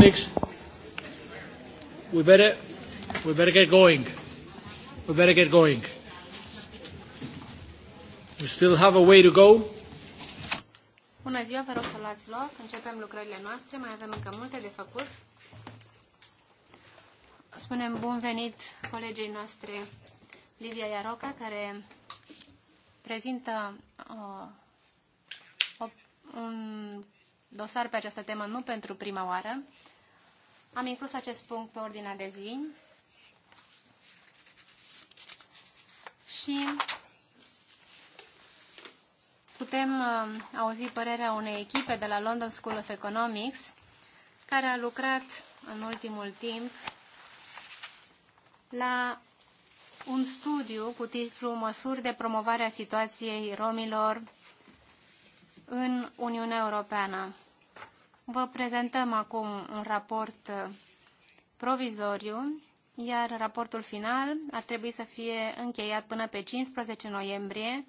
colleagues, we better, we better get going. We better get going. We still have a way to go. Bună ziua, vă rog să luați loc. Începem lucrările noastre, mai avem încă multe de făcut. Spunem bun venit colegii noastre Livia Iaroca, care prezintă uh, o, un dosar pe această temă nu pentru prima oară. Am inclus acest punct pe ordinea de zi și putem uh, auzi părerea unei echipe de la London School of Economics care a lucrat în ultimul timp la un studiu cu titlul Măsuri de promovare a situației romilor în Uniunea Europeană. Vă prezentăm acum un raport uh, provizoriu, iar raportul final ar trebui să fie încheiat până pe 15 noiembrie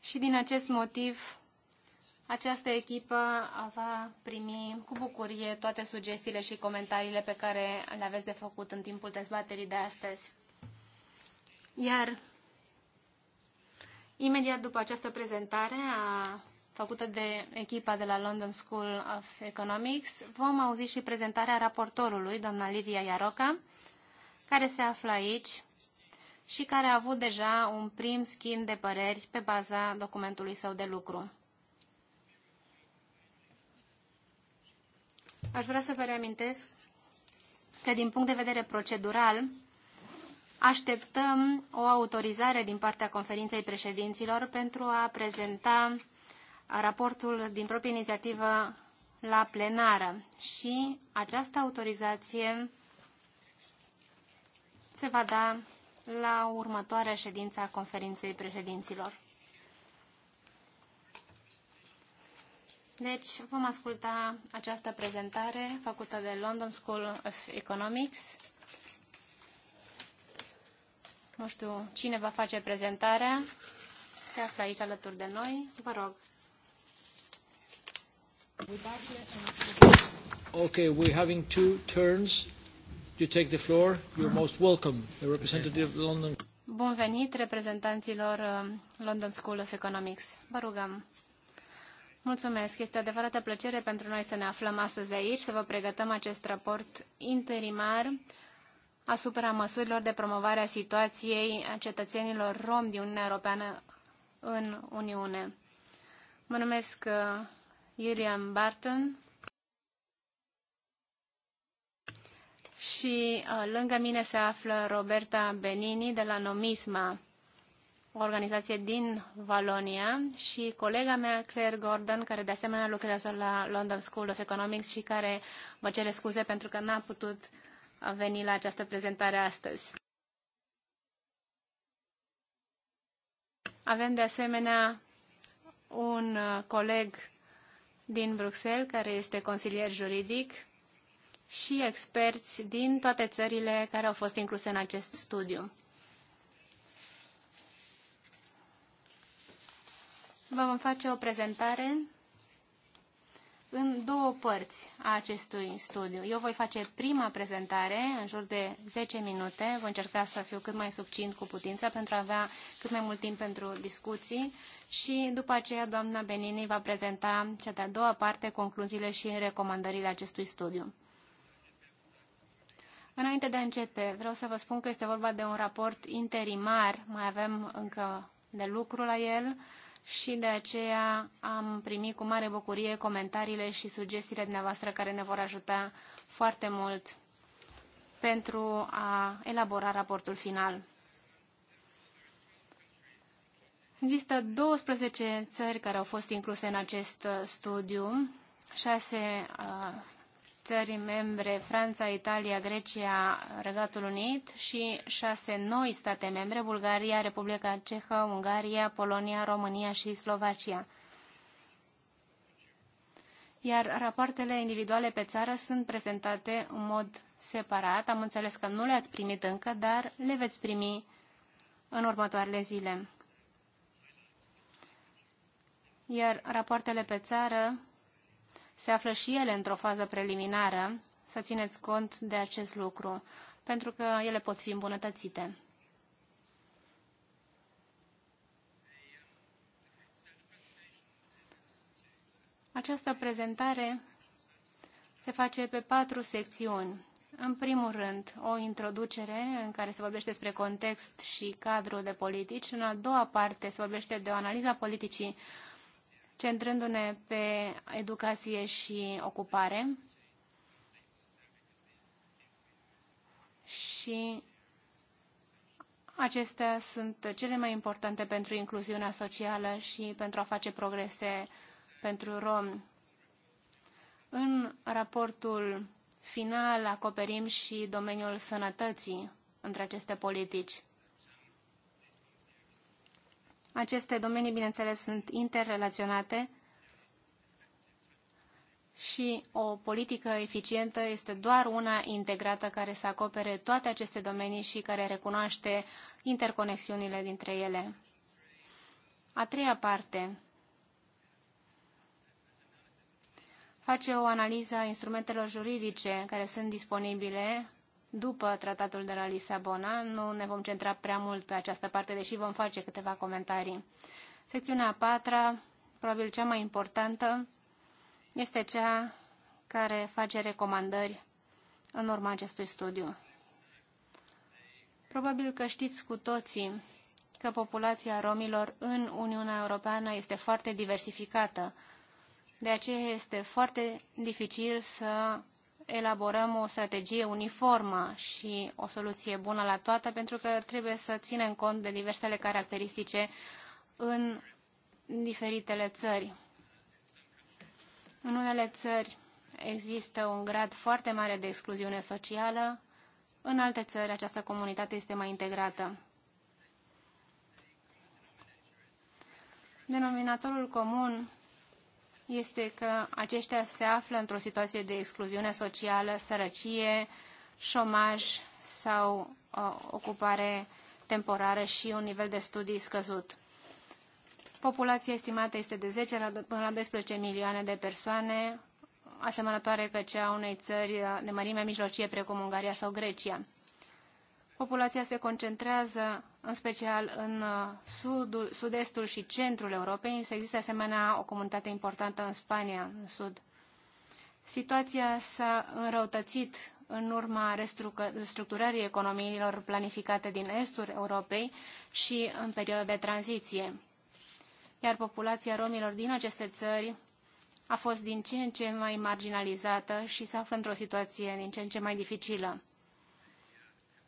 și din acest motiv această echipă va primi cu bucurie toate sugestiile și comentariile pe care le aveți de făcut în timpul dezbaterii de astăzi. Iar imediat după această prezentare a făcută de echipa de la London School of Economics, vom auzi și prezentarea raportorului, doamna Livia Iaroca, care se află aici și care a avut deja un prim schimb de păreri pe baza documentului său de lucru. Aș vrea să vă reamintesc că din punct de vedere procedural așteptăm o autorizare din partea conferinței președinților pentru a prezenta raportul din proprie inițiativă la plenară și această autorizație se va da la următoarea ședință a conferinței președinților. Deci vom asculta această prezentare făcută de London School of Economics. Nu știu cine va face prezentarea. Se află aici alături de noi. Vă rog. Okay, we're having two turns. You take the floor. You're most welcome, the representative of London. Bun venit reprezentanților uh, London School of Economics. Vă rugăm. Mulțumesc. Este adevărată plăcere pentru noi să ne aflăm astăzi aici, să vă pregătăm acest raport interimar asupra măsurilor de promovare a situației a cetățenilor rom din Uniunea Europeană în Uniune. Mă numesc uh, Julian Barton și uh, lângă mine se află Roberta Benini de la Nomisma, o organizație din Valonia și colega mea Claire Gordon, care de asemenea lucrează la London School of Economics și care mă cere scuze pentru că n-a putut uh, veni la această prezentare astăzi. Avem de asemenea un uh, coleg din Bruxelles, care este consilier juridic, și experți din toate țările care au fost incluse în acest studiu. Vă vom face o prezentare în două părți a acestui studiu. Eu voi face prima prezentare în jur de 10 minute. Voi încerca să fiu cât mai subțin cu putință pentru a avea cât mai mult timp pentru discuții și după aceea doamna Benini va prezenta cea de-a doua parte, concluziile și recomandările acestui studiu. Înainte de a începe, vreau să vă spun că este vorba de un raport interimar, mai avem încă de lucru la el, și de aceea am primit cu mare bucurie comentariile și sugestiile dumneavoastră care ne vor ajuta foarte mult pentru a elabora raportul final. Există 12 țări care au fost incluse în acest studiu, 6 țări membre, Franța, Italia, Grecia, Regatul Unit și șase noi state membre, Bulgaria, Republica Cehă, Ungaria, Polonia, România și Slovacia. Iar rapoartele individuale pe țară sunt prezentate în mod separat. Am înțeles că nu le-ați primit încă, dar le veți primi în următoarele zile. Iar rapoartele pe țară se află și ele într-o fază preliminară, să țineți cont de acest lucru, pentru că ele pot fi îmbunătățite. Această prezentare se face pe patru secțiuni. În primul rând, o introducere în care se vorbește despre context și cadrul de politici. În a doua parte se vorbește de o analiză a politicii centrându-ne pe educație și ocupare și acestea sunt cele mai importante pentru incluziunea socială și pentru a face progrese pentru rom. În raportul final acoperim și domeniul sănătății între aceste politici. Aceste domenii, bineînțeles, sunt interrelaționate și o politică eficientă este doar una integrată care să acopere toate aceste domenii și care recunoaște interconexiunile dintre ele. A treia parte face o analiză a instrumentelor juridice care sunt disponibile după tratatul de la Lisabona. Nu ne vom centra prea mult pe această parte, deși vom face câteva comentarii. Secțiunea a patra, probabil cea mai importantă, este cea care face recomandări în urma acestui studiu. Probabil că știți cu toții că populația romilor în Uniunea Europeană este foarte diversificată. De aceea este foarte dificil să elaborăm o strategie uniformă și o soluție bună la toată, pentru că trebuie să ținem cont de diversele caracteristice în diferitele țări. În unele țări există un grad foarte mare de excluziune socială, în alte țări această comunitate este mai integrată. Denominatorul comun este că aceștia se află într-o situație de excluziune socială, sărăcie, șomaj sau uh, ocupare temporară și un nivel de studii scăzut. Populația estimată este de 10 până la 12 milioane de persoane, asemănătoare că cea unei țări uh, de mărime mijlocie precum Ungaria sau Grecia. Populația se concentrează în special în uh, sudul, sud-estul și centrul Europei, însă există asemenea o comunitate importantă în Spania, în sud. Situația s-a înrăutățit în urma restructurării economiilor planificate din estul Europei și în perioada de tranziție. Iar populația romilor din aceste țări a fost din ce în ce mai marginalizată și se află într-o situație din ce în ce mai dificilă.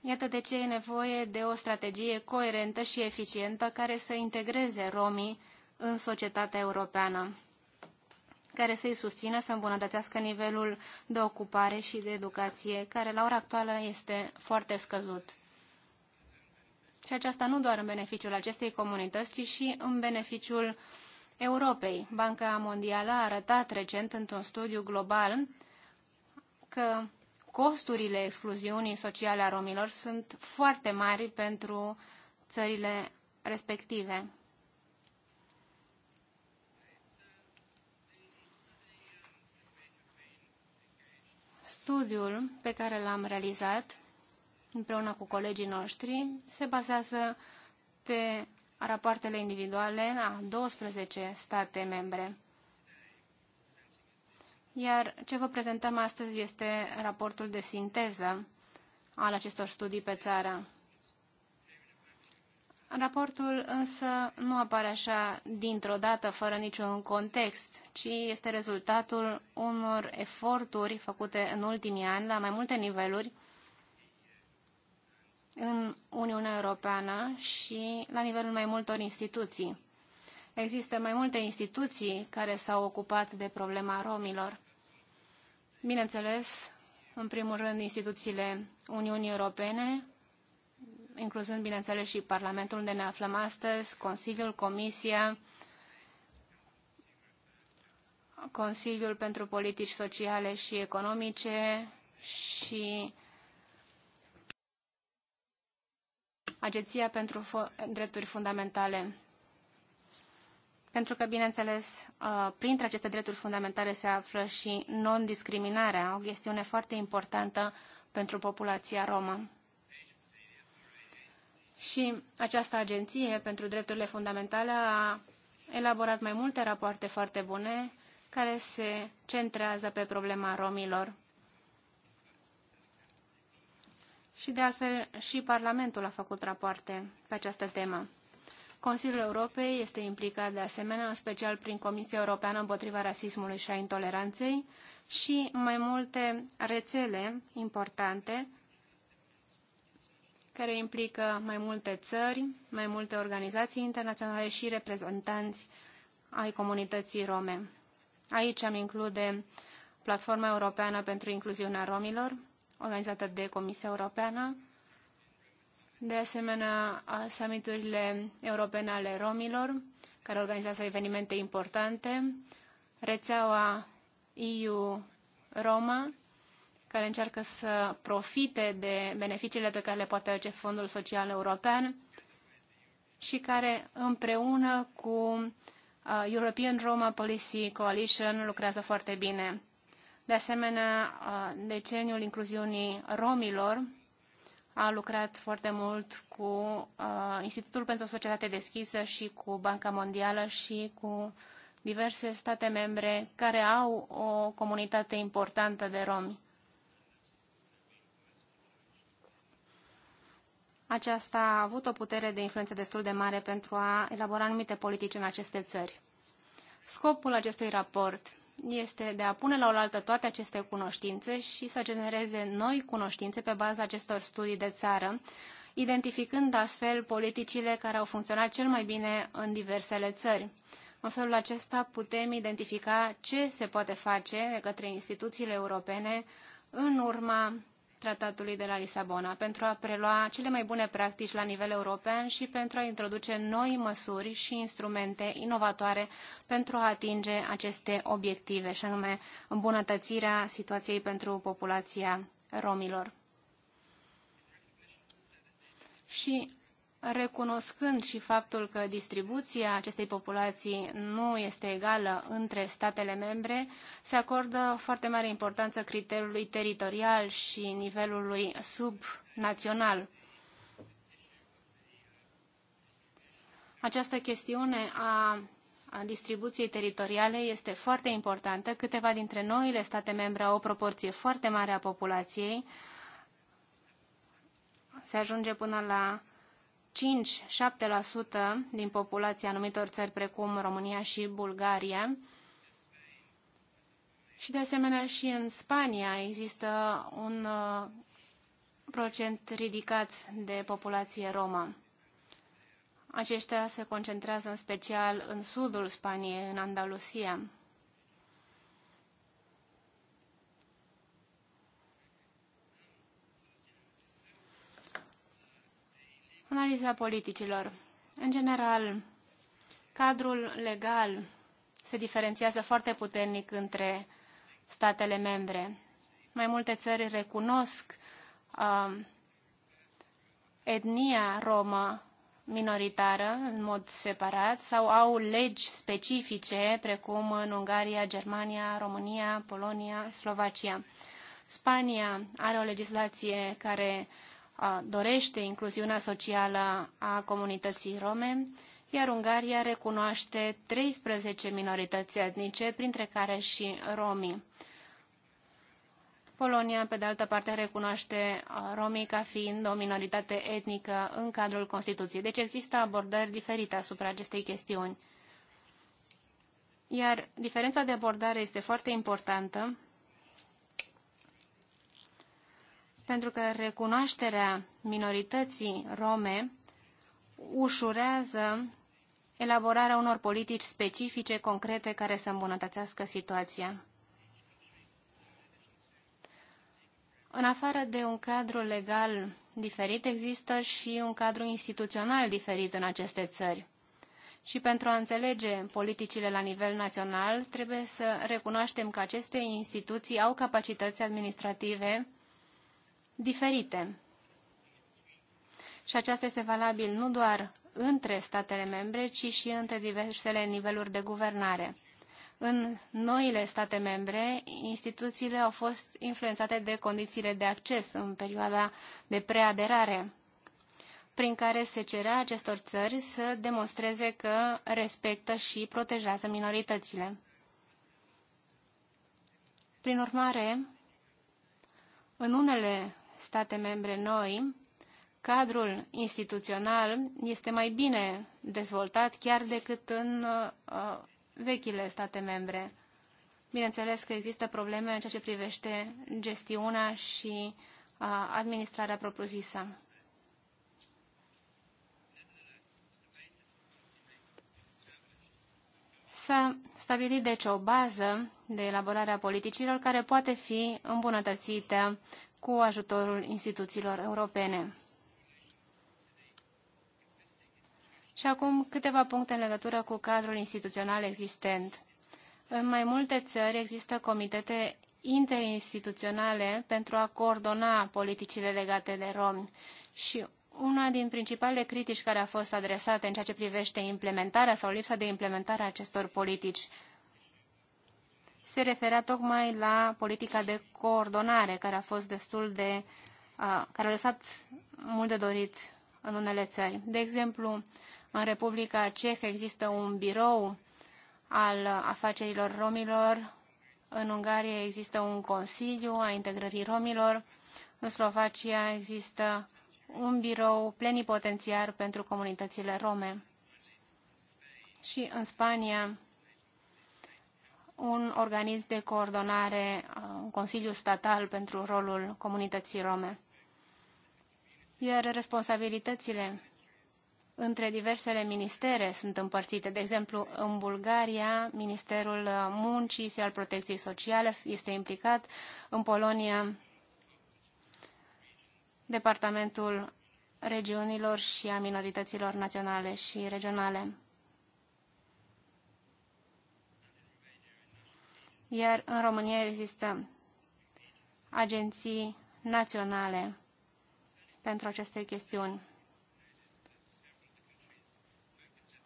Iată de ce e nevoie de o strategie coerentă și eficientă care să integreze romii în societatea europeană, care să-i susțină să îmbunătățească nivelul de ocupare și de educație, care la ora actuală este foarte scăzut. Și aceasta nu doar în beneficiul acestei comunități, ci și în beneficiul Europei. Banca Mondială a arătat recent într-un studiu global că costurile excluziunii sociale a romilor sunt foarte mari pentru țările respective. Studiul pe care l-am realizat împreună cu colegii noștri se bazează pe rapoartele individuale a 12 state membre. Iar ce vă prezentăm astăzi este raportul de sinteză al acestor studii pe țară. Raportul însă nu apare așa dintr-o dată, fără niciun context, ci este rezultatul unor eforturi făcute în ultimii ani la mai multe niveluri în Uniunea Europeană și la nivelul mai multor instituții. Există mai multe instituții care s-au ocupat de problema romilor. Bineînțeles, în primul rând, instituțiile Uniunii Europene, incluzând, bineînțeles, și Parlamentul unde ne aflăm astăzi, Consiliul, Comisia, Consiliul pentru Politici Sociale și Economice și Agenția pentru Drepturi Fundamentale pentru că, bineînțeles, uh, printre aceste drepturi fundamentale se află și non-discriminarea, o chestiune foarte importantă pentru populația romă. Și această agenție pentru drepturile fundamentale a elaborat mai multe rapoarte foarte bune care se centrează pe problema romilor. Și de altfel și Parlamentul a făcut rapoarte pe această temă. Consiliul Europei este implicat de asemenea, în special prin Comisia Europeană împotriva rasismului și a intoleranței și mai multe rețele importante care implică mai multe țări, mai multe organizații internaționale și reprezentanți ai comunității rome. Aici am include Platforma Europeană pentru Incluziunea Romilor, organizată de Comisia Europeană, de asemenea summiturile europene ale romilor, care organizează evenimente importante, rețeaua EU Roma, care încearcă să profite de beneficiile pe care le poate aduce Fondul Social European și care împreună cu uh, European Roma Policy Coalition lucrează foarte bine. De asemenea, uh, deceniul incluziunii romilor a lucrat foarte mult cu uh, Institutul pentru o Societate Deschisă și cu Banca Mondială și cu diverse state membre care au o comunitate importantă de romi. Aceasta a avut o putere de influență destul de mare pentru a elabora anumite politici în aceste țări. Scopul acestui raport este de a pune la oaltă toate aceste cunoștințe și să genereze noi cunoștințe pe baza acestor studii de țară, identificând astfel politicile care au funcționat cel mai bine în diversele țări. În felul acesta putem identifica ce se poate face de către instituțiile europene în urma Tratatului de la Lisabona pentru a prelua cele mai bune practici la nivel european și pentru a introduce noi măsuri și instrumente inovatoare pentru a atinge aceste obiective, și anume îmbunătățirea situației pentru populația romilor. Și recunoscând și faptul că distribuția acestei populații nu este egală între statele membre, se acordă foarte mare importanță criteriului teritorial și nivelului subnațional. Această chestiune a a distribuției teritoriale este foarte importantă. Câteva dintre noile state membre au o proporție foarte mare a populației. Se ajunge până la 5-7% din populația anumitor țări precum România și Bulgaria. Și de asemenea și în Spania există un uh, procent ridicat de populație romă. Aceștia se concentrează în special în sudul Spaniei, în Andalusia. Analiza politicilor. În general, cadrul legal se diferențiază foarte puternic între statele membre. Mai multe țări recunosc uh, etnia romă minoritară în mod separat sau au legi specifice, precum în Ungaria, Germania, România, Polonia, Slovacia. Spania are o legislație care uh, dorește incluziunea socială a comunității rome, iar Ungaria recunoaște 13 minorități etnice, printre care și romii. Polonia, pe de altă parte, recunoaște romii ca fiind o minoritate etnică în cadrul Constituției. Deci există abordări diferite asupra acestei chestiuni. Iar diferența de abordare este foarte importantă pentru că recunoașterea minorității rome ușurează elaborarea unor politici specifice, concrete, care să îmbunătățească situația. În afară de un cadru legal diferit, există și un cadru instituțional diferit în aceste țări. Și pentru a înțelege politicile la nivel național, trebuie să recunoaștem că aceste instituții au capacități administrative diferite. Și aceasta este valabil nu doar între statele membre, ci și între diversele niveluri de guvernare. În noile state membre, instituțiile au fost influențate de condițiile de acces în perioada de preaderare, prin care se cerea acestor țări să demonstreze că respectă și protejează minoritățile. Prin urmare, în unele state membre noi, cadrul instituțional este mai bine dezvoltat chiar decât în uh, vechile state membre. Bineînțeles că există probleme în ceea ce privește gestiunea și uh, administrarea propriu-zisă. S-a stabilit deci o bază de elaborare a politicilor care poate fi îmbunătățită cu ajutorul instituțiilor europene. Și acum câteva puncte în legătură cu cadrul instituțional existent. În mai multe țări există comitete interinstituționale pentru a coordona politicile legate de romi și una din principalele critici care a fost adresată în ceea ce privește implementarea sau lipsa de implementare a acestor politici se referea tocmai la politica de coordonare, care a fost destul de, care a lăsat mult de dorit în unele țări. De exemplu, în Republica Cehă există un birou al afacerilor romilor, în Ungaria există un consiliu a integrării romilor, în Slovacia există un birou plenipotențiar pentru comunitățile rome. Și în Spania un organism de coordonare, uh, un Consiliu Statal pentru rolul comunității rome. Iar responsabilitățile între diversele ministere sunt împărțite. De exemplu, în Bulgaria, Ministerul Muncii și al Protecției Sociale este implicat, în Polonia, Departamentul Regiunilor și a Minorităților Naționale și Regionale. iar în România există agenții naționale pentru aceste chestiuni.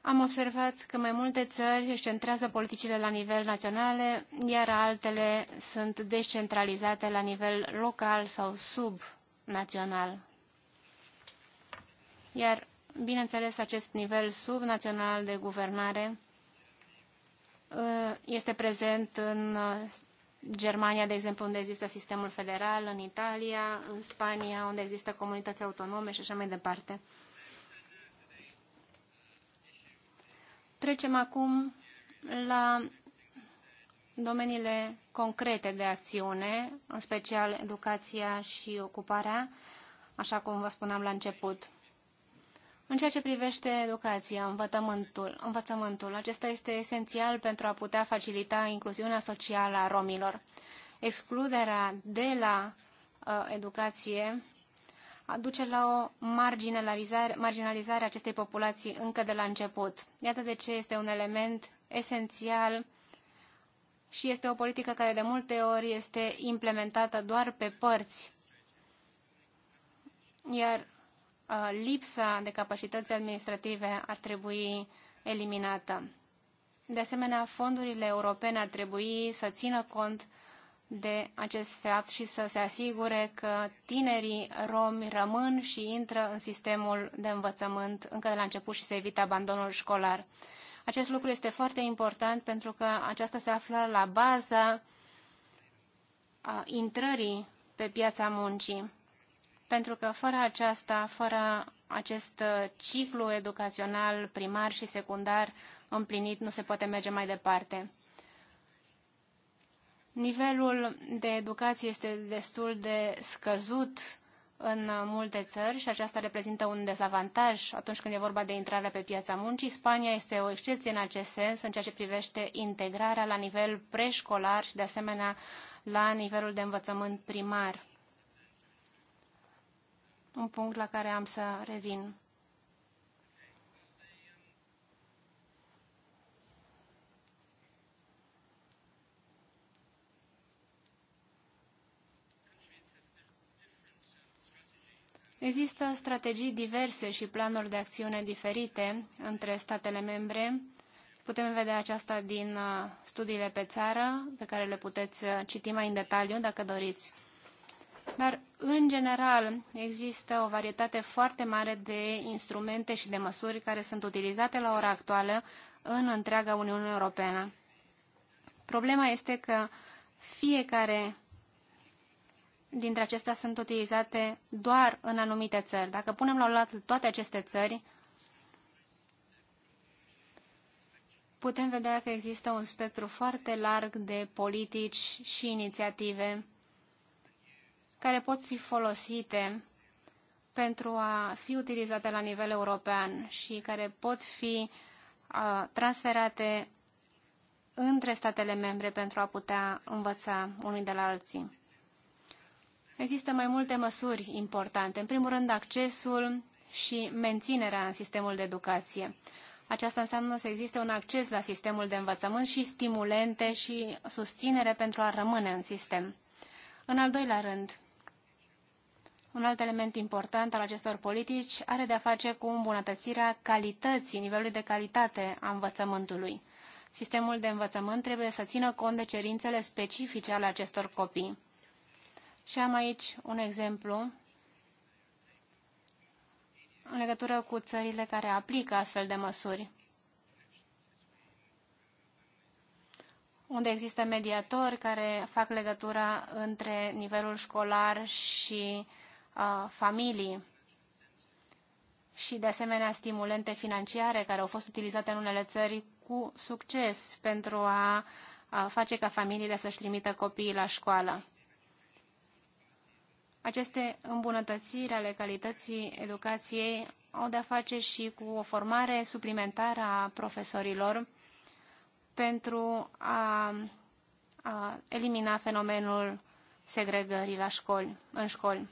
Am observat că mai multe țări își centrează politicile la nivel național, iar altele sunt descentralizate la nivel local sau subnațional. Iar, bineînțeles, acest nivel subnațional de guvernare Uh, este prezent în uh, Germania, de exemplu, unde există sistemul federal, în Italia, în Spania, unde există comunități autonome și așa mai departe. Trecem acum la domeniile concrete de acțiune, în special educația și ocuparea, așa cum vă spuneam la început. În ceea ce privește educația, învățământul, învățământul, acesta este esențial pentru a putea facilita incluziunea socială a romilor. Excluderea de la uh, educație duce la o marginalizare, marginalizare a acestei populații încă de la început. Iată de ce este un element esențial și este o politică care de multe ori este implementată doar pe părți. Iar Uh, lipsa de capacități administrative ar trebui eliminată. De asemenea, fondurile europene ar trebui să țină cont de acest fapt și să se asigure că tinerii romi rămân și intră în sistemul de învățământ încă de la început și să evite abandonul școlar. Acest lucru este foarte important pentru că aceasta se află la baza uh, intrării pe piața muncii pentru că fără aceasta, fără acest uh, ciclu educațional primar și secundar împlinit, nu se poate merge mai departe. Nivelul de educație este destul de scăzut în multe țări și aceasta reprezintă un dezavantaj atunci când e vorba de intrare pe piața muncii. Spania este o excepție în acest sens în ceea ce privește integrarea la nivel preșcolar și de asemenea la nivelul de învățământ primar un punct la care am să revin. Există strategii diverse și planuri de acțiune diferite între statele membre. Putem vedea aceasta din uh, studiile pe țară, pe care le puteți uh, citi mai în detaliu dacă doriți. Dar, în general, există o varietate foarte mare de instrumente și de măsuri care sunt utilizate la ora actuală în întreaga Uniune Europeană. Problema este că fiecare dintre acestea sunt utilizate doar în anumite țări. Dacă punem la oaltă toate aceste țări, putem vedea că există un spectru foarte larg de politici și inițiative care pot fi folosite pentru a fi utilizate la nivel european și care pot fi uh, transferate între statele membre pentru a putea învăța unii de la alții. Există mai multe măsuri importante. În primul rând, accesul și menținerea în sistemul de educație. Aceasta înseamnă să existe un acces la sistemul de învățământ și stimulente și susținere pentru a rămâne în sistem. În al doilea rând, un alt element important al acestor politici are de-a face cu îmbunătățirea calității, nivelului de calitate a învățământului. Sistemul de învățământ trebuie să țină cont de cerințele specifice ale acestor copii. Și am aici un exemplu în legătură cu țările care aplică astfel de măsuri. unde există mediatori care fac legătura între nivelul școlar și familii și, de asemenea, stimulente financiare care au fost utilizate în unele țări cu succes pentru a face ca familiile să-și limită copiii la școală. Aceste îmbunătățiri ale calității educației au de-a face și cu o formare suplimentară a profesorilor pentru a, a elimina fenomenul segregării la școli, în școli.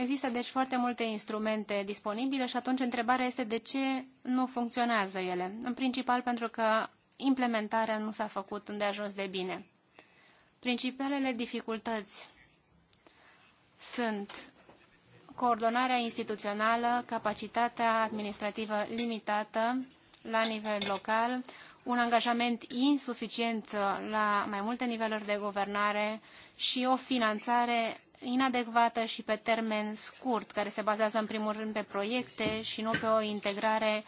Există deci foarte multe instrumente disponibile și atunci întrebarea este de ce nu funcționează ele. În principal pentru că implementarea nu s-a făcut îndeajuns de bine. Principalele dificultăți sunt coordonarea instituțională, capacitatea administrativă limitată la nivel local, un angajament insuficient la mai multe niveluri de guvernare și o finanțare inadecvată și pe termen scurt, care se bazează în primul rând pe proiecte și nu pe o integrare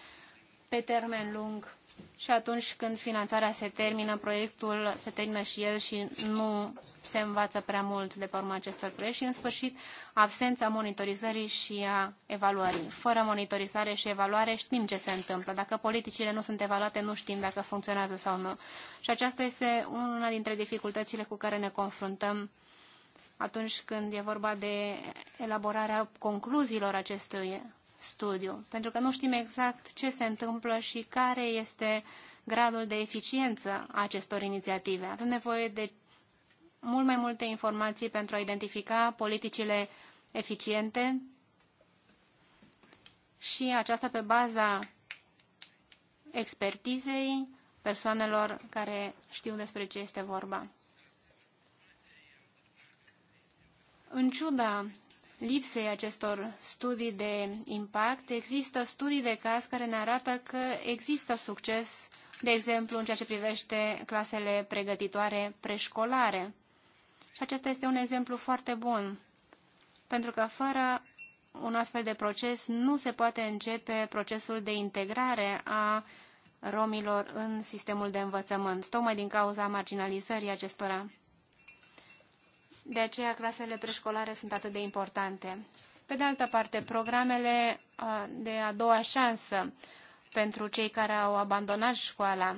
pe termen lung. Și atunci când finanțarea se termină, proiectul se termină și el și nu se învață prea mult de pe urma acestor proiecte și, în sfârșit, absența monitorizării și a evaluării. Fără monitorizare și evaluare știm ce se întâmplă. Dacă politicile nu sunt evaluate, nu știm dacă funcționează sau nu. Și aceasta este una dintre dificultățile cu care ne confruntăm atunci când e vorba de elaborarea concluziilor acestui studiu, pentru că nu știm exact ce se întâmplă și care este gradul de eficiență a acestor inițiative. Avem nevoie de mult mai multe informații pentru a identifica politicile eficiente și aceasta pe baza expertizei persoanelor care știu despre ce este vorba. În ciuda lipsei acestor studii de impact, există studii de caz care ne arată că există succes, de exemplu, în ceea ce privește clasele pregătitoare preșcolare. Și acesta este un exemplu foarte bun, pentru că fără un astfel de proces nu se poate începe procesul de integrare a romilor în sistemul de învățământ, tocmai din cauza marginalizării acestora. De aceea clasele preșcolare sunt atât de importante. Pe de altă parte, programele de a doua șansă pentru cei care au abandonat școala.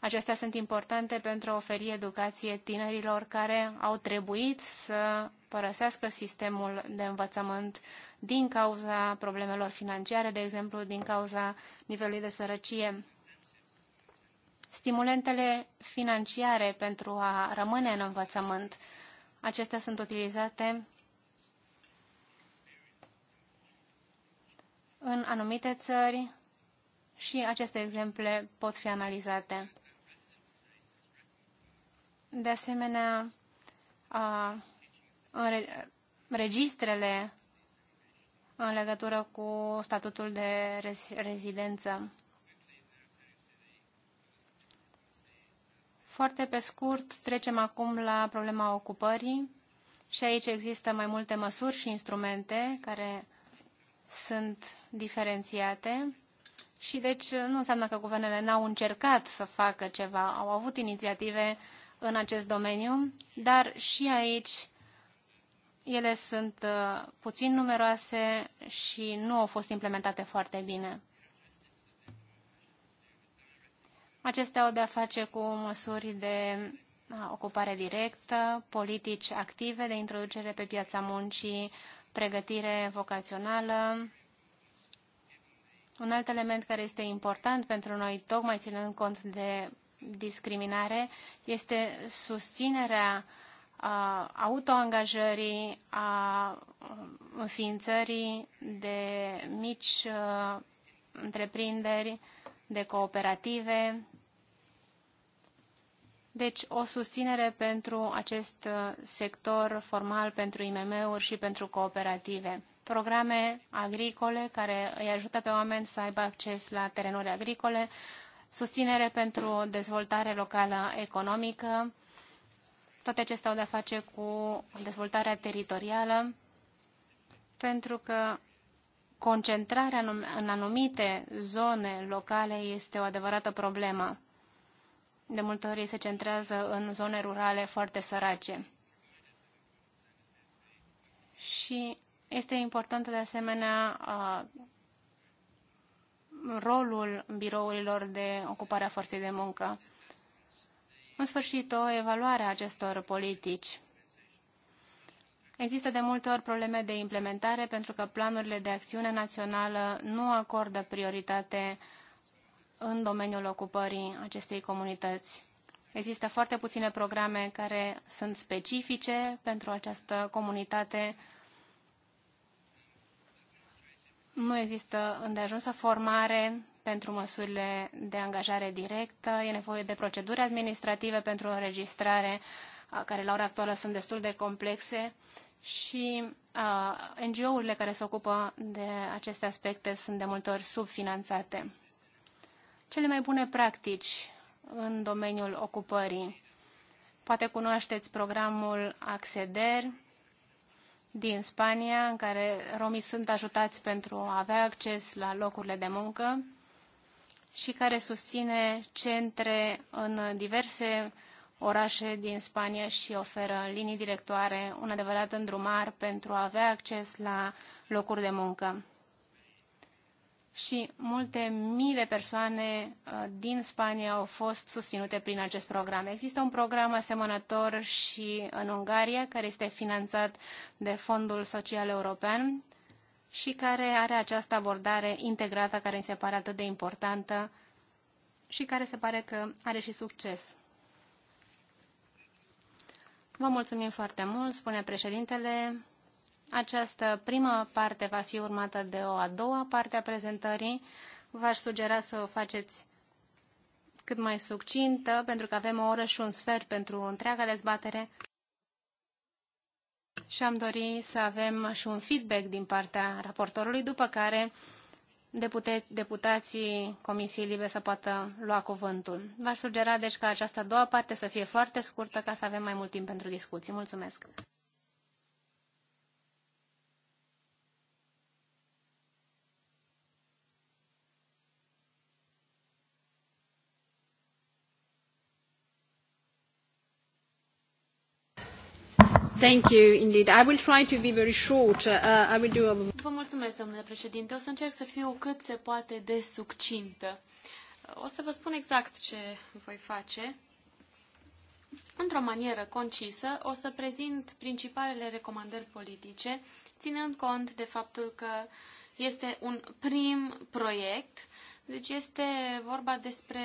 Acestea sunt importante pentru a oferi educație tinerilor care au trebuit să părăsească sistemul de învățământ din cauza problemelor financiare, de exemplu, din cauza nivelului de sărăcie. Stimulentele financiare pentru a rămâne în învățământ Acestea sunt utilizate în anumite țări și aceste exemple pot fi analizate. De asemenea, în registrele în legătură cu statutul de rezidență. Foarte pe scurt, trecem acum la problema ocupării și aici există mai multe măsuri și instrumente care sunt diferențiate și deci nu înseamnă că guvernele n-au încercat să facă ceva, au avut inițiative în acest domeniu, dar și aici ele sunt uh, puțin numeroase și nu au fost implementate foarte bine. Acestea au de-a face cu măsuri de ocupare directă, politici active de introducere pe piața muncii, pregătire vocațională. Un alt element care este important pentru noi, tocmai ținând cont de discriminare, este susținerea a autoangajării, a înființării de mici întreprinderi, de cooperative, deci o susținere pentru acest uh, sector formal, pentru IMM-uri și pentru cooperative. Programe agricole care îi ajută pe oameni să aibă acces la terenuri agricole, susținere pentru dezvoltare locală economică, toate acestea au de-a face cu dezvoltarea teritorială, pentru că concentrarea în anumite zone locale este o adevărată problemă de multe ori se centrează în zone rurale foarte sărace. Și este important de asemenea rolul birourilor de ocupare a forței de muncă. În sfârșit, o evaluare a acestor politici. Există de multe ori probleme de implementare pentru că planurile de acțiune națională nu acordă prioritate uh, în domeniul ocupării acestei comunități. Există foarte puține programe care sunt specifice pentru această comunitate. Nu există îndeajunsă formare pentru măsurile de angajare directă. E nevoie de proceduri administrative pentru înregistrare, care la ora actuală sunt destul de complexe și NGO-urile care se ocupă de aceste aspecte sunt de multe ori subfinanțate cele mai bune practici în domeniul ocupării. Poate cunoașteți programul Acceder din Spania, în care romii sunt ajutați pentru a avea acces la locurile de muncă și care susține centre în diverse orașe din Spania și oferă linii directoare, un adevărat îndrumar pentru a avea acces la locuri de muncă și multe mii de persoane uh, din Spania au fost susținute prin acest program. Există un program asemănător și în Ungaria, care este finanțat de Fondul Social European și care are această abordare integrată care îmi se pare atât de importantă și care se pare că are și succes. Vă mulțumim foarte mult, spune președintele. Această prima parte va fi urmată de o a doua parte a prezentării. V-aș sugera să o faceți cât mai succintă, pentru că avem o oră și un sfert pentru întreaga dezbatere și am dori să avem și un feedback din partea raportorului, după care depute, deputații Comisiei Libe să poată lua cuvântul. V-aș sugera deci ca această a doua parte să fie foarte scurtă ca să avem mai mult timp pentru discuții. Mulțumesc! Thank you, indeed. I will try to be very short. Uh, I will do a... Vă mulțumesc, domnule președinte. O să încerc să fiu cât se poate de succintă. Uh, o să vă spun exact ce voi face. Într-o manieră concisă, o să prezint principalele recomandări politice, ținând cont de faptul că este un prim proiect, deci este vorba despre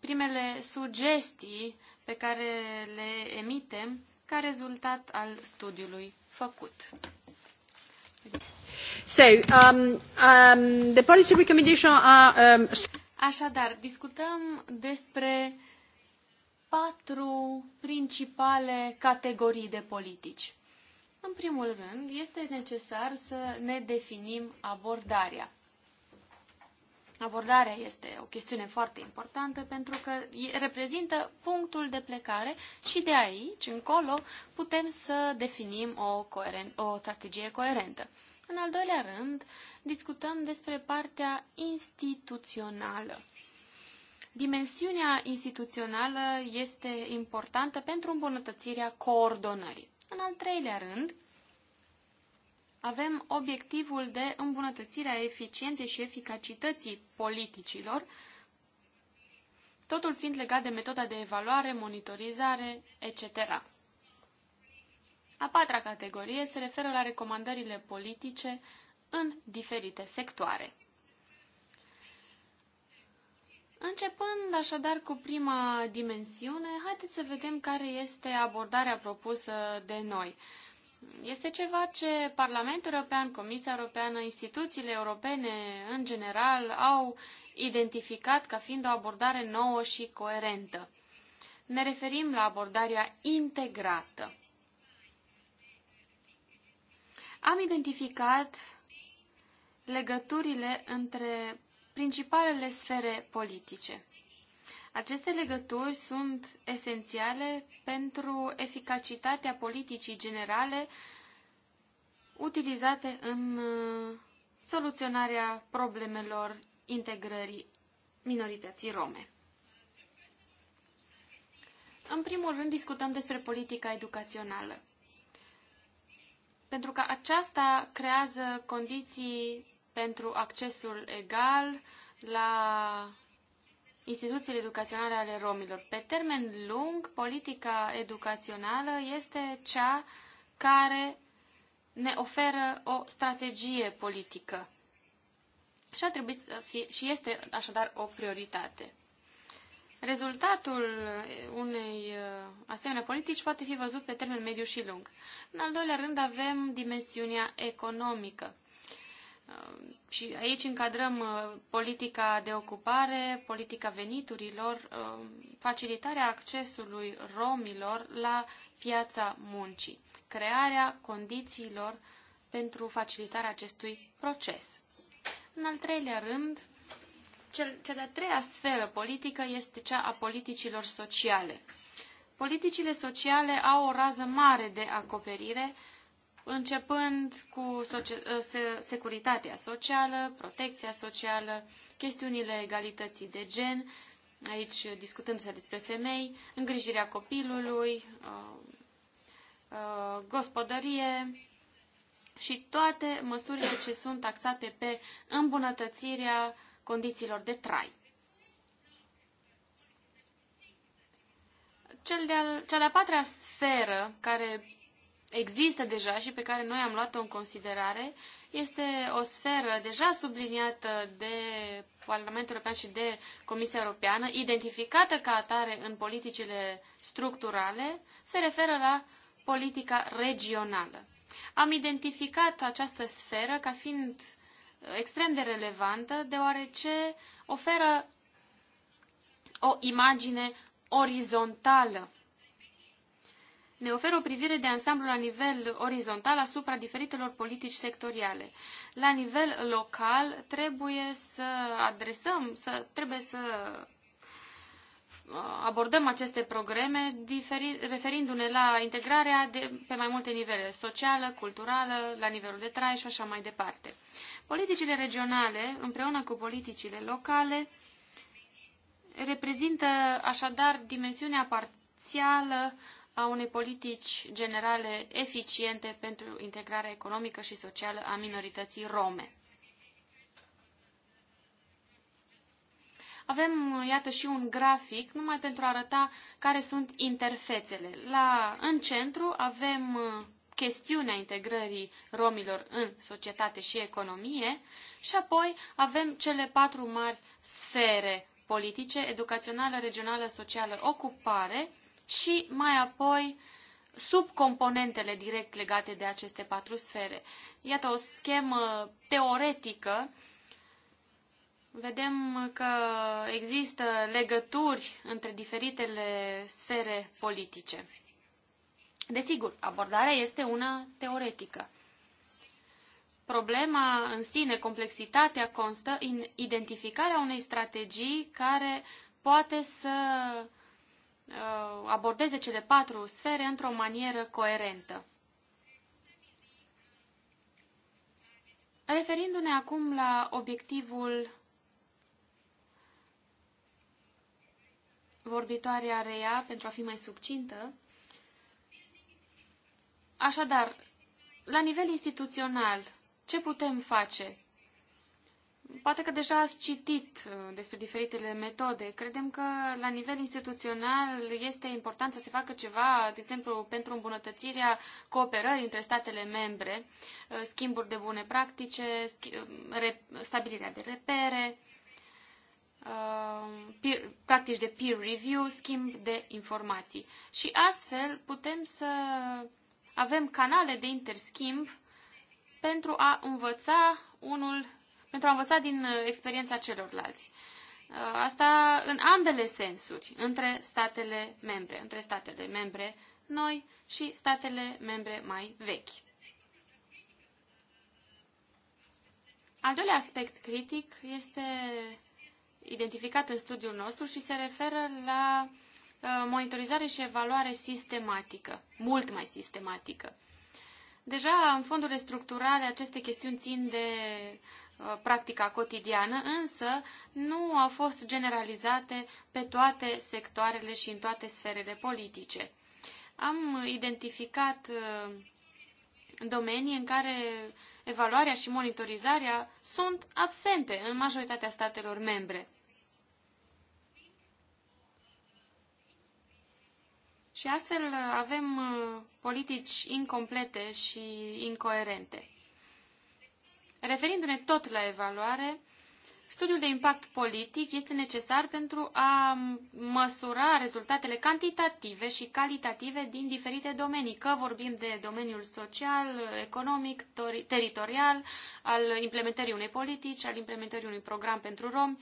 primele sugestii pe care le emitem ca rezultat al studiului făcut. So, um, um, the policy recommendation are, um... Așadar, discutăm despre patru principale categorii de politici. În primul rând, este necesar să ne definim abordarea. Abordarea este o chestiune foarte importantă pentru că reprezintă punctul de plecare și de aici încolo putem să definim o, coeren- o strategie coerentă. În al doilea rând, discutăm despre partea instituțională. Dimensiunea instituțională este importantă pentru îmbunătățirea coordonării. În al treilea rând, avem obiectivul de îmbunătățire a eficienței și eficacității politicilor, totul fiind legat de metoda de evaluare, monitorizare, etc. A patra categorie se referă la recomandările politice în diferite sectoare. Începând așadar cu prima dimensiune, haideți să vedem care este abordarea propusă de noi. Este ceva ce Parlamentul European, Comisia Europeană, instituțiile europene în general au identificat ca fiind o abordare nouă și coerentă. Ne referim la abordarea integrată. Am identificat legăturile între principalele sfere politice. Aceste legături sunt esențiale pentru eficacitatea politicii generale utilizate în uh, soluționarea problemelor integrării minorității rome. În primul rând, discutăm despre politica educațională. Pentru că aceasta creează condiții pentru accesul egal la instituțiile educaționale ale romilor. Pe termen lung, politica educațională este cea care ne oferă o strategie politică. Și, a trebuit să fie, și este așadar o prioritate. Rezultatul unei uh, asemenea politici poate fi văzut pe termen mediu și lung. În al doilea rând avem dimensiunea economică. Um, și aici încadrăm uh, politica de ocupare, politica veniturilor, um, facilitarea accesului romilor la piața muncii, crearea condițiilor pentru facilitarea acestui proces. În al treilea rând, cea de-a treia sferă politică este cea a politicilor sociale. Politicile sociale au o rază mare de acoperire începând cu ă, securitatea socială, protecția socială, chestiunile egalității de gen, aici discutându-se despre femei, îngrijirea copilului, ă, ă, gospodărie și toate măsurile ce sunt taxate pe îmbunătățirea condițiilor de trai. Cel de-a, cea de-a patra sferă care există deja și pe care noi am luat-o în considerare este o sferă deja subliniată de Parlamentul European și de Comisia Europeană, identificată ca atare în politicile structurale, se referă la politica regională. Am identificat această sferă ca fiind uh, extrem de relevantă, deoarece oferă o imagine orizontală ne oferă o privire de ansamblu la nivel orizontal asupra diferitelor politici sectoriale. La nivel local trebuie să adresăm, să, trebuie să uh, abordăm aceste programe referindu-ne la integrarea de, pe mai multe nivele, socială, culturală, la nivelul de trai și așa mai departe. Politicile regionale, împreună cu politicile locale, reprezintă așadar dimensiunea parțială a unei politici generale eficiente pentru integrarea economică și socială a minorității rome. Avem, iată, și un grafic, numai pentru a arăta care sunt interfețele. La, în centru avem uh, chestiunea integrării romilor în societate și economie și apoi avem cele patru mari sfere politice, educațională, regională, socială, ocupare, și mai apoi subcomponentele direct legate de aceste patru sfere. Iată o schemă teoretică. Vedem că există legături între diferitele sfere politice. Desigur, abordarea este una teoretică. Problema în sine, complexitatea, constă în identificarea unei strategii care poate să Uh, abordeze cele patru sfere într-o manieră coerentă. Referindu-ne acum la obiectivul vorbitoarea rea pentru a fi mai succintă, așadar, la nivel instituțional, ce putem face? Poate că deja ați citit uh, despre diferitele metode. Credem că la nivel instituțional este important să se facă ceva, de exemplu, pentru îmbunătățirea cooperării între statele membre, uh, schimburi de bune practice, uh, stabilirea de repere, practici de peer review, schimb de informații. Și astfel putem să avem canale de interschimb pentru a învăța unul pentru a învăța din uh, experiența celorlalți. Uh, asta în ambele sensuri, între statele membre, între statele membre noi și statele membre mai vechi. Al doilea aspect critic este identificat în studiul nostru și se referă la uh, monitorizare și evaluare sistematică, mult mai sistematică. Deja în fondurile structurale aceste chestiuni țin de Uh, practica cotidiană, însă nu au fost generalizate pe toate sectoarele și în toate sferele politice. Am identificat uh, domenii în care evaluarea și monitorizarea sunt absente în majoritatea statelor membre. Și astfel avem uh, politici incomplete și incoerente. Referindu-ne tot la evaluare, studiul de impact politic este necesar pentru a măsura rezultatele cantitative și calitative din diferite domenii, că vorbim de domeniul social, economic, teritorial, al implementării unei politici, al implementării unui program pentru romi,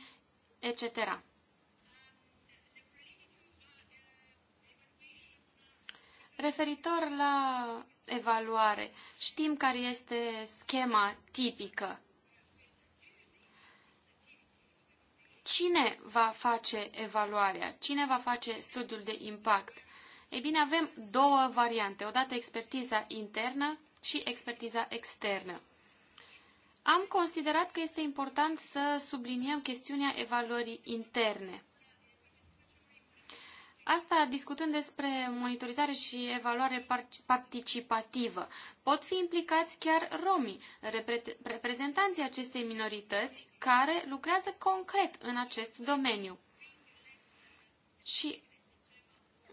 etc. Referitor la evaluare, știm care este schema tipică. Cine va face evaluarea? Cine va face studiul de impact? Ei bine, avem două variante. Odată expertiza internă și expertiza externă. Am considerat că este important să subliniem chestiunea evaluării interne. Asta discutând despre monitorizare și evaluare participativă. Pot fi implicați chiar romii, reprezentanții acestei minorități care lucrează concret în acest domeniu. Și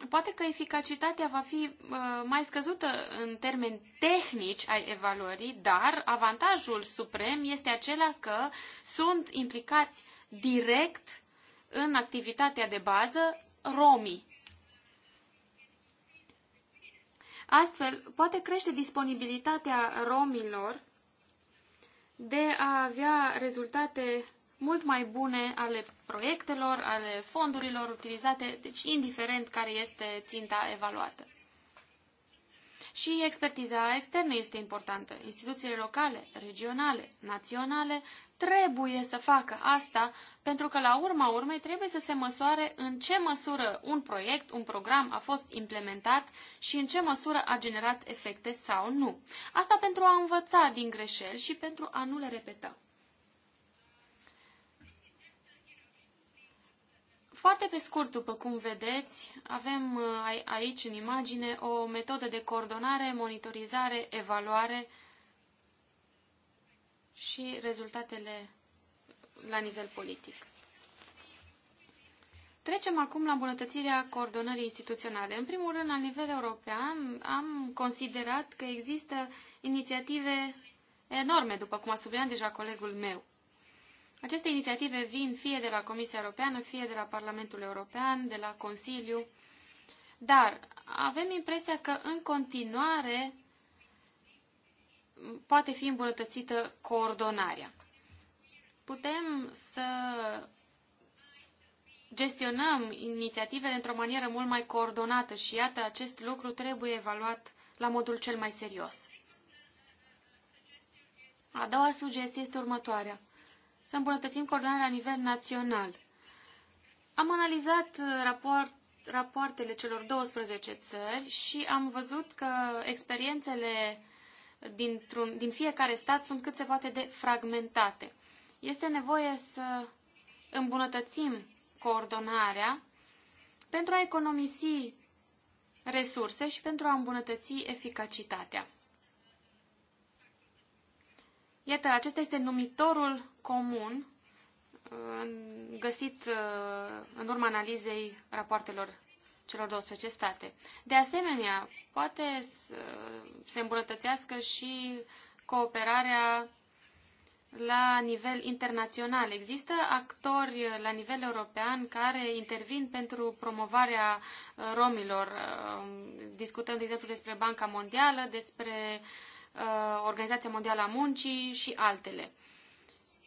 poate că eficacitatea va fi uh, mai scăzută în termeni tehnici ai evaluării, dar avantajul suprem este acela că sunt implicați direct în activitatea de bază romii. Astfel, poate crește disponibilitatea romilor de a avea rezultate mult mai bune ale proiectelor, ale fondurilor utilizate, deci indiferent care este ținta evaluată. Și expertiza externă este importantă. Instituțiile locale, regionale, naționale trebuie să facă asta, pentru că la urma urmei trebuie să se măsoare în ce măsură un proiect, un program a fost implementat și în ce măsură a generat efecte sau nu. Asta pentru a învăța din greșeli și pentru a nu le repeta. Foarte pe scurt, după cum vedeți, avem uh, aici în imagine o metodă de coordonare, monitorizare, evaluare, și rezultatele la nivel politic. Trecem acum la îmbunătățirea coordonării instituționale. În primul rând, la nivel european, am considerat că există inițiative enorme, după cum a subliniat deja colegul meu. Aceste inițiative vin fie de la Comisia Europeană, fie de la Parlamentul European, de la Consiliu, dar avem impresia că în continuare poate fi îmbunătățită coordonarea. Putem să gestionăm inițiativele într-o manieră mult mai coordonată și iată, acest lucru trebuie evaluat la modul cel mai serios. A doua sugestie este următoarea. Să îmbunătățim coordonarea la nivel național. Am analizat raport, rapoartele celor 12 țări și am văzut că experiențele dintr-un, din fiecare stat sunt cât se poate de fragmentate. Este nevoie să îmbunătățim coordonarea pentru a economisi resurse și pentru a îmbunătăți eficacitatea. Iată, acesta este numitorul comun uh, găsit uh, în urma analizei rapoartelor celor 12 state. De asemenea, poate se îmbunătățească și cooperarea la nivel internațional. Există actori la nivel european care intervin pentru promovarea uh, romilor. Uh, discutăm, de exemplu, despre Banca Mondială, despre uh, Organizația Mondială a Muncii și altele.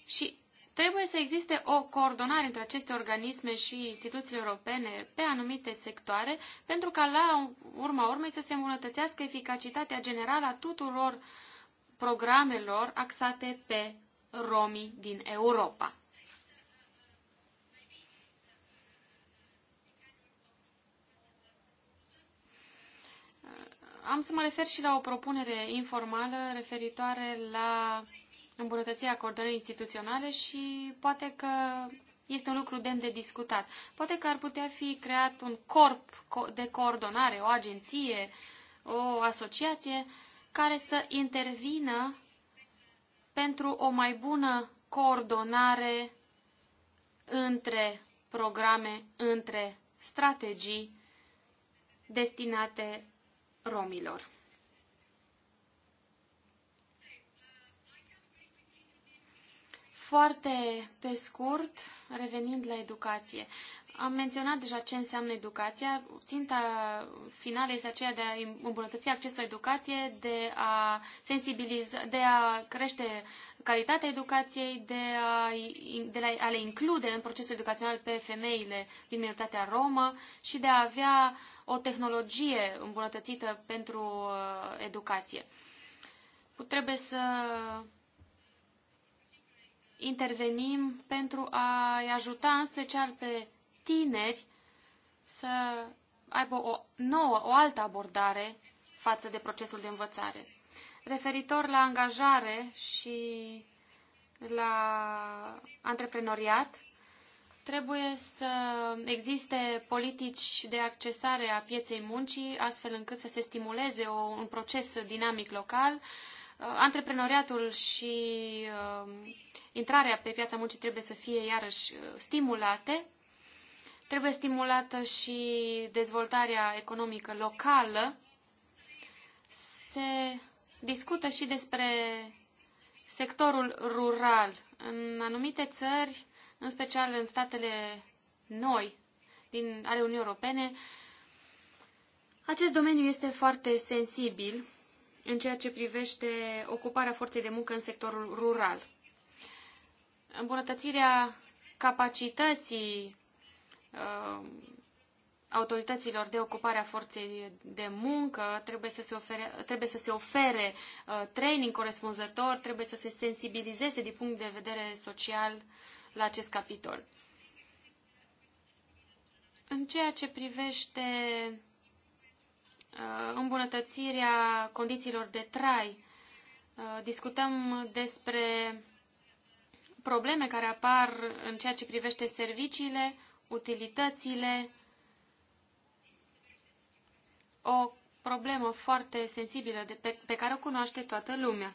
Și Trebuie să existe o coordonare între aceste organisme și instituțiile europene pe anumite sectoare, pentru ca la urma urmei să se îmbunătățească eficacitatea generală a tuturor programelor axate pe romii din Europa. Am să mă refer și la o propunere informală referitoare la uh, îmbunătățirea coordonării instituționale și poate că este un lucru demn de discutat. Poate că ar putea fi creat un corp de coordonare, o agenție, o asociație care să intervină pentru o mai bună coordonare între programe, între strategii destinate romilor. Foarte pe scurt, revenind la educație. Am menționat deja ce înseamnă educația. Ținta finală este aceea de a îmbunătăți accesul la educație, de a sensibiliza, de a crește calitatea educației, de a, de la, a le include în procesul educațional pe femeile din minoritatea romă și de a avea o tehnologie îmbunătățită pentru uh, educație. Trebuie să intervenim pentru a-i ajuta în special pe tineri să aibă o nouă, o altă abordare față de procesul de învățare. Referitor la angajare și la antreprenoriat, trebuie să existe politici de accesare a pieței muncii, astfel încât să se stimuleze o, un proces dinamic local, Uh, antreprenoriatul și uh, intrarea pe piața muncii trebuie să fie iarăși uh, stimulate. Trebuie stimulată și dezvoltarea economică locală. Se discută și despre sectorul rural. În anumite țări, în special în statele noi din, ale Uniunii Europene, acest domeniu este foarte sensibil în ceea ce privește ocuparea forței de muncă în sectorul rural. Îmbunătățirea capacității uh, autorităților de ocupare a forței de muncă, trebuie să se ofere, trebuie să se ofere uh, training corespunzător, trebuie să se sensibilizeze din punct de vedere social la acest capitol. În ceea ce privește Uh, îmbunătățirea condițiilor de trai. Uh, discutăm despre probleme care apar în ceea ce privește serviciile, utilitățile. O problemă foarte sensibilă de pe, pe care o cunoaște toată lumea.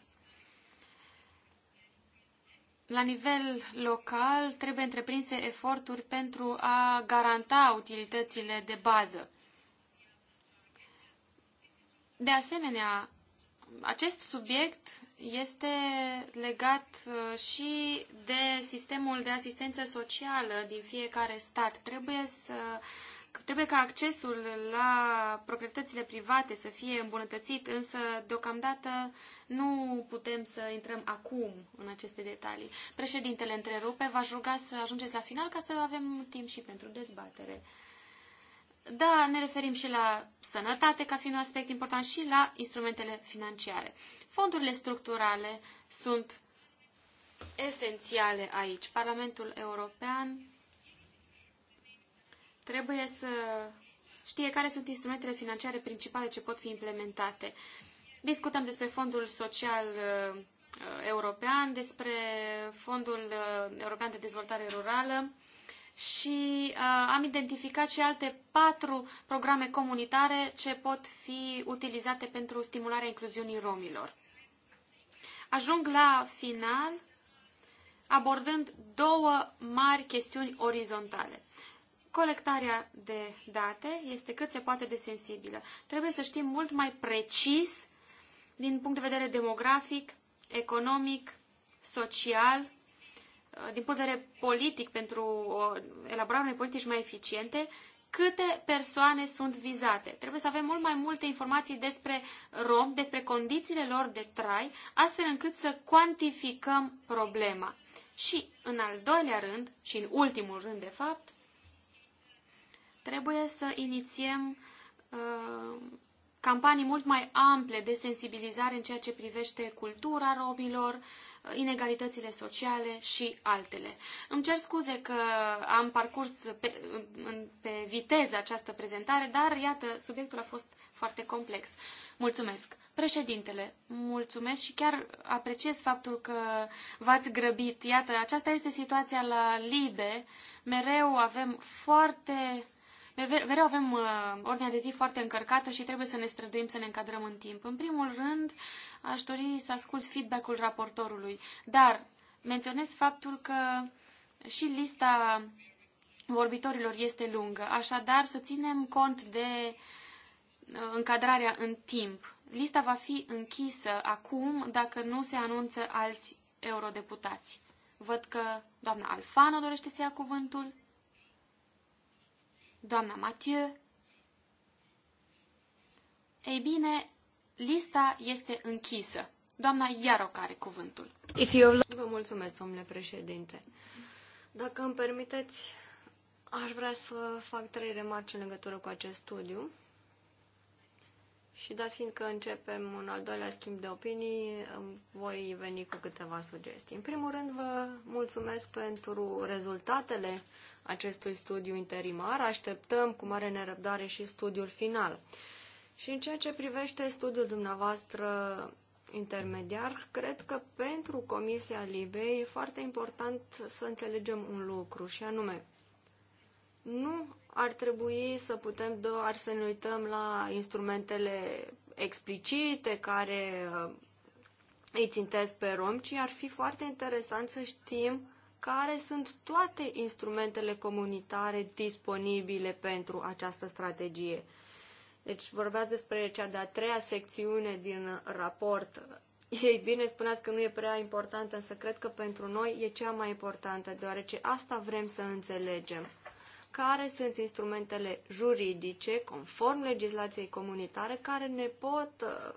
La nivel local trebuie întreprinse eforturi pentru a garanta utilitățile de bază. De asemenea, acest subiect este legat uh, și de sistemul de asistență socială din fiecare stat. Trebuie să Trebuie ca accesul la proprietățile private să fie îmbunătățit, însă deocamdată nu putem să intrăm acum în aceste detalii. Președintele întrerupe, v-aș ruga să ajungeți la final ca să avem timp și pentru dezbatere. Da, ne referim și la sănătate ca fiind un aspect important și la instrumentele financiare. Fondurile structurale sunt esențiale aici. Parlamentul European trebuie să știe care sunt instrumentele financiare principale ce pot fi implementate. Discutăm despre Fondul Social uh, uh, European, despre Fondul uh, European de Dezvoltare Rurală, și uh, am identificat și alte patru programe comunitare ce pot fi utilizate pentru stimularea incluziunii romilor. Ajung la final abordând două mari chestiuni orizontale. Colectarea de date este cât se poate de sensibilă. Trebuie să știm mult mai precis din punct de vedere demografic, economic, social, din punct de vedere politic, pentru elaborarea unei politici mai eficiente, câte persoane sunt vizate. Trebuie să avem mult mai multe informații despre rom, despre condițiile lor de trai, astfel încât să cuantificăm problema. Și, în al doilea rând, și în ultimul rând, de fapt, trebuie să inițiem uh, campanii mult mai ample de sensibilizare în ceea ce privește cultura romilor, uh, inegalitățile sociale și altele. Îmi cer scuze că am parcurs pe, pe viteză această prezentare, dar iată, subiectul a fost foarte complex. Mulțumesc. Președintele, mulțumesc și chiar apreciez faptul că v-ați grăbit. Iată, aceasta este situația la Libe. Mereu avem foarte Mereu avem uh, ordinea de zi foarte încărcată și trebuie să ne străduim să ne încadrăm în timp. În primul rând, aș dori să ascult feedback-ul raportorului, dar menționez faptul că și lista vorbitorilor este lungă, așadar să ținem cont de uh, încadrarea în timp. Lista va fi închisă acum dacă nu se anunță alți eurodeputați. Văd că doamna Alfano dorește să ia cuvântul doamna Mathieu. Ei bine, lista este închisă. Doamna Iaroc are cuvântul. If Vă mulțumesc, domnule președinte. Dacă îmi permiteți, aș vrea să fac trei remarci în legătură cu acest studiu. Și da, că începem un al doilea schimb de opinii, voi veni cu câteva sugestii. În primul rând, vă mulțumesc pentru rezultatele acestui studiu interimar. Așteptăm cu mare nerăbdare și studiul final. Și în ceea ce privește studiul dumneavoastră intermediar, cred că pentru Comisia Libe e foarte important să înțelegem un lucru, și anume, nu ar trebui să putem doar să ne uităm la instrumentele explicite care uh, îi țintesc pe rom, ci ar fi foarte interesant să știm care sunt toate instrumentele comunitare disponibile pentru această strategie. Deci vorbeați despre cea de-a treia secțiune din raport. Ei bine, spuneați că nu e prea importantă, însă cred că pentru noi e cea mai importantă, deoarece asta vrem să înțelegem care sunt instrumentele juridice, conform legislației comunitare, care ne pot uh,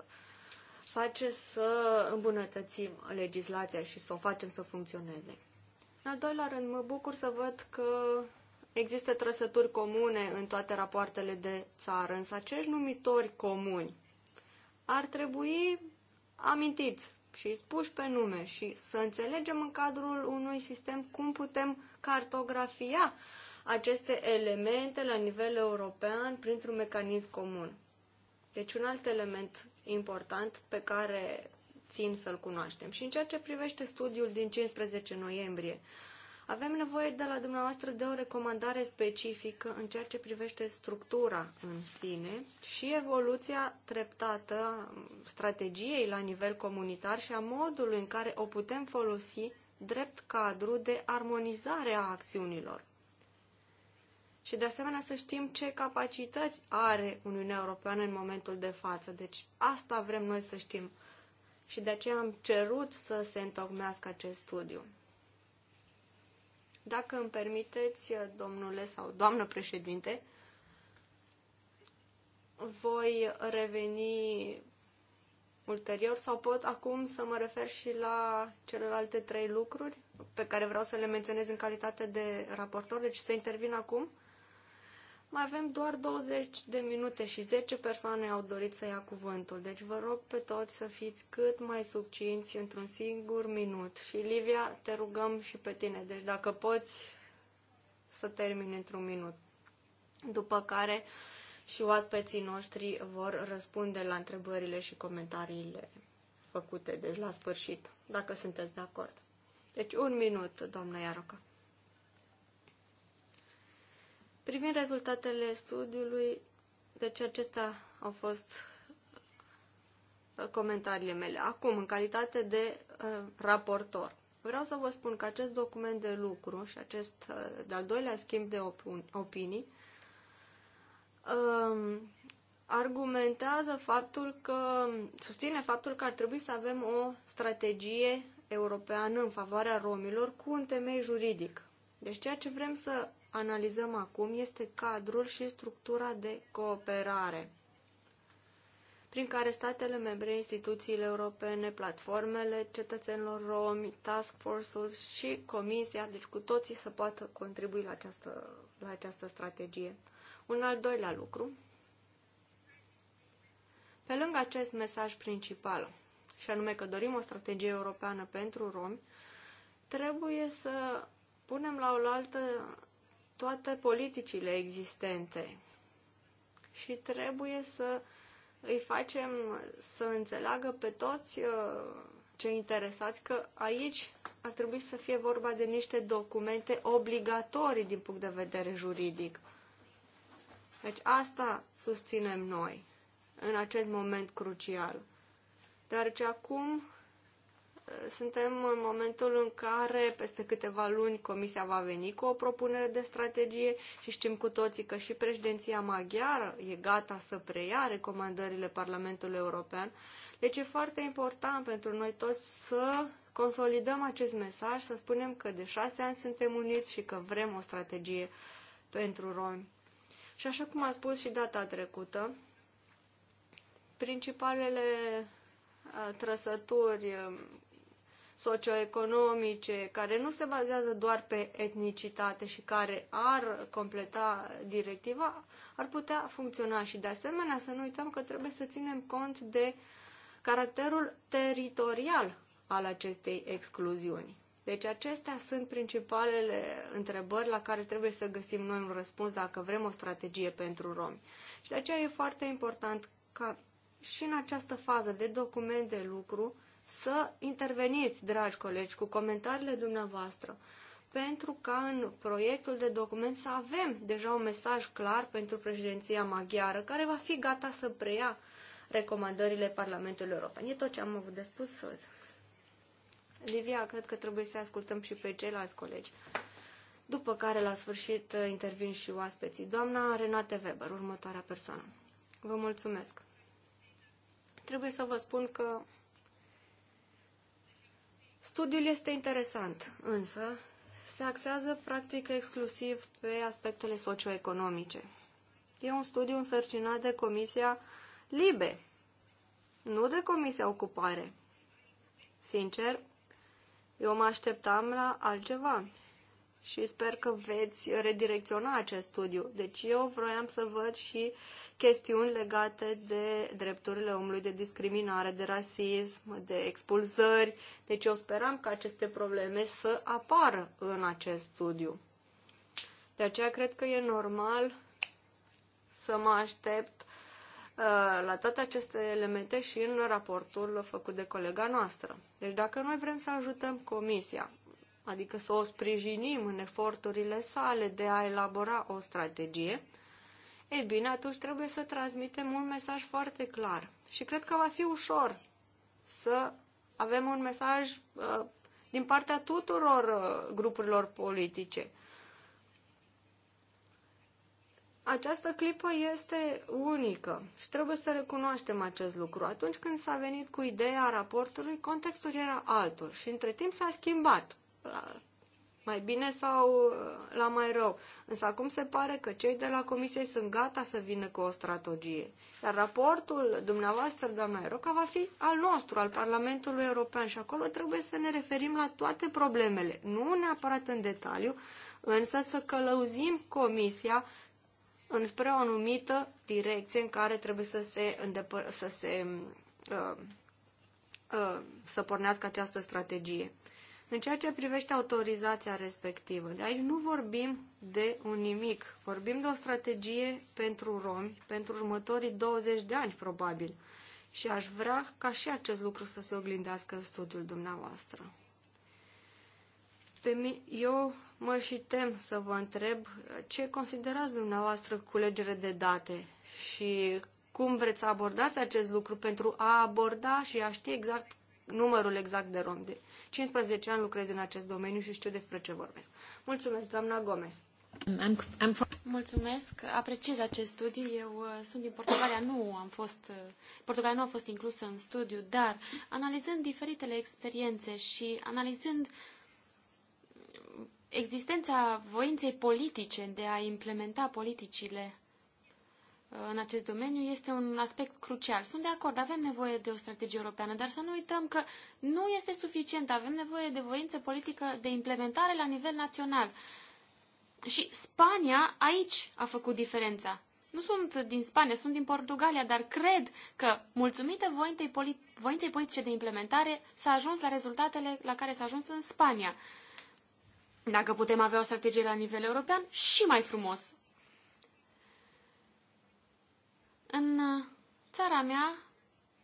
face să îmbunătățim legislația și să o facem să funcționeze. În al doilea rând, mă bucur să văd că există trăsături comune în toate rapoartele de țară, însă acești numitori comuni ar trebui amintiți și spuși pe nume și să înțelegem în cadrul unui sistem cum putem cartografia uh, aceste elemente la nivel european printr-un mecanism comun. Deci un alt element important pe care țin să-l cunoaștem. Și în ceea ce privește studiul din 15 noiembrie, avem nevoie de la dumneavoastră de o recomandare specifică în ceea ce privește structura în sine și evoluția treptată strategiei la nivel comunitar și a modului în care o putem folosi drept cadru de armonizare a acțiunilor și de asemenea să știm ce capacități are Uniunea Europeană în momentul de față. Deci asta vrem noi să știm și de aceea am cerut să se întocmească acest studiu. Dacă îmi permiteți, domnule sau doamnă președinte, voi reveni ulterior sau pot acum să mă refer și la celelalte trei lucruri pe care vreau să le menționez în calitate de raportor, deci să intervin acum. Mai avem doar 20 de minute și 10 persoane au dorit să ia cuvântul, deci vă rog pe toți să fiți cât mai subcinți într-un singur minut. Și Livia, te rugăm și pe tine, deci dacă poți să termini într-un minut. După care și oaspeții noștri vor răspunde la întrebările și comentariile făcute, deci la sfârșit, dacă sunteți de acord. Deci un minut, doamna Iaroca. Privind rezultatele studiului, deci acestea au fost uh, comentariile mele. Acum, în calitate de uh, raportor, vreau să vă spun că acest document de lucru și acest uh, de-al doilea schimb de opin- opinii uh, argumentează faptul că, susține faptul că ar trebui să avem o strategie europeană în favoarea romilor cu un temei juridic. Deci ceea ce vrem să analizăm acum este cadrul și structura de cooperare prin care statele membre, instituțiile europene, platformele cetățenilor romi, task force-ul și comisia, deci cu toții să poată contribui la această, la această strategie. Un al doilea lucru, pe lângă acest mesaj principal, și anume că dorim o strategie europeană pentru romi, trebuie să punem la oaltă toate politicile existente și trebuie să îi facem să înțeleagă pe toți uh, cei interesați că aici ar trebui să fie vorba de niște documente obligatorii din punct de vedere juridic. Deci asta susținem noi în acest moment crucial. Deoarece acum suntem în momentul în care peste câteva luni Comisia va veni cu o propunere de strategie și știm cu toții că și președinția maghiară e gata să preia recomandările Parlamentului European. Deci e foarte important pentru noi toți să consolidăm acest mesaj, să spunem că de șase ani suntem uniți și că vrem o strategie pentru romi. Și așa cum am spus și data trecută, principalele trăsături socioeconomice, care nu se bazează doar pe etnicitate și care ar completa directiva, ar putea funcționa. Și de asemenea să nu uităm că trebuie să ținem cont de caracterul teritorial al acestei excluziuni. Deci acestea sunt principalele întrebări la care trebuie să găsim noi un răspuns dacă vrem o strategie pentru romi. Și de aceea e foarte important ca și în această fază de document de lucru să interveniți, dragi colegi, cu comentariile dumneavoastră, pentru ca în proiectul de document să avem deja un mesaj clar pentru președinția maghiară, care va fi gata să preia recomandările Parlamentului European. E tot ce am avut de spus. Livia, cred că trebuie să ascultăm și pe ceilalți colegi. După care, la sfârșit, intervin și oaspeții. Doamna Renate Weber, următoarea persoană. Vă mulțumesc. Trebuie să vă spun că Studiul este interesant, însă se axează practic exclusiv pe aspectele socioeconomice. E un studiu însărcinat de Comisia Libe, nu de Comisia Ocupare. Sincer, eu mă așteptam la altceva și sper că veți redirecționa acest studiu. Deci eu vroiam să văd și chestiuni legate de drepturile omului, de discriminare, de rasism, de expulzări. Deci eu speram că aceste probleme să apară în acest studiu. De aceea cred că e normal să mă aștept uh, la toate aceste elemente și în raportul făcut de colega noastră. Deci dacă noi vrem să ajutăm Comisia adică să o sprijinim în eforturile sale de a elabora o strategie, Ei bine, atunci trebuie să transmitem un mesaj foarte clar. Și cred că va fi ușor să avem un mesaj uh, din partea tuturor uh, grupurilor politice. Această clipă este unică și trebuie să recunoaștem acest lucru. Atunci când s-a venit cu ideea raportului, contextul era altul și între timp s-a schimbat la mai bine sau uh, la mai rău. Însă acum se pare că cei de la comisie sunt gata să vină cu o strategie. Iar raportul dumneavoastră, doamna Eroca, va fi al nostru, al Parlamentului European și acolo trebuie să ne referim la toate problemele, nu neapărat în detaliu, însă să călăuzim comisia înspre o anumită direcție în care trebuie să se, să se uh, uh, să pornească această strategie în ceea ce privește autorizația respectivă. De aici nu vorbim de un nimic, vorbim de o strategie pentru romi, pentru următorii 20 de ani, probabil. Și aș vrea ca și acest lucru să se oglindească în studiul dumneavoastră. Pe mi- eu mă și tem să vă întreb ce considerați dumneavoastră culegere de date și cum vreți să abordați acest lucru pentru a aborda și a ști exact numărul exact de romi. De 15 ani lucrez în acest domeniu și știu despre ce vorbesc. Mulțumesc, doamna Gomez. I'm, I'm... Mulțumesc, apreciez acest studiu. Eu uh, sunt din Portugalia, nu am fost, uh, Portugalia nu a fost inclusă în studiu, dar analizând diferitele experiențe și analizând existența voinței politice de a implementa politicile în acest domeniu este un aspect crucial. Sunt de acord, avem nevoie de o strategie europeană, dar să nu uităm că nu este suficient. Avem nevoie de voință politică de implementare la nivel național. Și Spania aici a făcut diferența. Nu sunt din Spania, sunt din Portugalia, dar cred că, mulțumită voinței, polit- voinței politice de implementare, s-a ajuns la rezultatele la care s-a ajuns în Spania. Dacă putem avea o strategie la nivel european, și mai frumos. În uh, țara mea,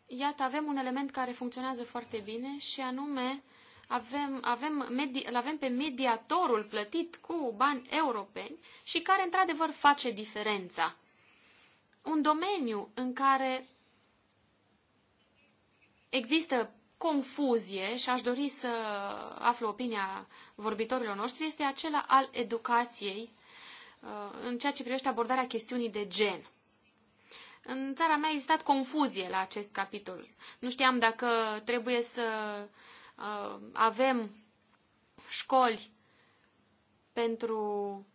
iată, avem un element care funcționează foarte bine și anume avem, avem, medi, îl avem pe mediatorul plătit cu bani europeni și care într-adevăr face diferența. Un domeniu în care există confuzie și aș dori să aflu opinia vorbitorilor noștri este acela al educației uh, în ceea ce privește abordarea chestiunii de gen. În țara mea a existat confuzie la acest capitol. Nu știam dacă trebuie să uh, avem școli pentru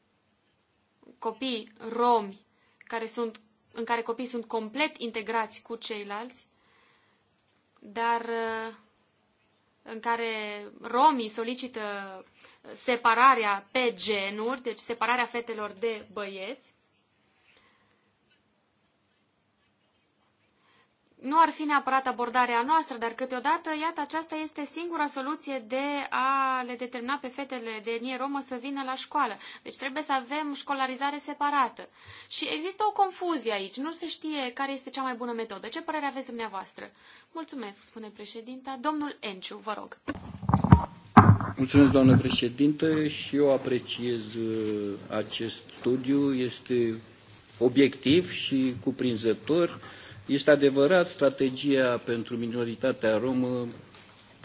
copii romi care sunt, în care copiii sunt complet integrați cu ceilalți, dar uh, în care romii solicită separarea pe genuri, deci separarea fetelor de băieți, Nu ar fi neapărat abordarea noastră, dar câteodată, iată, aceasta este singura soluție de a le determina pe fetele de etnie romă să vină la școală. Deci trebuie să avem școlarizare separată. Și există o confuzie aici. Nu se știe care este cea mai bună metodă. Ce părere aveți dumneavoastră? Mulțumesc, spune președinta. Domnul Enciu, vă rog. Mulțumesc, doamnă președintă, și eu apreciez uh, acest studiu. Este obiectiv și cuprinzător este adevărat, strategia pentru minoritatea romă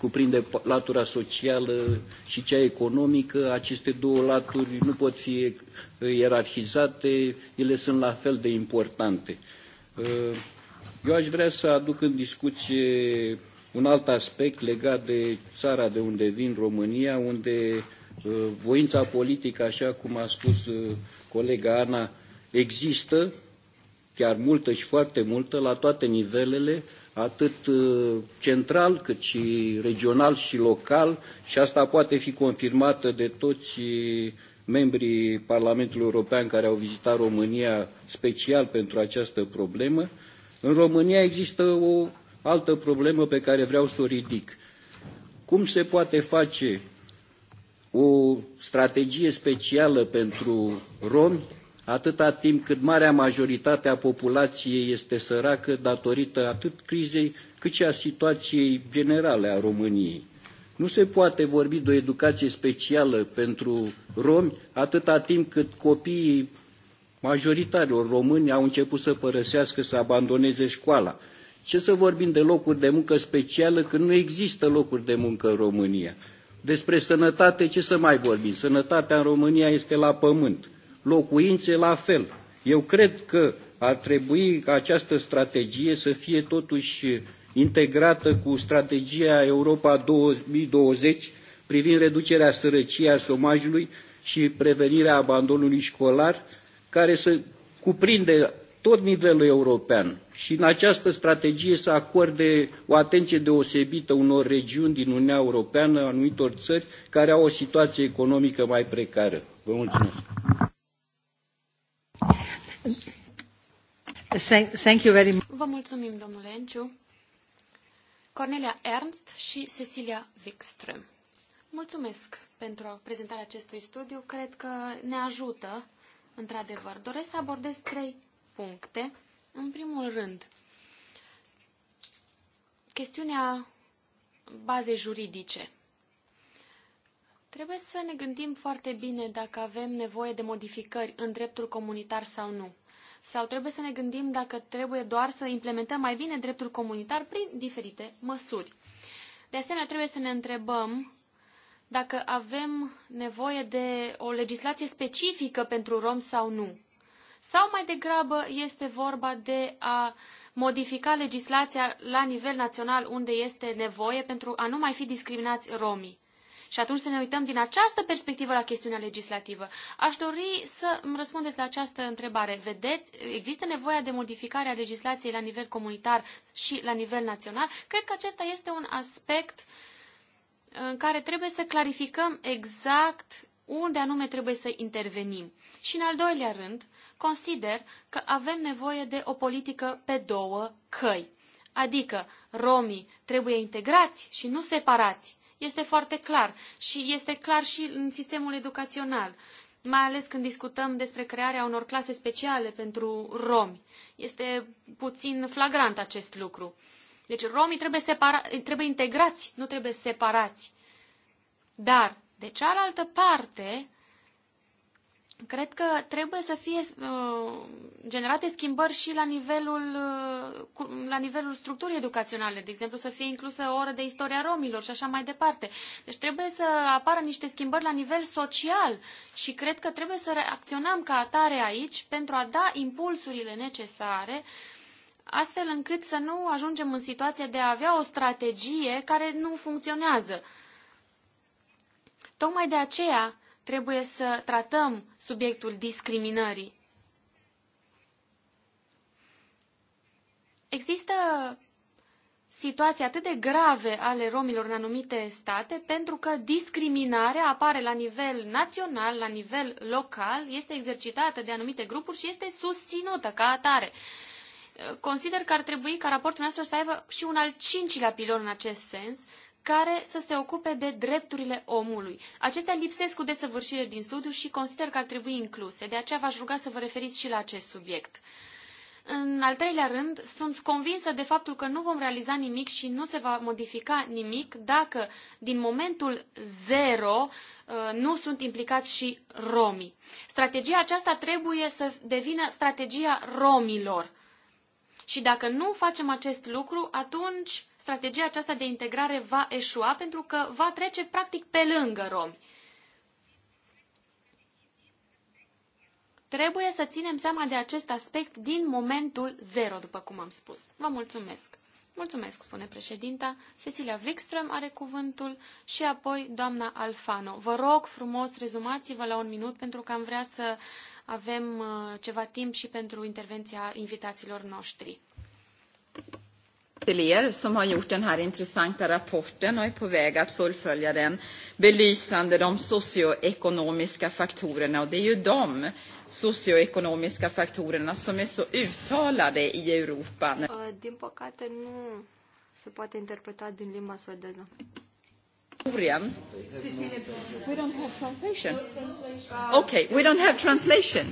cuprinde latura socială și cea economică. Aceste două laturi nu pot fi eh, ierarhizate, ele sunt la fel de importante. Eh, eu aș vrea să aduc în discuție un alt aspect legat de țara de unde vin, România, unde eh, voința politică, așa cum a spus colega Ana, există, chiar multă și foarte multă, la toate nivelele, atât uh, central cât și regional și local și asta poate fi confirmată de toți uh, membrii Parlamentului European care au vizitat România special pentru această problemă. În România există o altă problemă pe care vreau să o ridic. Cum se poate face o strategie specială pentru romi atâta timp cât marea majoritate a populației este săracă datorită atât crizei cât și a situației generale a României. Nu se poate vorbi de o educație specială pentru romi atâta timp cât copiii majoritarilor români au început să părăsească, să abandoneze școala. Ce să vorbim de locuri de muncă specială când nu există locuri de muncă în România? Despre sănătate ce să mai vorbim? Sănătatea în România este la pământ locuințe la fel. Eu cred că ar trebui această strategie să fie totuși integrată cu strategia Europa 2020 privind reducerea sărăciei a șomajului și prevenirea abandonului școlar, care să cuprinde tot nivelul european și în această strategie să acorde o atenție deosebită unor regiuni din Uniunea Europeană, anumitor țări care au o situație economică mai precară. Vă mulțumesc! Vă mulțumim, domnule Enciu. Cornelia Ernst și Cecilia Wikström. Mulțumesc pentru prezentarea acestui studiu. Cred că ne ajută, într-adevăr. Doresc să abordez trei puncte. În primul rând, chestiunea bazei juridice Trebuie să ne gândim foarte bine dacă avem nevoie de modificări în dreptul comunitar sau nu. Sau trebuie să ne gândim dacă trebuie doar să implementăm mai bine dreptul comunitar prin diferite măsuri. De asemenea, trebuie să ne întrebăm dacă avem nevoie de o legislație specifică pentru rom sau nu. Sau mai degrabă este vorba de a modifica legislația la nivel național unde este nevoie pentru a nu mai fi discriminați romii și atunci să ne uităm din această perspectivă la chestiunea legislativă. Aș dori să îmi răspundeți la această întrebare. Vedeți, există nevoia de modificare a legislației la nivel comunitar și la nivel național? Cred că acesta este un aspect uh, în care trebuie să clarificăm exact unde anume trebuie să intervenim. Și în al doilea rând, consider că avem nevoie de o politică pe două căi. Adică romii trebuie integrați și nu separați este foarte clar și este clar și în sistemul educațional mai ales când discutăm despre crearea unor clase speciale pentru romi. Este puțin flagrant acest lucru. Deci romii trebuie, separa, trebuie integrați, nu trebuie separați. Dar, de cealaltă parte, cred că trebuie să fie uh, generate schimbări și la nivelul, uh, la nivelul structurii educaționale, de exemplu să fie inclusă o oră de istoria romilor și așa mai departe. Deci trebuie să apară niște schimbări la nivel social și cred că trebuie să reacționăm ca atare aici pentru a da impulsurile necesare astfel încât să nu ajungem în situația de a avea o strategie care nu funcționează. Tocmai de aceea trebuie să tratăm subiectul discriminării. Există situații atât de grave ale romilor în anumite state pentru că discriminarea apare la nivel național, la nivel local, este exercitată de anumite grupuri și este susținută ca atare. Consider că ar trebui ca raportul nostru să aibă și un al cincilea pilon în acest sens, care să se ocupe de drepturile omului. Acestea lipsesc cu desăvârșire din studiu și consider că ar trebui incluse, de aceea v-aș ruga să vă referiți și la acest subiect. În al treilea rând, sunt convinsă de faptul că nu vom realiza nimic și nu se va modifica nimic dacă din momentul zero uh, nu sunt implicați și romii. Strategia aceasta trebuie să devină strategia romilor. Și dacă nu facem acest lucru, atunci strategia aceasta de integrare va eșua pentru că va trece practic pe lângă romi. Trebuie să ținem seama de acest aspect din momentul zero, după cum am spus. Vă mulțumesc! Mulțumesc, spune președinta. Cecilia Wikström are cuvântul și apoi doamna Alfano. Vă rog frumos, rezumați-vă la un minut pentru că am vrea să avem uh, ceva timp și pentru intervenția invitaților noștri till er som har gjort den här intressanta rapporten och är på väg att fullfölja den belysande de socioekonomiska faktorerna. Och det är ju de socioekonomiska faktorerna som är så uttalade i Europa. Din păcate nu se poate interpreta din limba suedeză. Korean? We don't have translation. Okay, we don't have translation.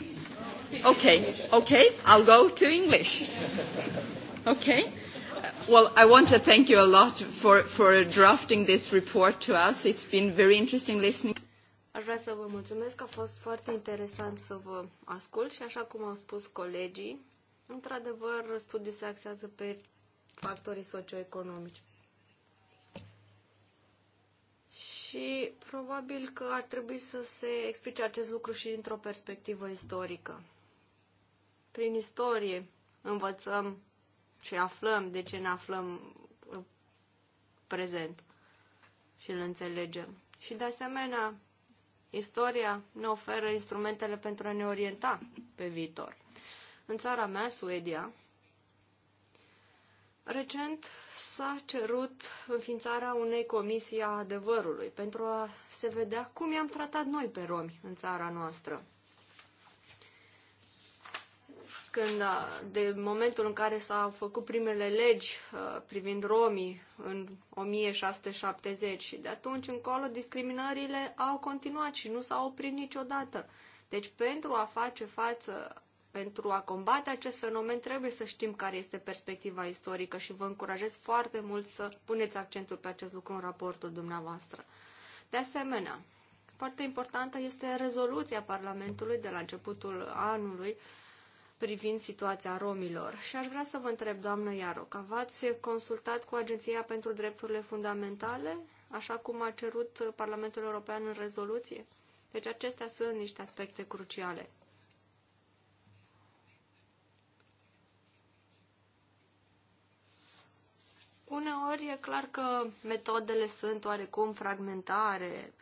Okay, okay, I'll go to English. Okay. Well, I want to thank you a lot for, for drafting this report to us. It's been very interesting listening. Aș vrea să vă mulțumesc, a fost foarte interesant să vă ascult și așa cum au spus colegii, într-adevăr, studiul se axează pe factorii socioeconomici. Și probabil că ar trebui să se explice acest lucru și într-o perspectivă istorică. Prin istorie învățăm și aflăm de ce ne aflăm prezent și îl înțelegem. Și de asemenea, istoria ne oferă instrumentele pentru a ne orienta pe viitor. În țara mea, Suedia, recent s-a cerut înființarea unei comisii a adevărului pentru a se vedea cum i-am tratat noi pe romi în țara noastră când, de momentul în care s-au făcut primele legi privind romii în 1670 și de atunci încolo discriminările au continuat și nu s-au oprit niciodată. Deci pentru a face față, pentru a combate acest fenomen, trebuie să știm care este perspectiva istorică și vă încurajez foarte mult să puneți accentul pe acest lucru în raportul dumneavoastră. De asemenea, foarte importantă este rezoluția Parlamentului de la începutul anului privind situația romilor. Și aș vrea să vă întreb, doamnă Iaroc, v-ați consultat cu Agenția pentru Drepturile Fundamentale, așa cum a cerut Parlamentul European în rezoluție? Deci acestea sunt niște aspecte cruciale. Uneori e clar că metodele sunt oarecum fragmentare,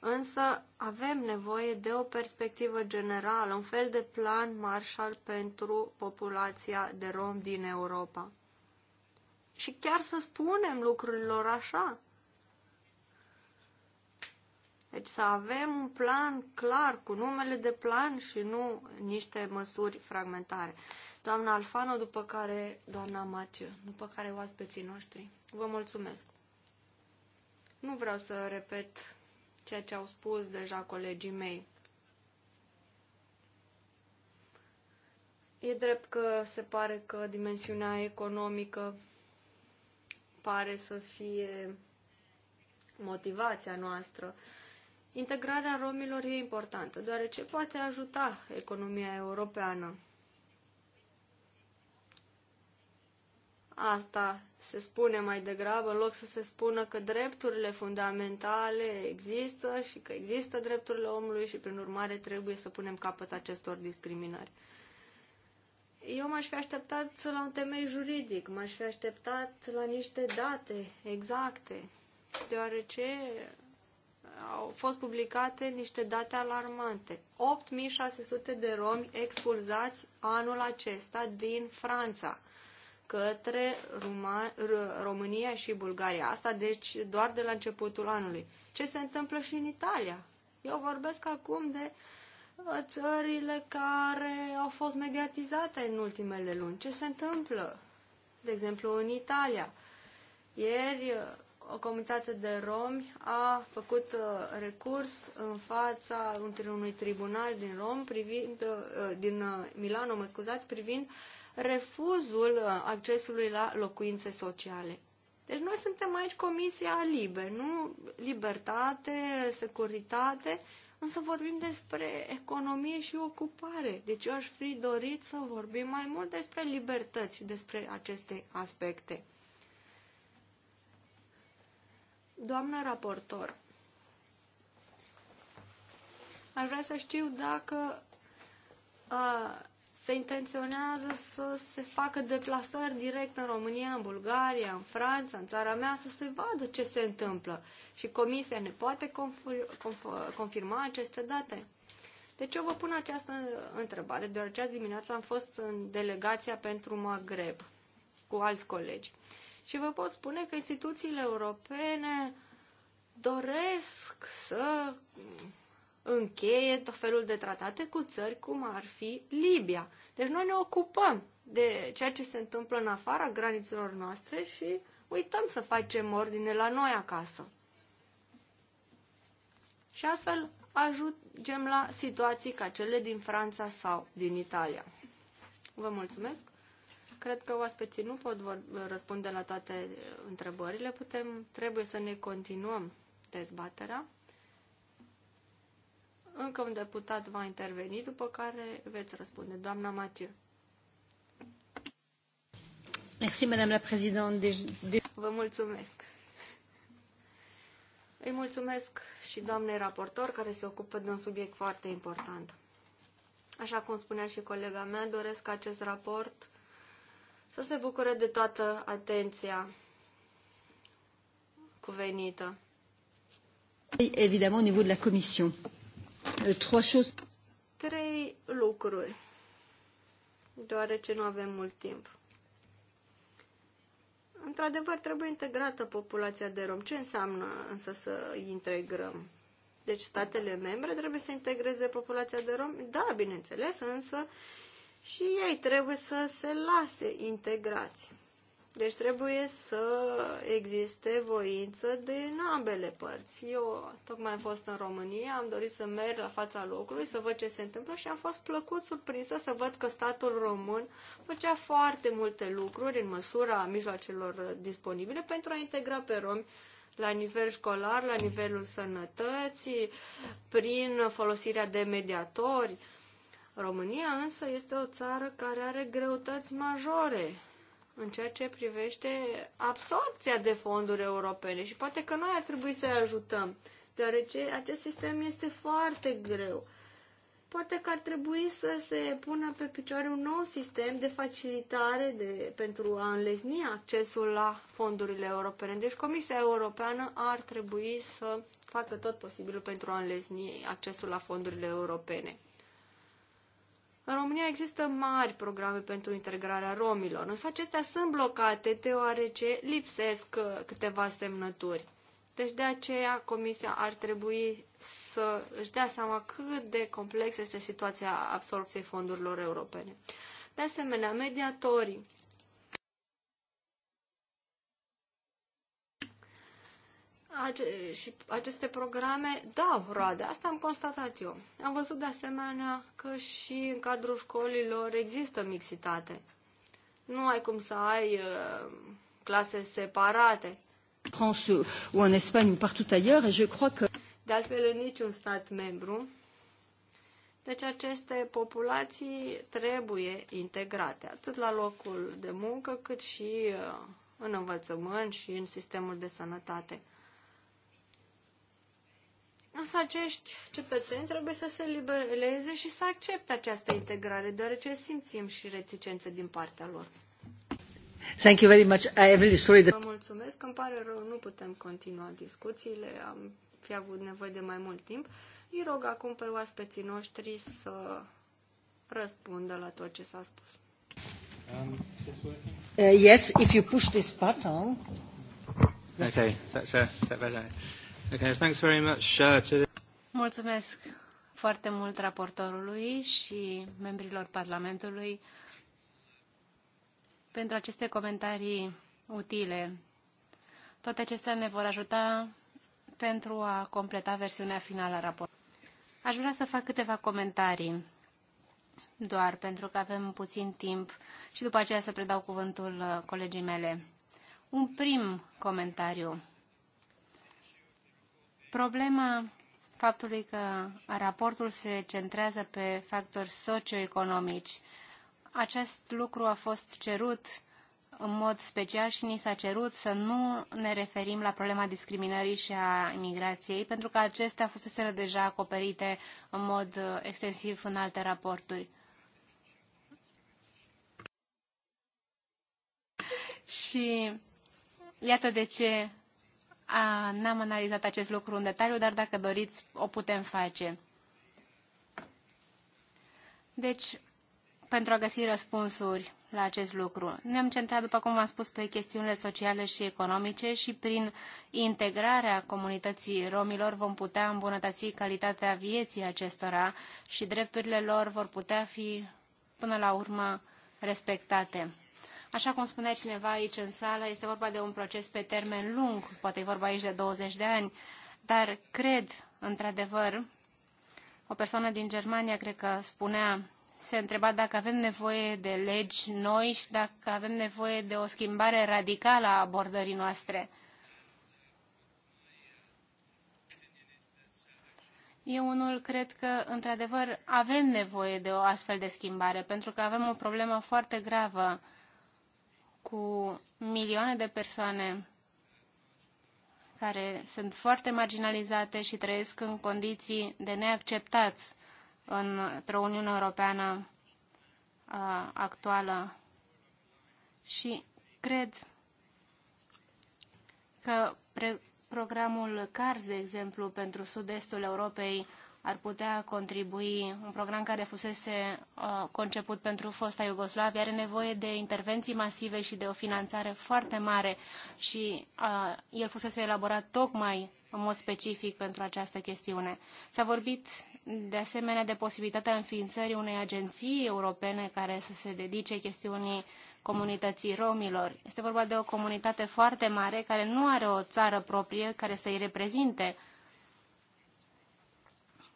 Însă avem nevoie de o perspectivă generală, un fel de plan Marshall pentru populația de rom din Europa. Și chiar să spunem lucrurilor așa. Deci să avem un plan clar, cu numele de plan și nu niște măsuri fragmentare. Doamna Alfano, după care doamna Matiu, după care oaspeții noștri. Vă mulțumesc. Nu vreau să repet ceea ce au spus deja colegii mei. E drept că se pare că dimensiunea economică pare să fie motivația noastră. Integrarea romilor e importantă, deoarece poate ajuta economia europeană. Asta se spune mai degrabă, în loc să se spună că drepturile fundamentale există și că există drepturile omului și, prin urmare, trebuie să punem capăt acestor discriminări. Eu m-aș fi așteptat la un temei juridic, m-aș fi așteptat la niște date exacte, deoarece au fost publicate niște date alarmante. 8600 de romi expulzați anul acesta din Franța către Ruma, R- România și Bulgaria. Asta deci doar de la începutul anului. Ce se întâmplă și în Italia? Eu vorbesc acum de uh, țările care au fost mediatizate în ultimele luni. Ce se întâmplă? De exemplu, în Italia. Ieri uh, o comunitate de romi a făcut uh, recurs în fața unui tribunal din Rom privind din Milano, mă scuzați, privind uh, refuzul uh, accesului la locuințe sociale. Deci noi suntem aici comisia liber, nu libertate, securitate, însă vorbim despre economie și ocupare. Deci eu aș fi dorit să vorbim mai mult despre libertăți, despre aceste aspecte. Doamnă raportor, aș vrea să știu dacă uh, se intenționează să se facă deplasări direct în România, în Bulgaria, în Franța, în țara mea, să se vadă ce se întâmplă. Și comisia ne poate confirma aceste date? Deci eu vă pun această întrebare, deoarece azi dimineața am fost în delegația pentru Maghreb cu alți colegi. Și vă pot spune că instituțiile europene doresc să încheie tot felul de tratate cu țări cum ar fi Libia. Deci noi ne ocupăm de ceea ce se întâmplă în afara granițelor noastre și uităm să facem ordine la noi acasă. Și astfel ajungem la situații ca cele din Franța sau din Italia. Vă mulțumesc. Cred că oaspeții nu pot răspunde la toate întrebările. Putem, trebuie să ne continuăm dezbaterea. Încă un deputat va interveni, după care veți răspunde. Doamna Mathieu. Merci, Madame la Présidente. Vă mulțumesc. Îi mulțumesc și doamnei raportor care se ocupă de un subiect foarte important. Așa cum spunea și colega mea, doresc ca acest raport să se bucure de toată atenția cuvenită. Evident, au nivelul de la Comisie. Trois choses. Trei lucruri, deoarece nu avem mult timp. Într-adevăr, trebuie integrată populația de rom. Ce înseamnă însă să integrăm? Deci statele membre trebuie să integreze populația de rom? Da, bineînțeles, însă și ei trebuie să se lase integrați. Deci trebuie să existe voință din ambele părți. Eu tocmai am fost în România, am dorit să merg la fața locului, să văd ce se întâmplă și am fost plăcut surprinsă să văd că statul român făcea foarte multe lucruri în măsura mijloacelor disponibile pentru a integra pe romi la nivel școlar, la nivelul sănătății, prin folosirea de mediatori. România însă este o țară care are greutăți majore în ceea ce privește absorpția de fonduri europene și poate că noi ar trebui să-i ajutăm, deoarece acest sistem este foarte greu. Poate că ar trebui să se pună pe picioare un nou sistem de facilitare de, pentru a înlesni accesul la fondurile europene. Deci Comisia Europeană ar trebui să facă tot posibilul pentru a înlesni accesul la fondurile europene. În România există mari programe pentru integrarea romilor, însă acestea sunt blocate deoarece lipsesc uh, câteva semnături. Deci de aceea Comisia ar trebui să își dea seama cât de complexă este situația absorpției fondurilor europene. De asemenea, mediatorii ace- și aceste programe dau roade. Asta am constatat eu. Am văzut de asemenea că și în cadrul școlilor există mixitate. Nu ai cum să ai uh, clase separate. de altfel în niciun stat membru. Deci aceste populații trebuie integrate, atât la locul de muncă, cât și uh, în învățământ și în sistemul de sănătate. Însă acești cetățeni trebuie să se libereze și să accepte această integrare, deoarece simțim și reticențe din partea lor. Thank you very much. I am really sorry that... Vă mulțumesc, îmi pare rău, nu putem continua discuțiile, am fi avut nevoie de mai mult timp. Îi rog acum pe oaspeții noștri să răspundă la tot ce s-a spus. Um, uh, yes, if you push this button. Okay, that's, uh, that's better. Mulțumesc foarte mult raportorului și membrilor Parlamentului pentru aceste comentarii utile. Toate acestea ne vor ajuta pentru a completa versiunea finală a raportului. Aș vrea să fac câteva comentarii, doar pentru că avem puțin timp și după aceea să predau cuvântul colegii mele. Un prim comentariu. Problema faptului că raportul se centrează pe factori socioeconomici. Acest lucru a fost cerut în mod special și ni s-a cerut să nu ne referim la problema discriminării și a imigrației, pentru că acestea fost deja acoperite în mod uh, extensiv în alte raporturi. Și iată de ce N-am analizat acest lucru în detaliu, dar dacă doriți, o putem face. Deci, pentru a găsi răspunsuri la acest lucru. Ne-am centrat, după cum am spus, pe chestiunile sociale și economice și prin integrarea comunității romilor vom putea îmbunătăți calitatea vieții acestora și drepturile lor vor putea fi, până la urmă, respectate. Așa cum spunea cineva aici în sală, este vorba de un proces pe termen lung, poate e vorba aici de 20 de ani, dar cred, într-adevăr, o persoană din Germania, cred că spunea, se întreba dacă avem nevoie de legi noi și dacă avem nevoie de o schimbare radicală a abordării noastre. Eu unul cred că, într-adevăr, avem nevoie de o astfel de schimbare, pentru că avem o problemă foarte gravă cu milioane de persoane care sunt foarte marginalizate și trăiesc în condiții de neacceptat într-o Uniune Europeană actuală. Și cred că programul CARS, de exemplu, pentru sud-estul Europei, ar putea contribui, un program care fusese uh, conceput pentru fosta Iugoslavie, are nevoie de intervenții masive și de o finanțare foarte mare și uh, el fusese elaborat tocmai în mod specific pentru această chestiune. S-a vorbit de asemenea de posibilitatea înființării unei agenții europene care să se dedice chestiunii comunității romilor. Este vorba de o comunitate foarte mare care nu are o țară proprie care să-i reprezinte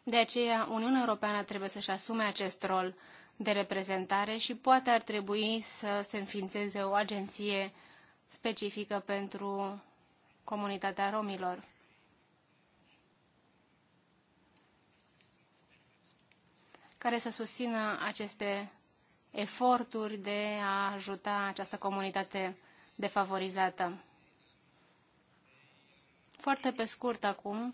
de aceea, Uniunea Europeană trebuie să-și asume acest rol de reprezentare și poate ar trebui să se înființeze o agenție specifică pentru comunitatea romilor. care să susțină aceste eforturi de a ajuta această comunitate defavorizată. Foarte pe scurt acum,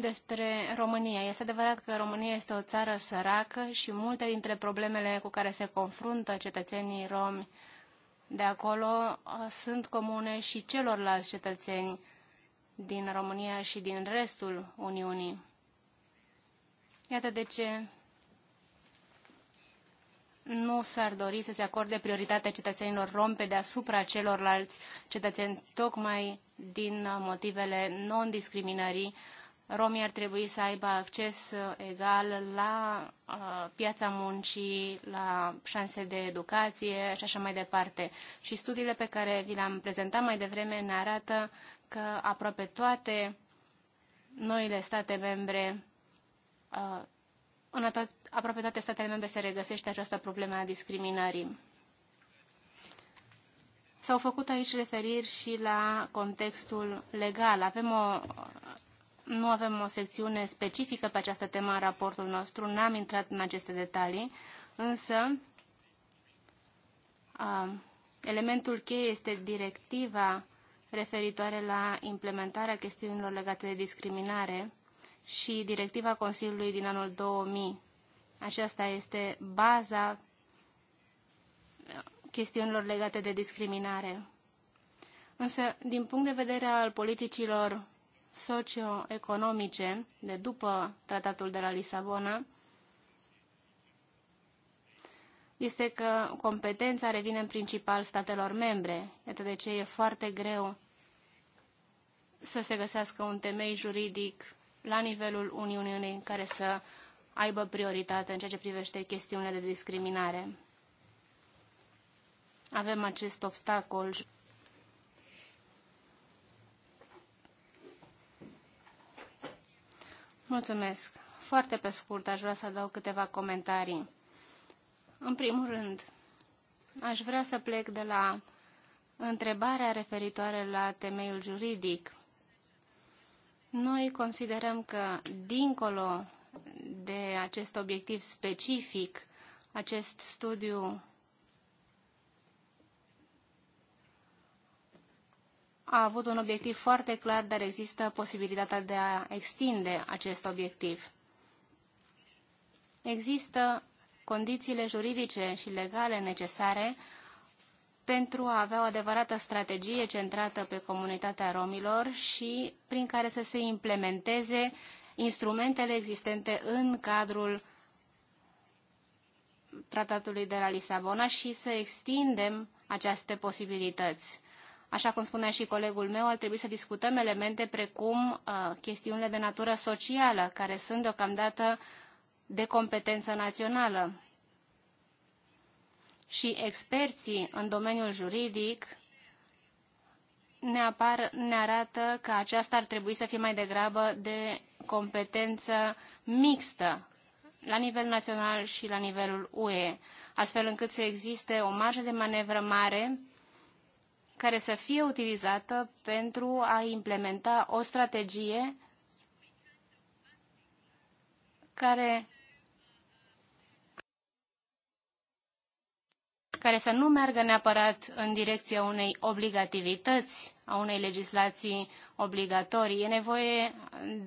despre România. Este adevărat că România este o țară săracă și multe dintre problemele cu care se confruntă cetățenii romi de acolo uh, sunt comune și celorlalți cetățeni din România și din restul Uniunii. Iată de ce nu s-ar dori să se acorde prioritatea cetățenilor romi pe deasupra celorlalți cetățeni, tocmai din uh, motivele non-discriminării Romii ar trebui să aibă acces uh, egal la uh, piața muncii, la șanse de educație și așa mai departe. Și studiile pe care vi le-am prezentat mai devreme ne arată că aproape toate noile state membre, uh, în aproape toate statele membre se regăsește această problemă a discriminării. S-au făcut aici referiri și la contextul legal. Avem o nu avem o secțiune specifică pe această temă în raportul nostru, n-am intrat în aceste detalii, însă a, elementul cheie este directiva referitoare la implementarea chestiunilor legate de discriminare și directiva Consiliului din anul 2000. Aceasta este baza chestiunilor legate de discriminare. Însă, din punct de vedere al politicilor socioeconomice de după tratatul de la Lisabona este că competența revine în principal statelor membre. Iată de ce e foarte greu să se găsească un temei juridic la nivelul Uniunii care să aibă prioritate în ceea ce privește chestiunile de discriminare. Avem acest obstacol Mulțumesc. Foarte pe scurt aș vrea să dau câteva comentarii. În primul rând, aș vrea să plec de la întrebarea referitoare la temeiul juridic. Noi considerăm că, dincolo de acest obiectiv specific, acest studiu a avut un obiectiv foarte clar, dar există posibilitatea de a extinde acest obiectiv. Există condițiile juridice și legale necesare pentru a avea o adevărată strategie centrată pe comunitatea romilor și prin care să se implementeze instrumentele existente în cadrul tratatului de la Lisabona și să extindem aceste posibilități așa cum spunea și colegul meu, ar trebui să discutăm elemente precum uh, chestiunile de natură socială, care sunt deocamdată de competență națională. Și experții în domeniul juridic ne, apar, ne arată că aceasta ar trebui să fie mai degrabă de competență mixtă la nivel național și la nivelul UE, astfel încât să existe o marjă de manevră mare care să fie utilizată pentru a implementa o strategie care care să nu meargă neapărat în direcția unei obligativități, a unei legislații obligatorii. E nevoie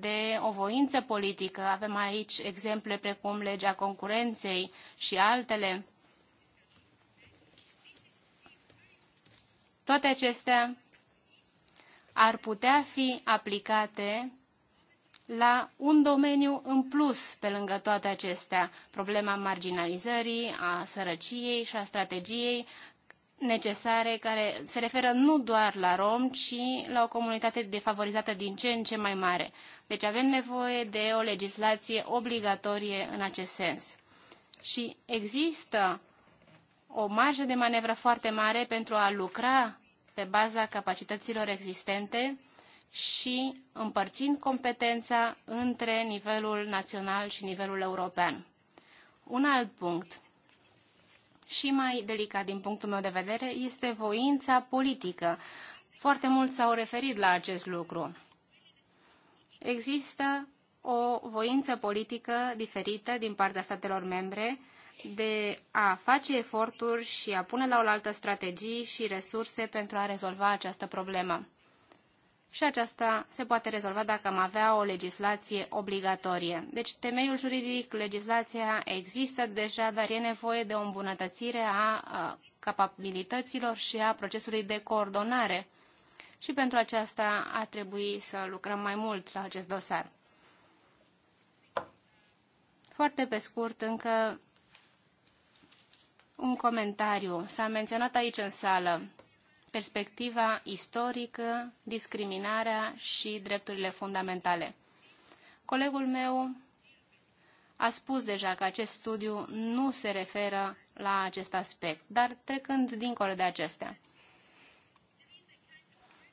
de o voință politică. Avem aici exemple precum legea concurenței și altele. Toate acestea ar putea fi aplicate la un domeniu în plus pe lângă toate acestea, problema marginalizării, a sărăciei și a strategiei necesare care se referă nu doar la rom, ci la o comunitate defavorizată din ce în ce mai mare. Deci avem nevoie de o legislație obligatorie în acest sens. Și există o marjă de manevră foarte mare pentru a lucra pe baza capacităților existente și împărțind competența între nivelul național și nivelul european. Un alt punct și mai delicat din punctul meu de vedere este voința politică. Foarte mulți s-au referit la acest lucru. Există o voință politică diferită din partea statelor membre de a face eforturi și a pune la oaltă strategii și resurse pentru a rezolva această problemă. Și aceasta se poate rezolva dacă am avea o legislație obligatorie. Deci temeiul juridic, legislația există deja, dar e nevoie de o îmbunătățire a capabilităților și a procesului de coordonare. Și pentru aceasta ar trebui să lucrăm mai mult la acest dosar. Foarte pe scurt, încă un comentariu. S-a menționat aici în sală perspectiva istorică, discriminarea și drepturile fundamentale. Colegul meu a spus deja că acest studiu nu se referă la acest aspect, dar trecând dincolo de acestea.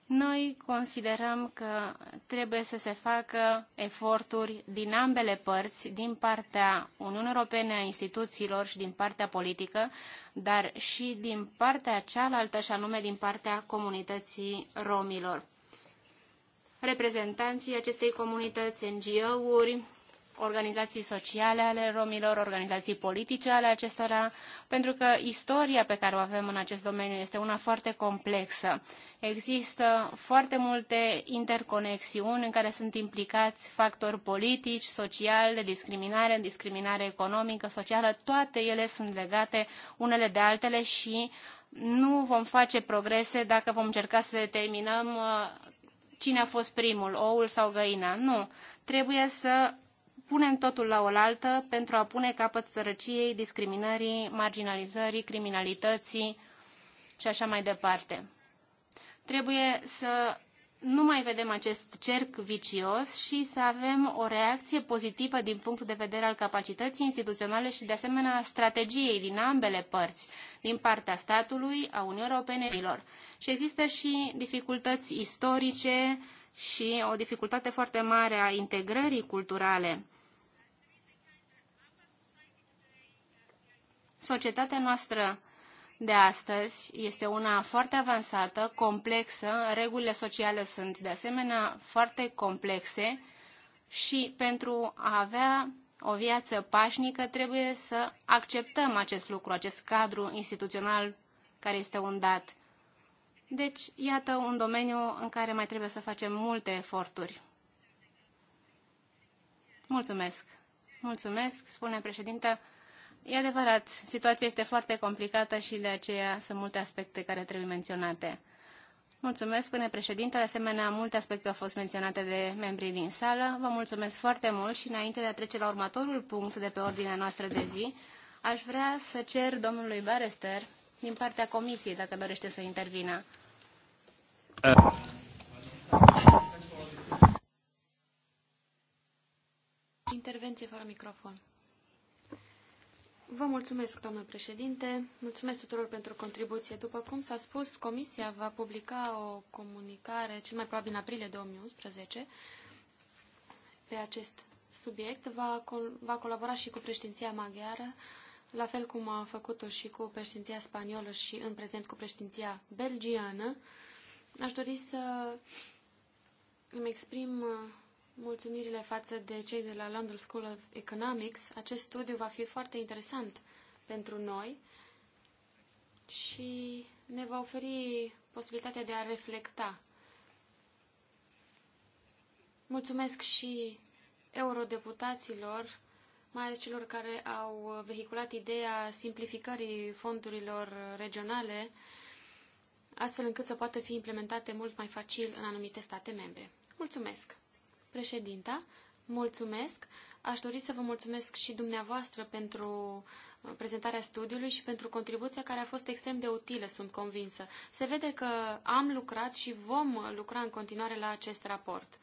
Noi considerăm că trebuie să se facă eforturi din ambele părți, din partea Uniunii Europene a instituțiilor și din partea politică, dar și din partea cealaltă, și anume din partea comunității romilor. Reprezentanții acestei comunități, NGO-uri, organizații sociale ale romilor, organizații politice ale acestora, pentru că istoria pe care o avem în acest domeniu este una foarte complexă. Există foarte multe interconexiuni în care sunt implicați factori politici, sociali, de discriminare, discriminare economică, socială, toate ele sunt legate unele de altele și nu vom face progrese dacă vom încerca să determinăm uh, cine a fost primul, oul sau găina. Nu. Trebuie să punem totul la oaltă pentru a pune capăt sărăciei, discriminării, marginalizării, criminalității și așa mai departe. Trebuie să nu mai vedem acest cerc vicios și să avem o reacție pozitivă din punctul de vedere al capacității instituționale și de asemenea a strategiei din ambele părți, din partea statului, a Uniunii Europene. Și există și dificultăți istorice și o dificultate foarte mare a integrării culturale Societatea noastră de astăzi este una foarte avansată, complexă, regulile sociale sunt de asemenea foarte complexe și pentru a avea o viață pașnică trebuie să acceptăm acest lucru, acest cadru instituțional care este un dat. Deci, iată un domeniu în care mai trebuie să facem multe eforturi. Mulțumesc! Mulțumesc, spune președinte. E adevărat, situația este foarte complicată și de aceea sunt multe aspecte care trebuie menționate. Mulțumesc, până președinte. De asemenea, multe aspecte au fost menționate de membrii din sală. Vă mulțumesc foarte mult și înainte de a trece la următorul punct de pe ordinea noastră de zi, aș vrea să cer domnului Barester din partea comisiei, dacă dorește să intervină. Intervenție fără microfon. Vă mulțumesc, doamnă președinte. Mulțumesc tuturor pentru contribuție. După cum s-a spus, Comisia va publica o comunicare, cel mai probabil în aprilie 2011, pe acest subiect. Va, col- va colabora și cu președinția maghiară, la fel cum a făcut-o și cu președinția spaniolă și în prezent cu președinția belgiană. Aș dori să îmi exprim mulțumirile față de cei de la London School of Economics. Acest studiu va fi foarte interesant pentru noi și ne va oferi posibilitatea de a reflecta. Mulțumesc și eurodeputaților, mai ales celor care au vehiculat ideea simplificării fondurilor regionale, astfel încât să poată fi implementate mult mai facil în anumite state membre. Mulțumesc! Președinta, mulțumesc. Aș dori să vă mulțumesc și dumneavoastră pentru uh, prezentarea studiului și pentru contribuția care a fost extrem de utilă, sunt convinsă. Se vede că am lucrat și vom lucra în continuare la acest raport.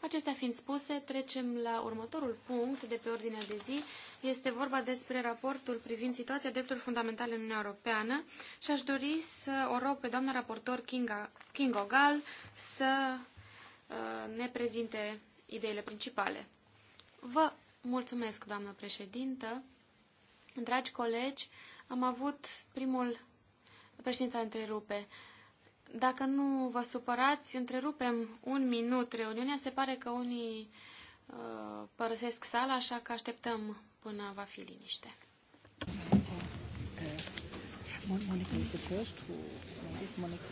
Acestea fiind spuse, trecem la următorul punct de pe ordinea de zi. Este vorba despre raportul privind situația drepturilor fundamentale în Uniunea Europeană și aș dori să o rog pe doamna raportor Kinga, King Ogal să uh, ne prezinte ideile principale. Vă mulțumesc, doamnă președintă. Dragi colegi, am avut primul... președinte întrerupe. Dacă nu vă supărați, întrerupem un minut reuniunea. Se pare că unii uh, părăsesc sala, așa că așteptăm până va fi liniște. Monica is Monica.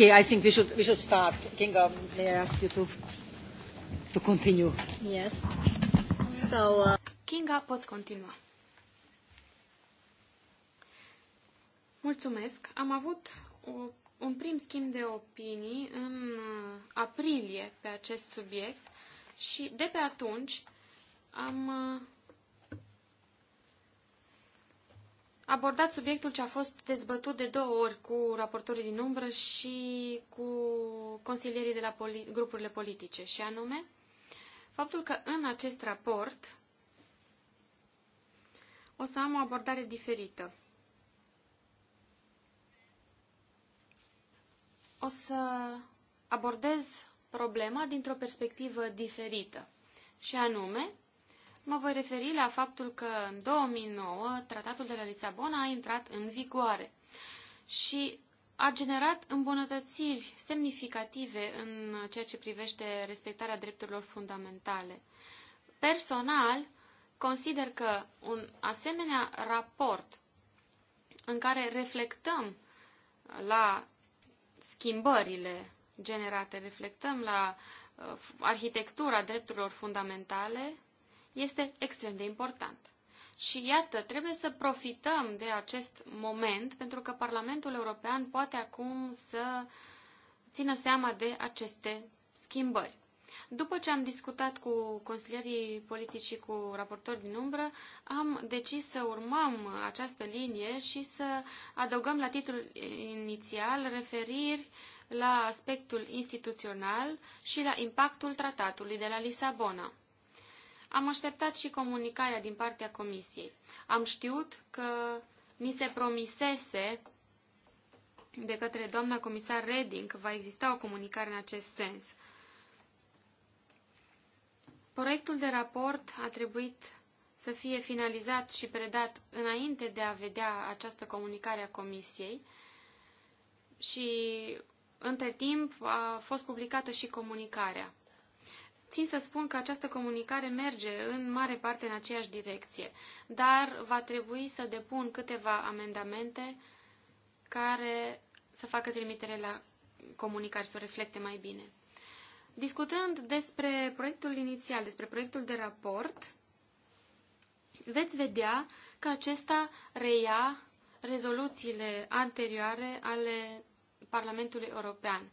Okay, I think we should, we should start. Kinga, may I ask you to, to continue? Yes. So, uh... Kinga, poți continua. Mulțumesc. Am avut o, un prim schimb de opinii în uh, aprilie pe acest subiect și de pe atunci am uh, abordat subiectul ce a fost dezbătut de două ori cu raportorii din umbră și cu consilierii de la poli grupurile politice, și anume faptul că în acest raport o să am o abordare diferită. O să abordez problema dintr-o perspectivă diferită, și anume mă voi referi la faptul că în 2009 tratatul de la Lisabona a intrat în vigoare și a generat îmbunătățiri semnificative în ceea ce privește respectarea drepturilor fundamentale. Personal, consider că un asemenea raport în care reflectăm la schimbările generate, reflectăm la uh, arhitectura drepturilor fundamentale este extrem de important. Și iată, trebuie să profităm de acest moment, pentru că Parlamentul European poate acum să țină seama de aceste schimbări. După ce am discutat cu consilierii politici și cu raportori din umbră, am decis să urmăm această linie și să adăugăm la titlul inițial referiri la aspectul instituțional și la impactul tratatului de la Lisabona. Am așteptat și comunicarea din partea comisiei. Am știut că ni se promisese de către doamna comisar Reding că va exista o comunicare în acest sens. Proiectul de raport a trebuit să fie finalizat și predat înainte de a vedea această comunicare a comisiei și între timp a fost publicată și comunicarea. Țin să spun că această comunicare merge în mare parte în aceeași direcție, dar va trebui să depun câteva amendamente care să facă trimitere la comunicare, să o reflecte mai bine. Discutând despre proiectul inițial, despre proiectul de raport, veți vedea că acesta reia rezoluțiile anterioare ale Parlamentului European.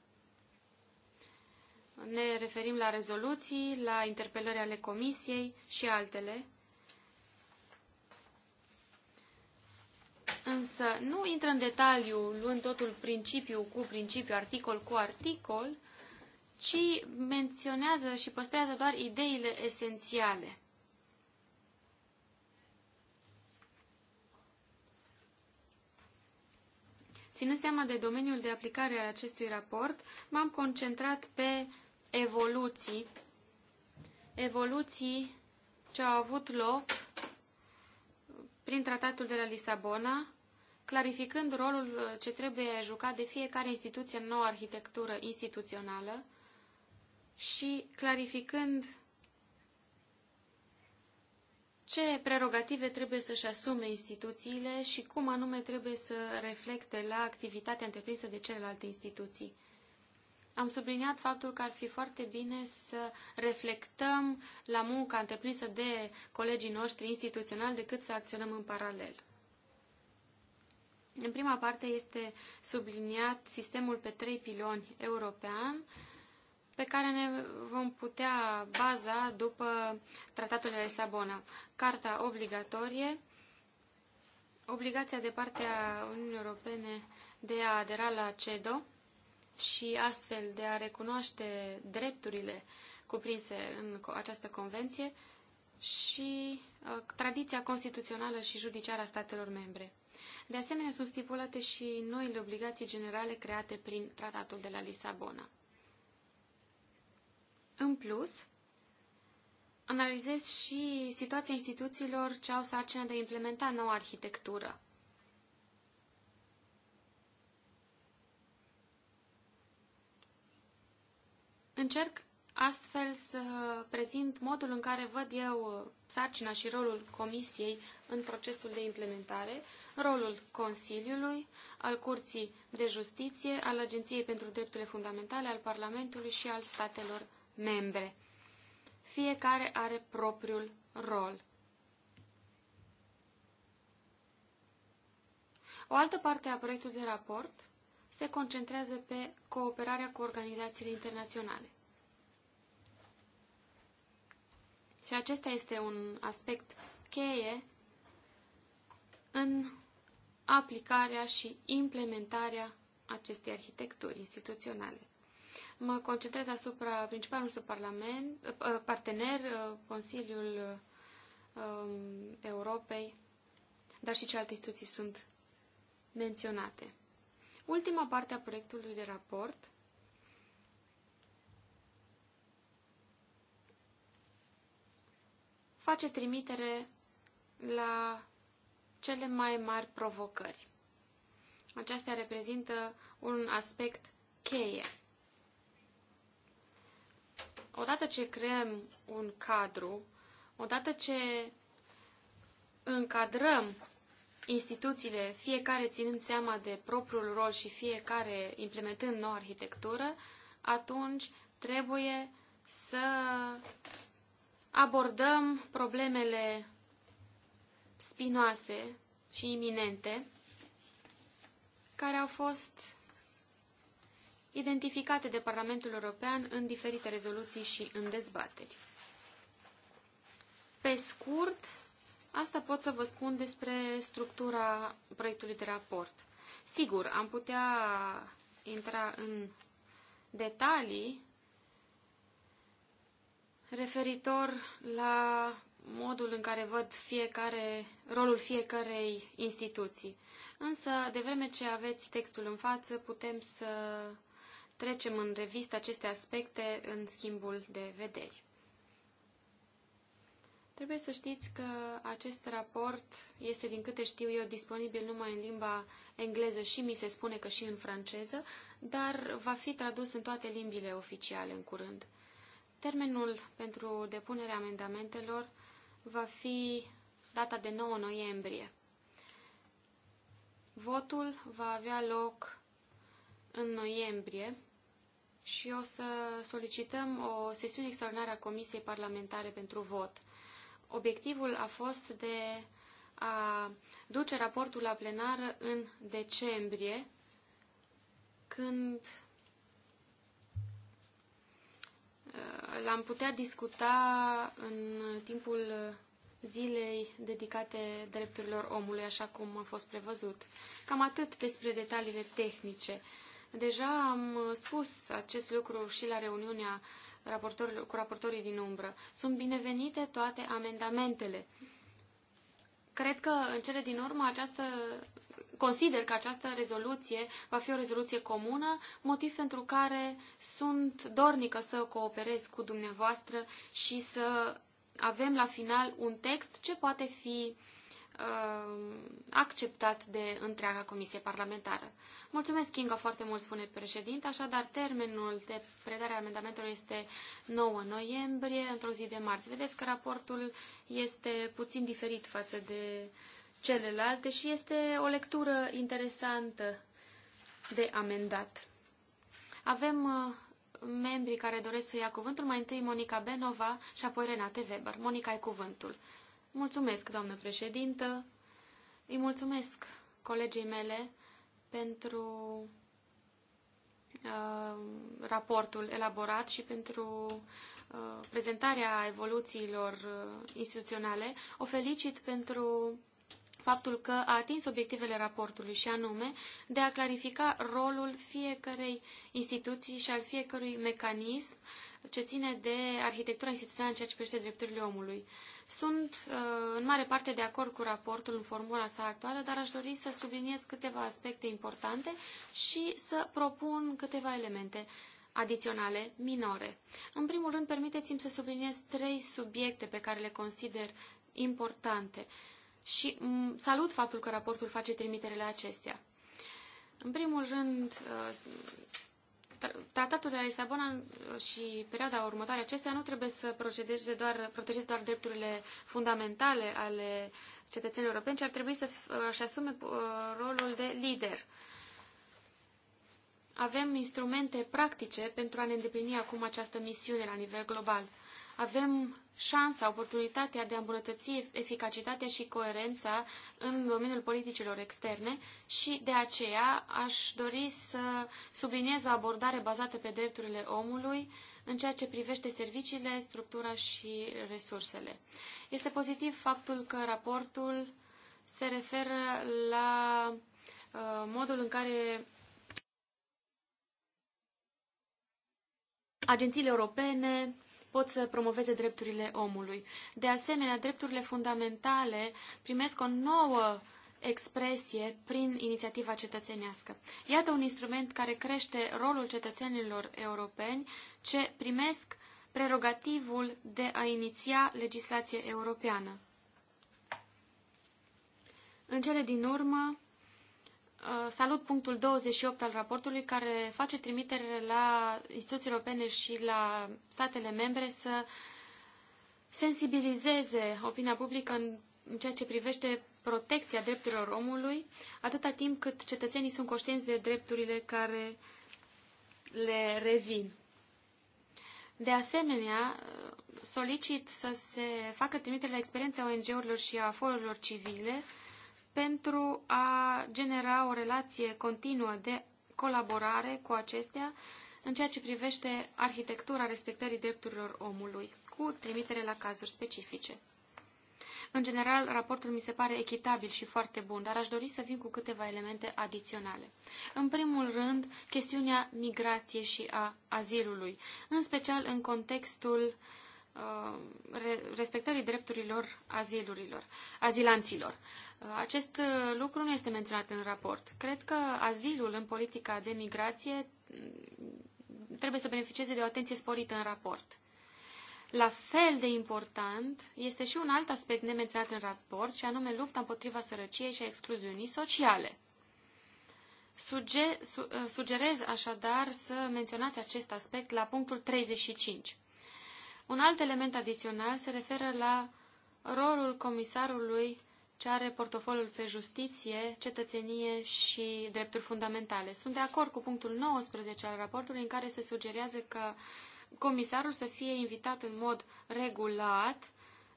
Ne referim la rezoluții, la interpelări ale comisiei și altele. Însă nu intră în detaliu, luând totul principiu cu principiu, articol cu articol, ci menționează și păstrează doar ideile esențiale. Ținând seama de domeniul de aplicare al acestui raport, m-am concentrat pe evoluții, evoluții ce au avut loc prin tratatul de la Lisabona, clarificând rolul ce trebuie jucat de fiecare instituție în noua arhitectură instituțională și clarificând ce prerogative trebuie să-și asume instituțiile și cum anume trebuie să reflecte la activitatea întreprinsă de celelalte instituții am subliniat faptul că ar fi foarte bine să reflectăm la munca întreprinsă de colegii noștri instituționali decât să acționăm în paralel. În prima parte este subliniat sistemul pe trei piloni european, pe care ne vom putea baza după tratatul de Lisabona. Carta obligatorie, obligația de partea Uniunii Europene de a adera la CEDO, și astfel de a recunoaște drepturile cuprinse în această convenție și uh, tradiția constituțională și judiciară a statelor membre. De asemenea, sunt stipulate și noile obligații generale create prin Tratatul de la Lisabona. În plus, analizez și situația instituțiilor ce au sarcina de a implementa noua arhitectură. Încerc astfel să prezint modul în care văd eu sarcina și rolul Comisiei în procesul de implementare, rolul Consiliului, al Curții de Justiție, al Agenției pentru Drepturile Fundamentale, al Parlamentului și al statelor membre. Fiecare are propriul rol. O altă parte a proiectului de raport se concentrează pe cooperarea cu organizațiile internaționale. Și acesta este un aspect cheie în aplicarea și implementarea acestei arhitecturi instituționale. Mă concentrez asupra principalului nostru parlament, ă, partener, ă, Consiliul ă, Europei, dar și alte instituții sunt menționate. Ultima parte a proiectului de raport face trimitere la cele mai mari provocări. Aceasta reprezintă un aspect cheie. Odată ce creăm un cadru, odată ce încadrăm instituțiile, fiecare ținând seama de propriul rol și fiecare implementând noua arhitectură, atunci trebuie să abordăm problemele spinoase și iminente care au fost identificate de Parlamentul European în diferite rezoluții și în dezbateri. Pe scurt, Asta pot să vă spun despre structura proiectului de raport. Sigur, am putea intra în detalii referitor la modul în care văd fiecare, rolul fiecarei instituții. Însă, de vreme ce aveți textul în față, putem să trecem în revistă aceste aspecte în schimbul de vederi. Trebuie să știți că acest raport este, din câte știu eu, disponibil numai în limba engleză și mi se spune că și în franceză, dar va fi tradus în toate limbile oficiale în curând. Termenul pentru depunerea amendamentelor va fi data de 9 noiembrie. Votul va avea loc în noiembrie și o să solicităm o sesiune extraordinară a Comisiei Parlamentare pentru Vot obiectivul a fost de a duce raportul la plenară în decembrie, când uh, l-am putea discuta în timpul zilei dedicate drepturilor omului, așa cum a fost prevăzut. Cam atât despre detaliile tehnice. Deja am spus acest lucru și la reuniunea cu raportorii din umbră. Sunt binevenite toate amendamentele. Cred că în cele din urmă această, consider că această rezoluție va fi o rezoluție comună, motiv pentru care sunt dornică să cooperez cu dumneavoastră și să avem la final un text ce poate fi uh, Uh, acceptat de întreaga comisie parlamentară. Mulțumesc, Kinga, foarte mult, spune președinte. Așadar, termenul de predare a amendamentelor este 9 noiembrie, într-o zi de marți. Vedeți că raportul este puțin diferit față de celelalte și este o lectură interesantă de amendat. Avem uh, membrii care doresc să ia cuvântul, mai întâi Monica Benova și apoi Renate Weber. Monica, ai cuvântul. Mulțumesc, doamnă președintă. Îi mulțumesc colegii mele pentru uh, raportul elaborat și pentru uh, prezentarea evoluțiilor uh, instituționale. O felicit pentru faptul că a atins obiectivele raportului și anume de a clarifica rolul fiecarei instituții și al fiecărui mecanism ce ține de arhitectura instituțională în ceea ce privește drepturile omului. Sunt uh, în mare parte de acord cu raportul în formula sa actuală, dar aș dori să subliniez câteva aspecte importante și să propun câteva elemente adiționale minore. În primul rând, permiteți-mi să subliniez trei subiecte pe care le consider importante și salut faptul că raportul face trimitere la acestea. În primul rând, uh, Tratatul de la Lisabona și perioada următoare acestea nu trebuie să procedeze doar, protejeze doar drepturile fundamentale ale cetățenilor europeni, ci ar trebui să-și asume uh, rolul de lider. Avem instrumente practice pentru a ne îndeplini acum această misiune la nivel global avem șansa, oportunitatea de a îmbunătăți eficacitatea și coerența în domeniul politicilor externe și de aceea aș dori să subliniez o abordare bazată pe drepturile omului în ceea ce privește serviciile, structura și resursele. Este pozitiv faptul că raportul se referă la uh, modul în care agențiile europene, pot să promoveze drepturile omului. De asemenea, drepturile fundamentale primesc o nouă expresie prin inițiativa cetățenească. Iată un instrument care crește rolul cetățenilor europeni ce primesc prerogativul de a iniția legislație europeană. În cele din urmă, Uh, salut punctul 28 al raportului care face trimitere la instituțiile europene și la statele membre să sensibilizeze opinia publică în ceea ce privește protecția drepturilor omului, atâta timp cât cetățenii sunt conștienți de drepturile care le revin. De asemenea, solicit să se facă trimitere la experiența ONG-urilor și a forurilor civile pentru a genera o relație continuă de colaborare cu acestea în ceea ce privește arhitectura respectării drepturilor omului, cu trimitere la cazuri specifice. În general, raportul mi se pare echitabil și foarte bun, dar aș dori să vin cu câteva elemente adiționale. În primul rând, chestiunea migrației și a azilului, în special în contextul uh, Uh, respectării drepturilor azilurilor, azilanților. Uh, acest uh, lucru nu este menționat în raport. Cred că azilul în politica de migrație mm, trebuie să beneficieze de o atenție sporită în raport. La fel de important este și un alt aspect nemenționat în raport, și anume lupta împotriva sărăciei și a excluziunii sociale. Suge, su, sugerez așadar să menționați acest aspect la punctul 35. Un alt element adițional se referă la rolul comisarului ce are portofoliul pe justiție, cetățenie și drepturi fundamentale. Sunt de acord cu punctul 19 al raportului în care se sugerează că comisarul să fie invitat în mod regulat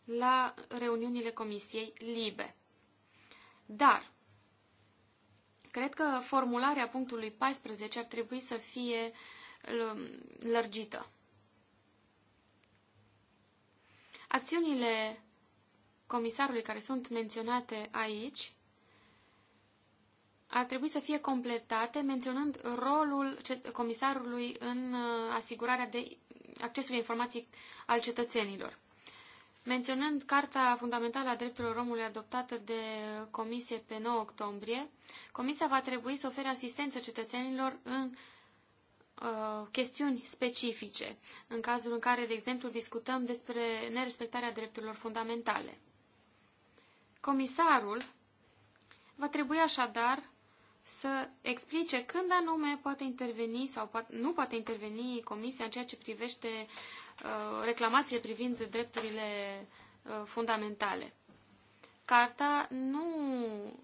la reuniunile Comisiei Libe. Dar, cred că formularea punctului 14 ar trebui să fie um, lărgită. Acțiunile comisarului care sunt menționate aici ar trebui să fie completate menționând rolul comisarului în uh, asigurarea de accesul informații al cetățenilor. Menționând Carta Fundamentală a Drepturilor Omului adoptată de Comisie pe 9 octombrie, Comisia va trebui să ofere asistență cetățenilor în Uh, chestiuni specifice, în cazul în care, de exemplu, discutăm despre nerespectarea drepturilor fundamentale. Comisarul va trebui așadar să explice când anume poate interveni sau poate, nu poate interveni Comisia în ceea ce privește uh, reclamațiile privind drepturile uh, fundamentale. Carta nu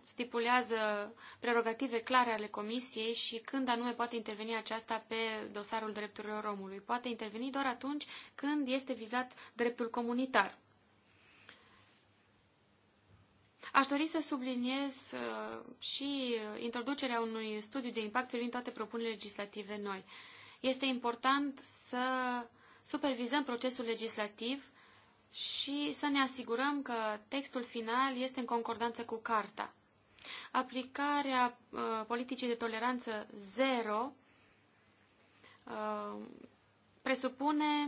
stipulează prerogative clare ale Comisiei și când anume poate interveni aceasta pe dosarul drepturilor omului. Poate interveni doar atunci când este vizat dreptul comunitar. Aș dori să subliniez uh, și introducerea unui studiu de impact privind toate propunerile legislative noi. Este important să supervizăm procesul legislativ și să ne asigurăm că textul final este în concordanță cu carta. Aplicarea uh, politicii de toleranță zero uh, presupune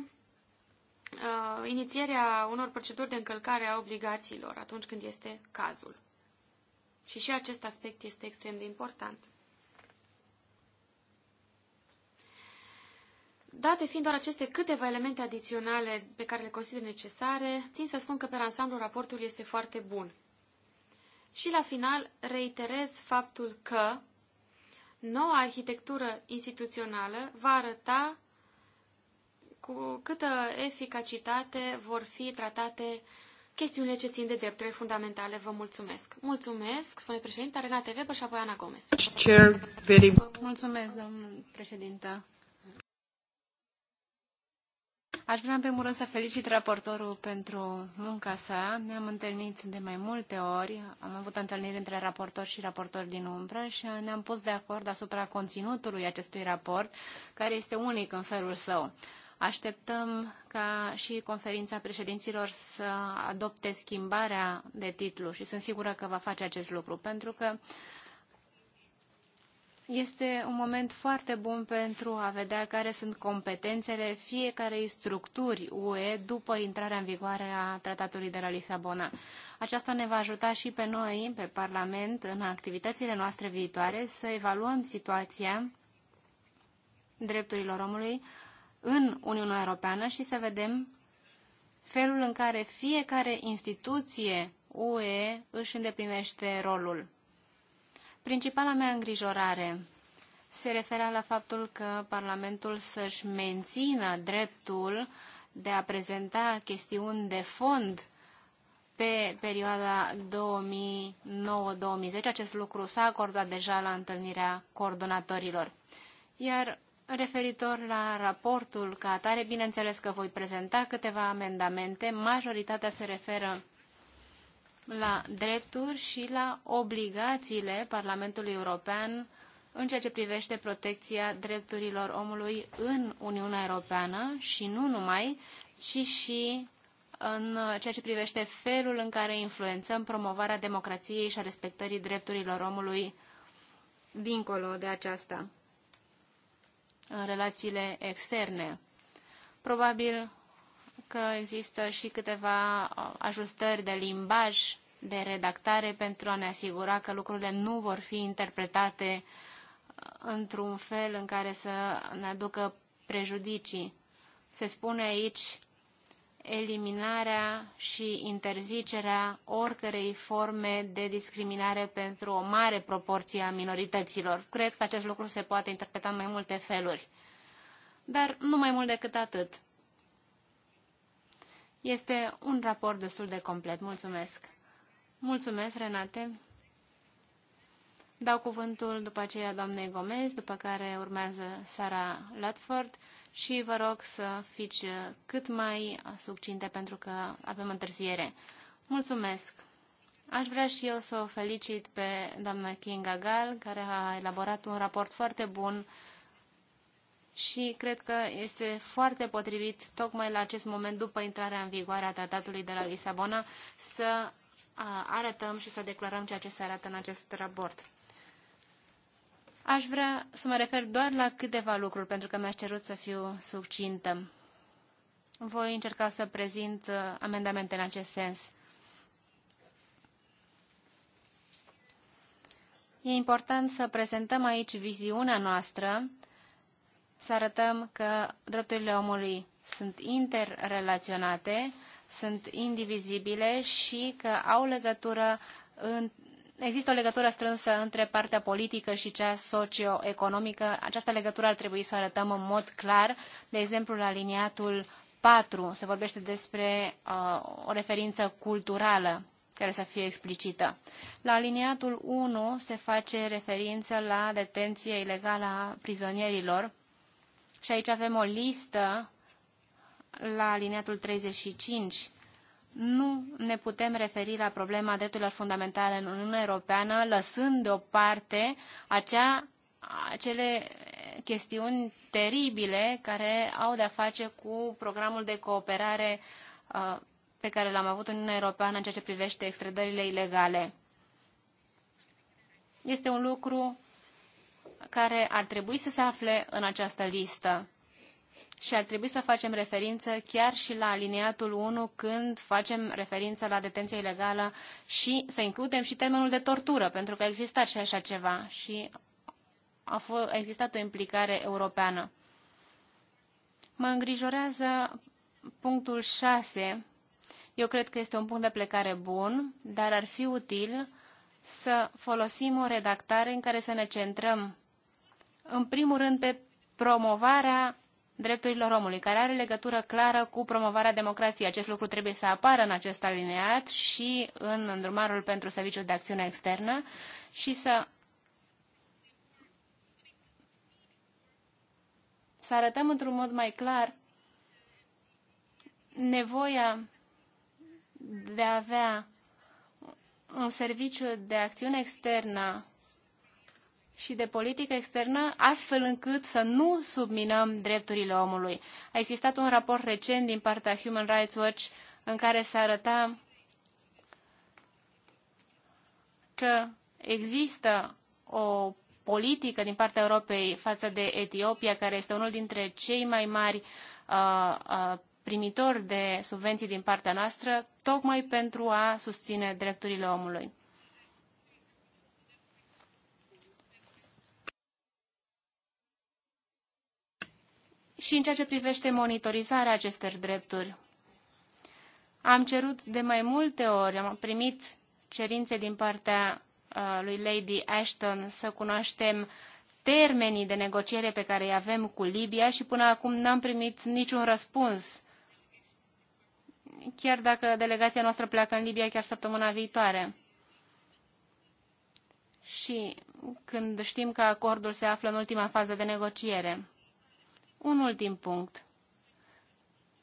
uh, inițierea unor proceduri de încălcare a obligațiilor atunci când este cazul. Și și acest aspect este extrem de important. Date fiind doar aceste câteva elemente adiționale pe care le consider necesare, țin să spun că pe ansamblu raportul este foarte bun. Și la final reiterez faptul că noua arhitectură instituțională va arăta cu câtă eficacitate vor fi tratate chestiunile ce țin de drepturile fundamentale. Vă mulțumesc. Mulțumesc, spune președinta Renate Weber și apoi Ana Gomes. Mulțumesc, domnul președinte. Aș vrea în primul rând să felicit raportorul pentru munca sa. Ne-am întâlnit de mai multe ori, am avut întâlniri între raportor și raportori din umbră și ne-am pus de acord asupra conținutului acestui raport, care este unic în felul său. Așteptăm ca și conferința președinților să adopte schimbarea de titlu și sunt sigură că va face acest lucru, pentru că uh, este un moment foarte bun pentru a vedea care sunt competențele fiecarei structuri UE după intrarea în vigoare a Tratatului de la Lisabona. Aceasta ne va ajuta și pe noi, pe Parlament, în activitățile noastre viitoare, să evaluăm situația drepturilor omului în Uniunea Europeană și să vedem felul în care fiecare instituție UE își îndeplinește rolul. Principala mea îngrijorare se referea la faptul că Parlamentul să-și mențină dreptul de a prezenta chestiuni de fond pe perioada 2009-2010. Acest lucru s-a acordat deja la întâlnirea coordonatorilor. Iar referitor la raportul ca atare, bineînțeles că voi prezenta câteva amendamente. Majoritatea se referă la drepturi și la obligațiile Parlamentului European în ceea ce privește protecția drepturilor omului în Uniunea Europeană și nu numai, ci și în ceea ce privește felul în care influențăm promovarea democrației și a respectării drepturilor omului dincolo de aceasta, în relațiile externe. Probabil că există și câteva uh, ajustări de limbaj, de redactare, pentru a ne asigura că lucrurile nu vor fi interpretate uh, într-un fel în care să ne aducă prejudicii. Se spune aici eliminarea și interzicerea oricărei forme de discriminare pentru o mare proporție a minorităților. Cred că acest lucru se poate interpreta în mai multe feluri. Dar nu mai mult decât atât. Este un raport destul de complet. Mulțumesc! Mulțumesc, Renate! Dau cuvântul după aceea doamnei Gomez, după care urmează Sara Latford și vă rog să fiți cât mai succinte pentru că avem întârziere. Mulțumesc! Aș vrea și eu să o felicit pe doamna Kinga Gal, care a elaborat un raport foarte bun și cred că este foarte potrivit, tocmai la acest moment, după intrarea în vigoare a tratatului de la Lisabona, să arătăm și să declarăm ceea ce se arată în acest raport. Aș vrea să mă refer doar la câteva lucruri, pentru că mi-aș cerut să fiu succintă. Voi încerca să prezint uh, amendamente în acest sens. E important să prezentăm aici viziunea noastră să arătăm că drepturile omului sunt interrelaționate, sunt indivizibile și că au legătură în, Există o legătură strânsă între partea politică și cea socioeconomică. Această legătură ar trebui să o arătăm în mod clar. De exemplu, la liniatul 4 se vorbește despre uh, o referință culturală care să fie explicită. La aliniatul 1 se face referință la detenție ilegală a prizonierilor și aici avem o listă la alineatul 35. Nu ne putem referi la problema drepturilor fundamentale în Uniunea Europeană, lăsând deoparte acea, acele chestiuni teribile care au de-a face cu programul de cooperare uh, pe care l-am avut în Uniunea Europeană în ceea ce privește extrădările ilegale. Este un lucru care ar trebui să se afle în această listă. Și ar trebui să facem referință chiar și la aliniatul 1 când facem referință la detenție ilegală și să includem și termenul de tortură, pentru că a existat și așa ceva și a, a existat o implicare europeană. Mă îngrijorează punctul 6. Eu cred că este un punct de plecare bun, dar ar fi util să folosim o redactare în care să ne centrăm în primul rând, pe promovarea drepturilor omului, care are legătură clară cu promovarea democrației. Acest lucru trebuie să apară în acest alineat și în îndrumarul pentru serviciul de acțiune externă și să să arătăm într-un mod mai clar nevoia de a avea un serviciu de acțiune externă și de politică externă, astfel încât să nu subminăm drepturile omului. A existat un raport recent din partea Human Rights Watch în care se arăta că există o politică din partea Europei față de Etiopia, care este unul dintre cei mai mari uh, uh, primitor de subvenții din partea noastră, tocmai pentru a susține drepturile omului. și în ceea ce privește monitorizarea acestor drepturi. Am cerut de mai multe ori, am primit cerințe din partea uh, lui Lady Ashton să cunoaștem termenii de negociere pe care îi avem cu Libia și până acum n-am primit niciun răspuns, chiar dacă delegația noastră pleacă în Libia chiar săptămâna viitoare. Și când știm că acordul se află în ultima fază de negociere. Un ultim punct.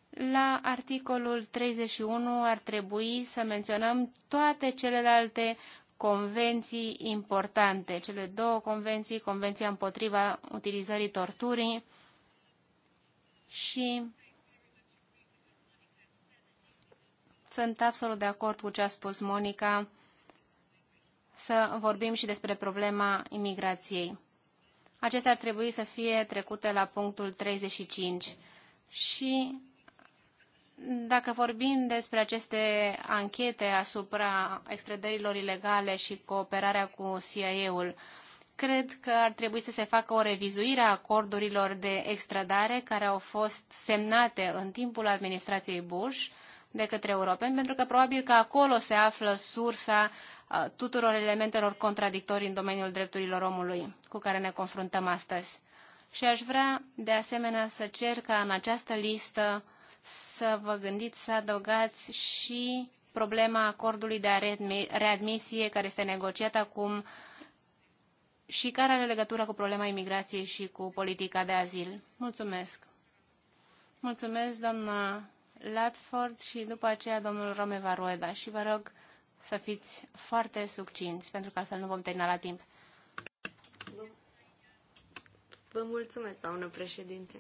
La articolul 31 ar trebui să menționăm toate celelalte convenții importante, cele două convenții, Convenția împotriva utilizării torturii și sunt absolut de acord cu ce a spus Monica, să vorbim și despre problema imigrației acestea ar trebui să fie trecute la punctul 35. Și dacă vorbim despre aceste anchete asupra extrădărilor ilegale și cooperarea cu CIA-ul, cred că ar trebui să se facă o revizuire a acordurilor de extradare care au fost semnate în timpul administrației Bush de către europeni, pentru că probabil că acolo se află sursa uh, tuturor elementelor contradictorii în domeniul drepturilor omului cu care ne confruntăm astăzi. Și aș vrea de asemenea să cer ca în această listă să vă gândiți să adăugați și problema acordului de readmisie care este negociat acum și care are legătură cu problema imigrației și cu politica de azil. Mulțumesc! Mulțumesc, doamna Latford și după aceea domnul Romeva Rueda și vă rog să fiți foarte succinți, pentru că altfel nu vom termina la timp. Vă mulțumesc, doamnă președinte.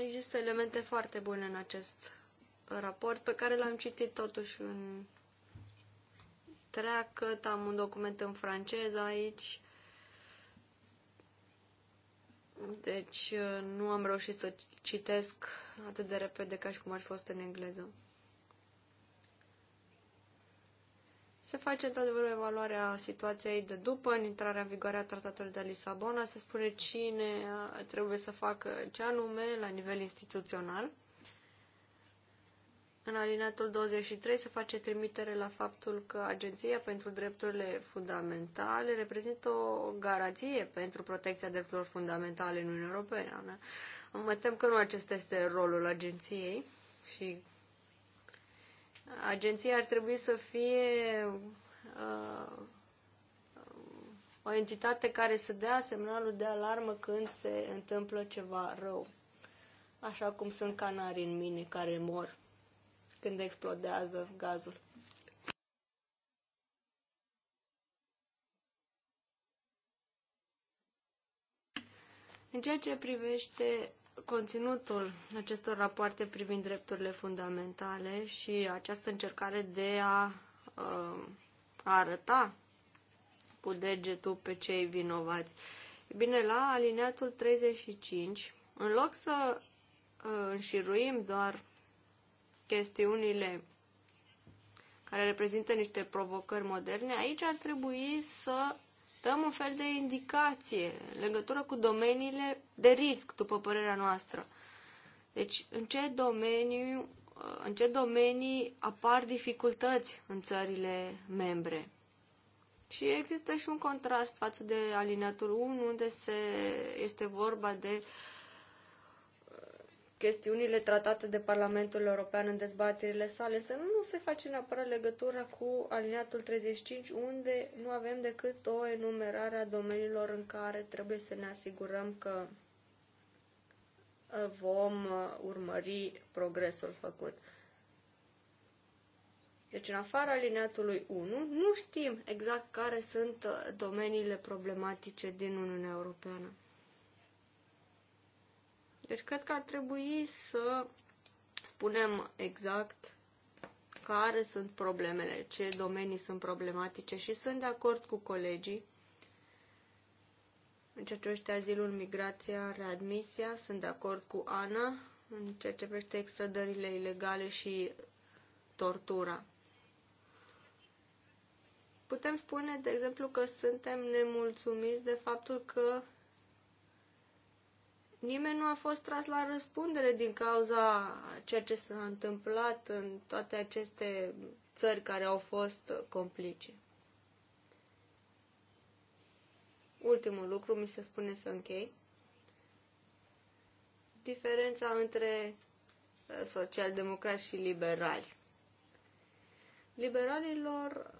Există elemente foarte bune în acest raport pe care l-am citit totuși în treacăt, am un document în franceză aici. Deci uh, nu am reușit să citesc atât de repede ca și cum ar fi fost în engleză. se face într-adevăr o evaluare a situației de după în intrarea în vigoare a tratatului de Lisabona, se spune cine trebuie să facă ce anume la nivel instituțional. În alineatul 23 se face trimitere la faptul că Agenția pentru Drepturile Fundamentale reprezintă o garanție pentru protecția drepturilor fundamentale în Uniunea Europeană. Mă tem că nu acesta este rolul agenției și agenția ar trebui să fie uh, o entitate care să dea semnalul de alarmă când se întâmplă ceva rău. Așa cum sunt canarii în mine care mor când explodează gazul. În ceea ce privește conținutul acestor rapoarte privind drepturile fundamentale și această încercare de a, uh, a arăta cu degetul pe cei vinovați. Bine, la alineatul 35, în loc să uh, înșiruim doar chestiunile care reprezintă niște provocări moderne, aici ar trebui să dăm un fel de indicație în legătură cu domeniile de risc, după părerea noastră. Deci, în ce, domeniu, în ce domenii apar dificultăți în țările membre? Și există și un contrast față de alineatul 1, unde se, este vorba de uh, chestiunile tratate de Parlamentul European în dezbaterile sale, să nu se face neapărat legătura cu aliniatul 35, unde nu avem decât o enumerare a domeniilor în care trebuie să ne asigurăm că uh, vom uh, urmări progresul făcut. Deci, în afara alineatului 1, nu știm exact care sunt uh, domeniile problematice din Uniunea Europeană. Deci cred că ar trebui să spunem exact care sunt problemele, ce domenii sunt problematice și sunt de acord cu colegii în ceea ce privește azilul, migrația, readmisia, sunt de acord cu Ana în ceea ce privește extrădările ilegale și tortura. Putem spune, de exemplu, că suntem nemulțumiți de faptul că Nimeni nu a fost tras la răspundere din cauza ceea ce s-a întâmplat în toate aceste țări care au fost complice. Ultimul lucru mi se spune să închei. Diferența între uh, socialdemocrați și liberali. Liberalilor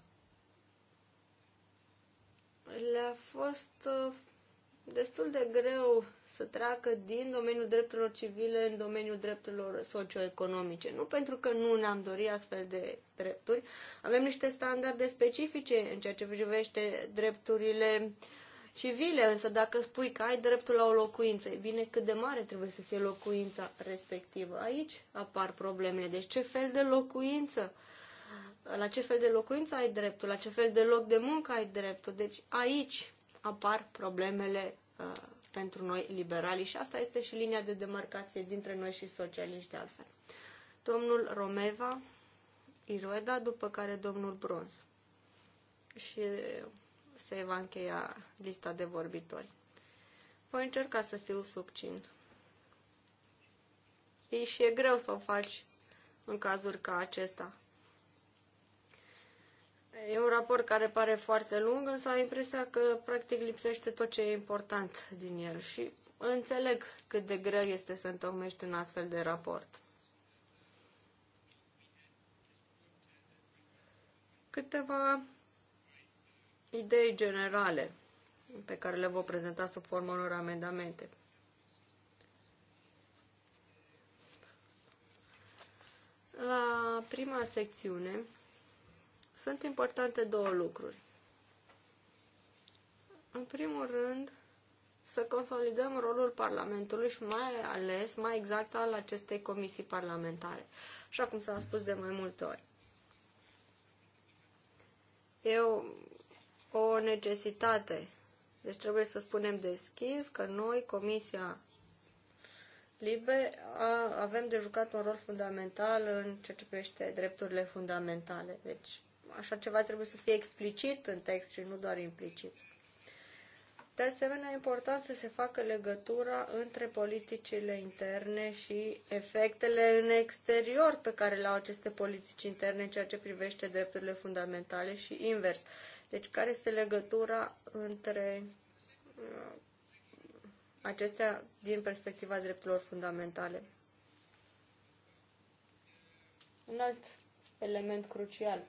le-a fost uh, destul de greu să treacă din domeniul drepturilor civile în domeniul drepturilor socioeconomice. Nu pentru că nu ne-am dorit astfel de drepturi, avem niște standarde specifice în ceea ce privește drepturile civile, însă dacă spui că ai dreptul la o locuință, e bine cât de mare trebuie să fie locuința respectivă. Aici apar problemele. Deci ce fel de locuință? La ce fel de locuință ai dreptul? La ce fel de loc de muncă ai dreptul? Deci aici apar problemele uh, pentru noi liberali și asta este și linia de demarcație dintre noi și socialiști de altfel. Domnul Romeva, Irueda, după care domnul Bronz. Și se va încheia lista de vorbitori. Voi încerca să fiu succint. E și e greu să o faci în cazuri ca acesta. E un raport care pare foarte lung, însă am impresia că practic lipsește tot ce e important din el și înțeleg cât de greu este să întocmești un astfel de raport. Câteva idei generale pe care le vă prezenta sub formă unor amendamente. La prima secțiune sunt importante două lucruri. În primul rând, să consolidăm rolul Parlamentului și mai ales, mai exact, al acestei comisii parlamentare, așa cum s-a spus de mai multe ori. E o, o necesitate. Deci trebuie să spunem deschis că noi, Comisia Libe, a, avem de jucat un rol fundamental în ceea ce privește drepturile fundamentale. Deci așa ceva trebuie să fie explicit în text și nu doar implicit. De asemenea, e important să se facă legătura între politicile interne și efectele în exterior pe care le au aceste politici interne în ceea ce privește drepturile fundamentale și invers. Deci, care este legătura între uh, acestea din perspectiva drepturilor fundamentale? Un alt element crucial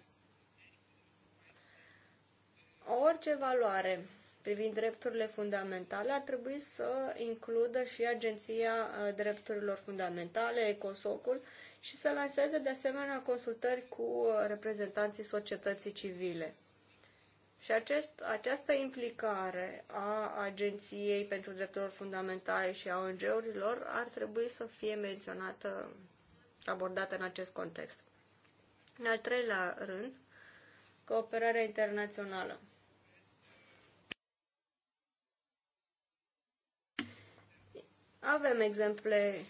orice valoare privind drepturile fundamentale ar trebui să includă și Agenția uh, Drepturilor Fundamentale, ECOSOC-ul, și să lanseze de asemenea consultări cu uh, reprezentanții societății civile. Și acest, această implicare a Agenției pentru Drepturile Fundamentale și a ONG-urilor ar trebui să fie menționată, abordată în acest context. În al treilea rând, cooperarea internațională. Avem exemple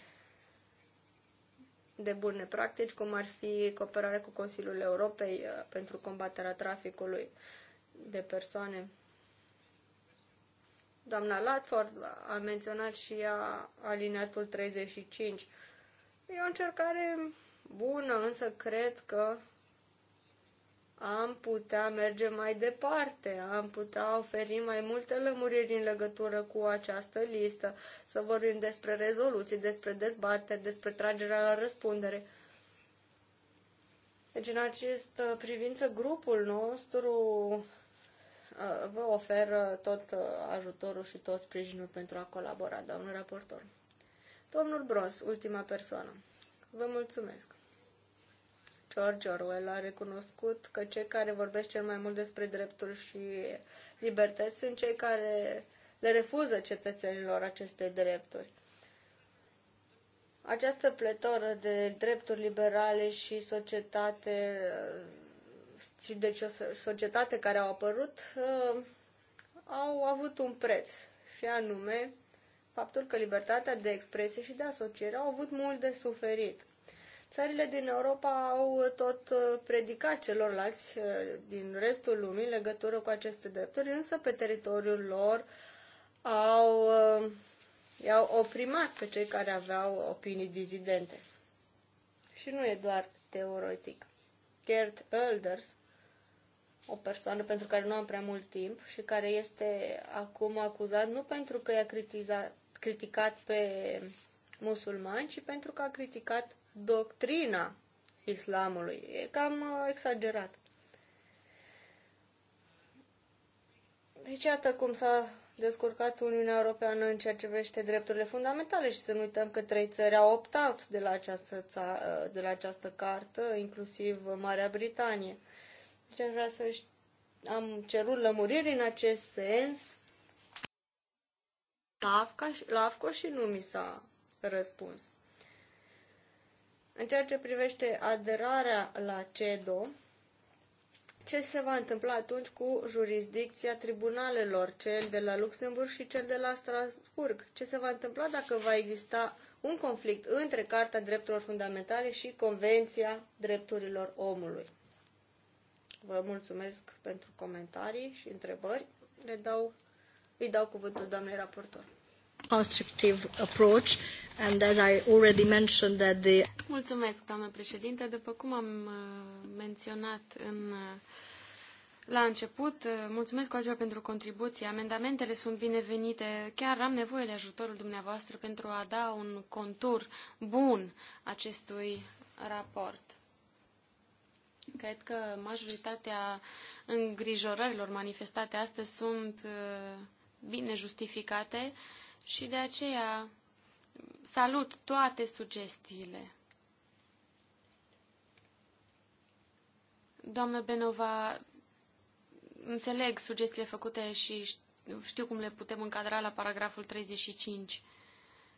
de bune practici, cum ar fi cooperarea cu Consiliul Europei uh, pentru combaterea traficului de persoane. Doamna Latford a menționat și ea alineatul 35. E o încercare bună, însă cred că am putea merge mai departe, am putea oferi mai multe lămuriri în legătură cu această listă, să vorbim despre rezoluții, despre dezbateri, despre tragerea la răspundere. Deci, în această uh, privință, grupul nostru uh, vă oferă tot uh, ajutorul și tot sprijinul pentru a colabora, domnul raportor. Domnul Bros, ultima persoană. Vă mulțumesc. George Orwell a recunoscut că cei care vorbesc cel mai mult despre drepturi și libertăți sunt cei care le refuză cetățenilor aceste drepturi. Această pletoră de drepturi liberale și societate uh, și deci o societate care au apărut uh, au avut un preț și anume faptul că libertatea de expresie și de asociere au avut mult de suferit. Țările din Europa au tot uh, predicat celorlalți uh, din restul lumii legătură cu aceste drepturi, însă pe teritoriul lor au, uh, i-au oprimat pe cei care aveau opinii dizidente. Și nu e doar teoretic. Gerd Elders, o persoană pentru care nu am prea mult timp și care este acum acuzat nu pentru că i-a criticat pe musulmani, ci pentru că a criticat doctrina islamului. E cam uh, exagerat. Deci iată cum s-a descurcat Uniunea Europeană în ceea ce vește drepturile fundamentale și să nu uităm că trei țări au optat de la această, ța- uh, de la această cartă, inclusiv Marea Britanie. Deci aș vrea să am cerut lămuriri în acest sens la AFCA și, la AFCO și nu mi s-a răspuns. În ceea ce privește aderarea la CEDO, ce se va întâmpla atunci cu jurisdicția tribunalelor, cel de la Luxemburg și cel de la Strasburg? Ce se va întâmpla dacă va exista un conflict între Carta Drepturilor Fundamentale și Convenția Drepturilor Omului? Vă mulțumesc pentru comentarii și întrebări. Le dau, îi dau cuvântul doamnei raportor. Constructive approach And as I already mentioned that the... Mulțumesc, doamnă președinte. După cum am uh, menționat în, uh, la început, uh, mulțumesc, Oagea, pentru contribuție. Amendamentele sunt binevenite. Chiar am nevoie de ajutorul dumneavoastră pentru a da un contur bun acestui raport. Cred că majoritatea îngrijorărilor manifestate astăzi sunt bine justificate și de aceea salut toate sugestiile. Doamnă Benova, înțeleg sugestiile făcute și știu cum le putem încadra la paragraful 35.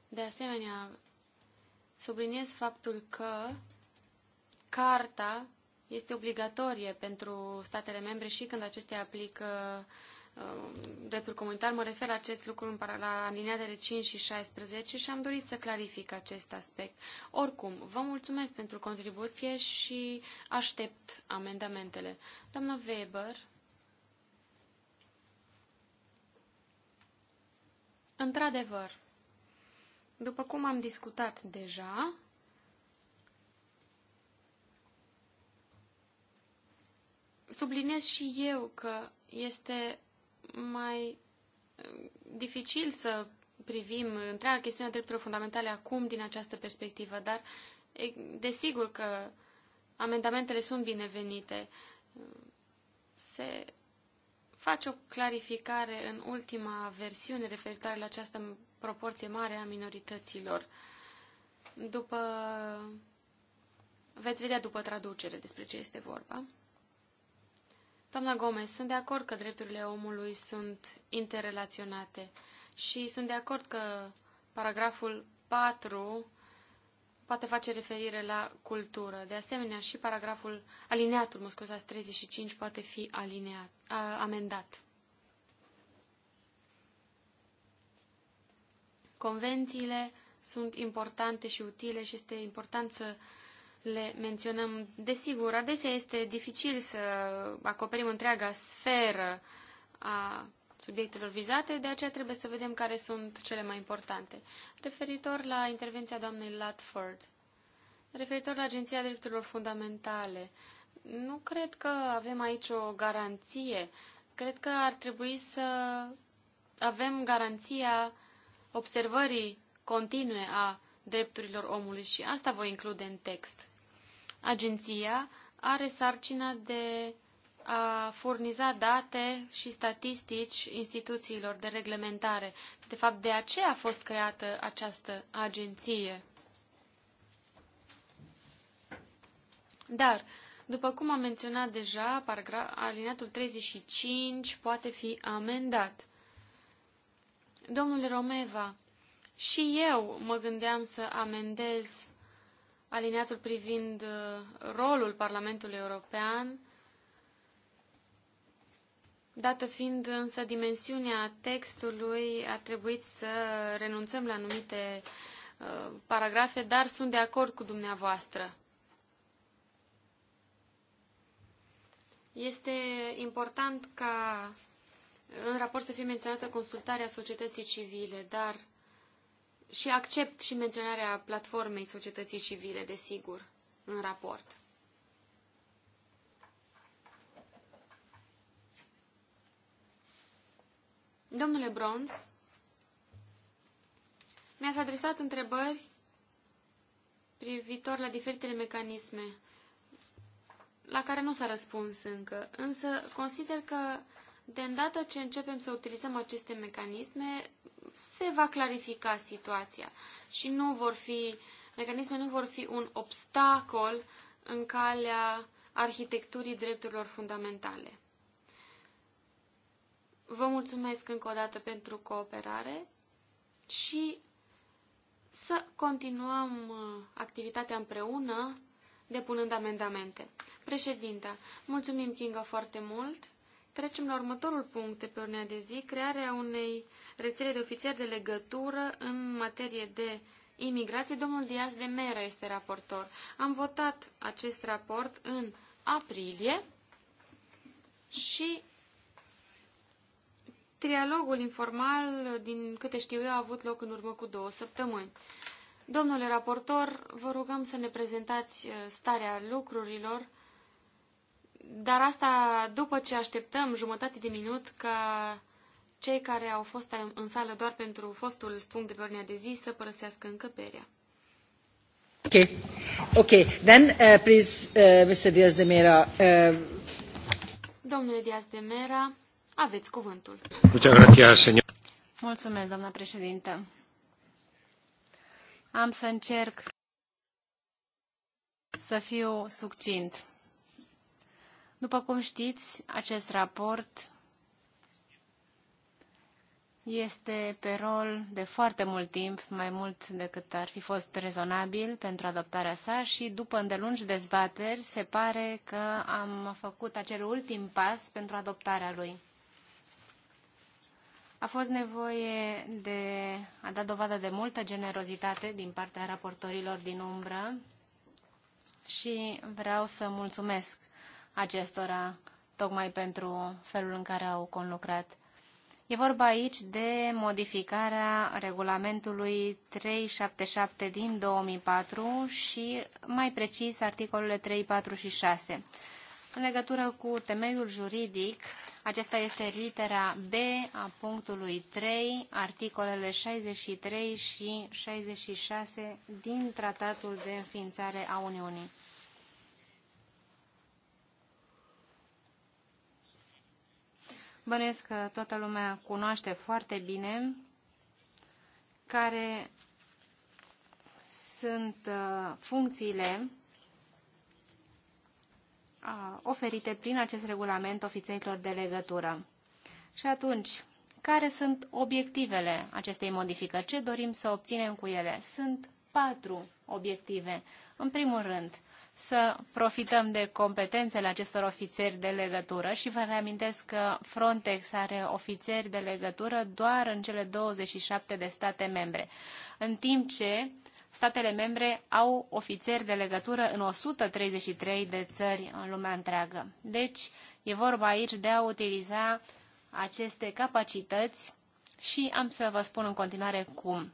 De asemenea, subliniez faptul că carta este obligatorie pentru statele membre și când acestea aplică uh, Um, dreptul comunitar, mă refer la acest lucru la alineatele 5 și 16 și am dorit să clarific acest aspect. Oricum, vă mulțumesc pentru contribuție și aștept amendamentele. Doamna Weber, într-adevăr, după cum am discutat deja, subliniez și eu că este mai um, dificil să privim întreaga chestiune a drepturilor fundamentale acum din această perspectivă, dar desigur că amendamentele sunt binevenite. Se face o clarificare în ultima versiune referitoare la această proporție mare a minorităților. După... Veți vedea după traducere despre ce este vorba. Doamna Gomez, sunt de acord că drepturile omului sunt interrelaționate și sunt de acord că paragraful 4 poate face referire la cultură. De asemenea, și paragraful alineatul, mă scuzați, 35 poate fi alineat, a, amendat. Convențiile sunt importante și utile și este important să uh, le menționăm. Desigur, adesea este dificil să acoperim întreaga sferă a subiectelor vizate, de aceea trebuie să vedem care sunt cele mai importante. Referitor la intervenția doamnei Latford, referitor la Agenția Drepturilor Fundamentale, nu cred că avem aici o garanție. Cred că ar trebui să avem garanția observării continue a drepturilor omului și asta voi include în text agenția are sarcina de a furniza date și statistici instituțiilor de reglementare. De fapt, de aceea a fost creată această agenție. Dar, după cum am menționat deja, alineatul 35 poate fi amendat. Domnule Romeva, și eu mă gândeam să amendez aliniatul privind uh, rolul Parlamentului European, dată fiind însă dimensiunea textului, a trebuit să renunțăm la anumite uh, paragrafe, dar sunt de acord cu dumneavoastră. Este important ca în raport să fie menționată consultarea societății civile, dar și accept și menționarea platformei societății civile, desigur, în raport. Domnule Bronz, mi-ați adresat întrebări privitor la diferitele mecanisme la care nu s-a răspuns încă, însă consider că de îndată ce începem să utilizăm aceste mecanisme, se va clarifica situația și nu vor fi, mecanisme nu vor fi un obstacol în calea arhitecturii drepturilor fundamentale. Vă mulțumesc încă o dată pentru cooperare și să continuăm uh, activitatea împreună, depunând amendamente. Președinta, mulțumim, Kinga, foarte mult! Trecem la următorul punct de pe ordinea de zi, crearea unei rețele de ofițeri de legătură în materie de imigrație. Domnul Diaz de Mera este raportor. Am votat acest raport în aprilie și trialogul informal, din câte știu eu, a avut loc în urmă cu două săptămâni. Domnule raportor, vă rugăm să ne prezentați uh, starea lucrurilor dar asta după ce așteptăm jumătate de minut ca cei care au fost în sală doar pentru fostul punct de pe ordinea de zi să părăsească încăperea. Ok. Ok. Then, uh, please, uh, Mr. Diaz de Mera. Uh... Domnule Diaz de Mera, aveți cuvântul. Mulțumesc, doamna președintă. Am să încerc să fiu succint. După cum știți, acest raport este pe rol de foarte mult timp, mai mult decât ar fi fost rezonabil pentru adoptarea sa și după îndelungi dezbateri se pare că am făcut acel ultim pas pentru adoptarea lui. A fost nevoie de a da dovadă de multă generozitate din partea raportorilor din umbră și vreau să mulțumesc acestora, tocmai pentru felul în care au conlucrat. E vorba aici de modificarea regulamentului 377 din 2004 și, mai precis, articolele 3, 4 și 6. În legătură cu temeiul juridic, acesta este litera B a punctului 3, articolele 63 și 66 din Tratatul de Înființare a Uniunii. bănuiesc că toată lumea cunoaște foarte bine, care sunt uh, funcțiile uh, oferite prin acest regulament ofițerilor de legătură. Și atunci, care sunt obiectivele acestei modificări? Ce dorim să obținem cu ele? Sunt patru obiective. În primul rând, să profităm de competențele acestor ofițeri de legătură și vă reamintesc că Frontex are ofițeri de legătură doar în cele 27 de state membre, în timp ce statele membre au ofițeri de legătură în 133 de țări în lumea întreagă. Deci, e vorba aici de a utiliza aceste capacități și am să vă spun în continuare cum.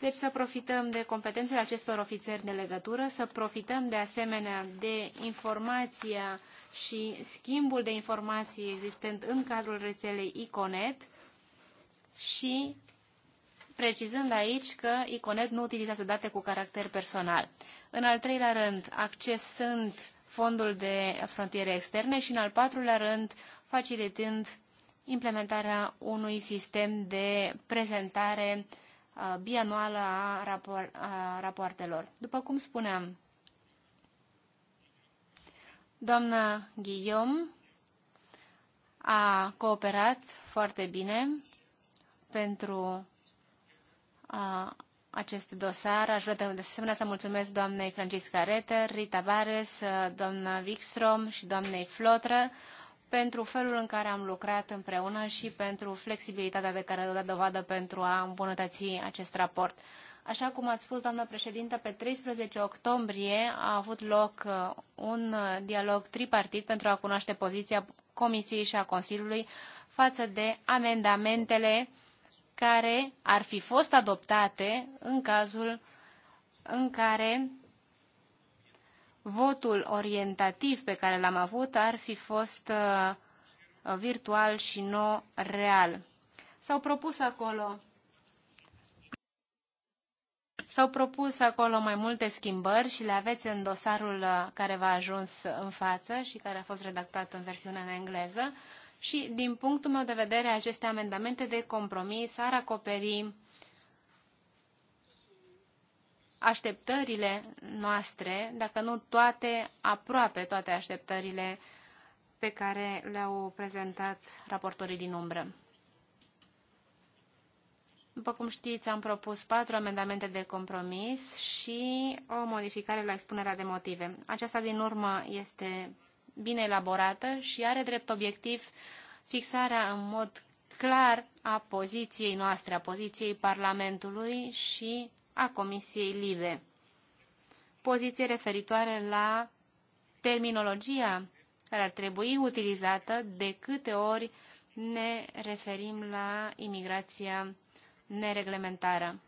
Deci să profităm de competențele acestor ofițeri de legătură, să profităm de asemenea de informația și schimbul de informații existent în cadrul rețelei ICONET și precizând aici că ICONET nu utilizează date cu caracter personal. În al treilea rând, accesând fondul de frontiere externe și în al patrulea rând, facilitând implementarea unui sistem de prezentare Uh, bianuală a, rapoartelor. După cum spuneam, doamna Guillaume a cooperat foarte bine pentru a, uh, acest dosar. Aș vrea de asemenea să mulțumesc doamnei Francisca Reter, Rita Bares, uh, doamna Wikstrom și doamnei Flotră pentru felul în care am lucrat împreună și pentru flexibilitatea de care a dat dovadă pentru a îmbunătăți acest raport. Așa cum ați spus, doamnă președintă, pe 13 octombrie a avut loc uh, un dialog tripartit pentru a cunoaște poziția Comisiei și a Consiliului față de amendamentele care ar fi fost adoptate în cazul în care votul orientativ pe care l-am avut ar fi fost uh, virtual și nu real. S-au propus acolo S-au propus acolo mai multe schimbări și le aveți în dosarul uh, care v-a ajuns în față și care a fost redactat în versiunea în engleză. Și, din punctul meu de vedere, aceste amendamente de compromis ar acoperi așteptările noastre, dacă nu toate, aproape toate așteptările pe care le-au prezentat raportorii din umbră. După cum știți, am propus patru amendamente de compromis și o modificare la expunerea de motive. Aceasta, din urmă, este bine elaborată și are drept obiectiv fixarea în mod clar a poziției noastre, a poziției Parlamentului și a Comisiei Libe. Poziție referitoare la terminologia care ar trebui utilizată de câte ori ne referim la imigrația nereglementară.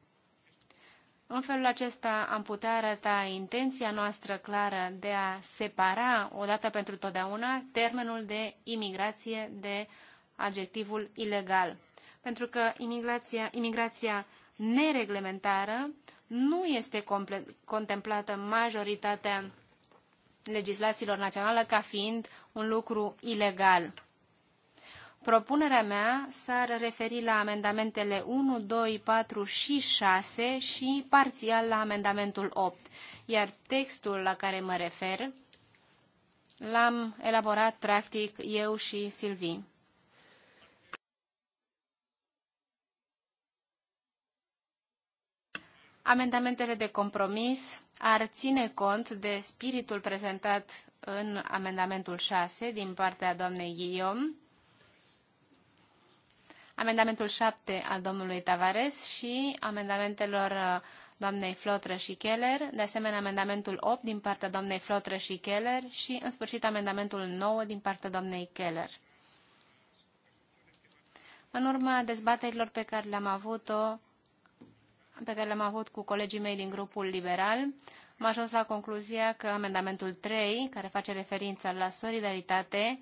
În felul acesta am putea arăta intenția noastră clară de a separa odată pentru totdeauna termenul de imigrație de adjectivul ilegal. Pentru că imigrația, imigrația nereglementară, nu este contemplată majoritatea legislațiilor naționale ca fiind un lucru ilegal. Propunerea mea s-ar referi la amendamentele 1, 2, 4 și 6 și parțial la amendamentul 8, iar textul la care mă refer l-am elaborat practic eu și Silvii. Amendamentele de compromis ar ține cont de spiritul prezentat în amendamentul 6 din partea doamnei Guillaume, amendamentul 7 al domnului Tavares și amendamentelor uh, doamnei Flotră și Keller, de asemenea amendamentul 8 din partea doamnei Flotră și Keller și, în sfârșit, amendamentul 9 din partea doamnei Keller. În urma dezbaterilor pe care le-am avut-o pe care le-am avut cu colegii mei din grupul liberal, am ajuns la concluzia că amendamentul 3, care face referință la solidaritate,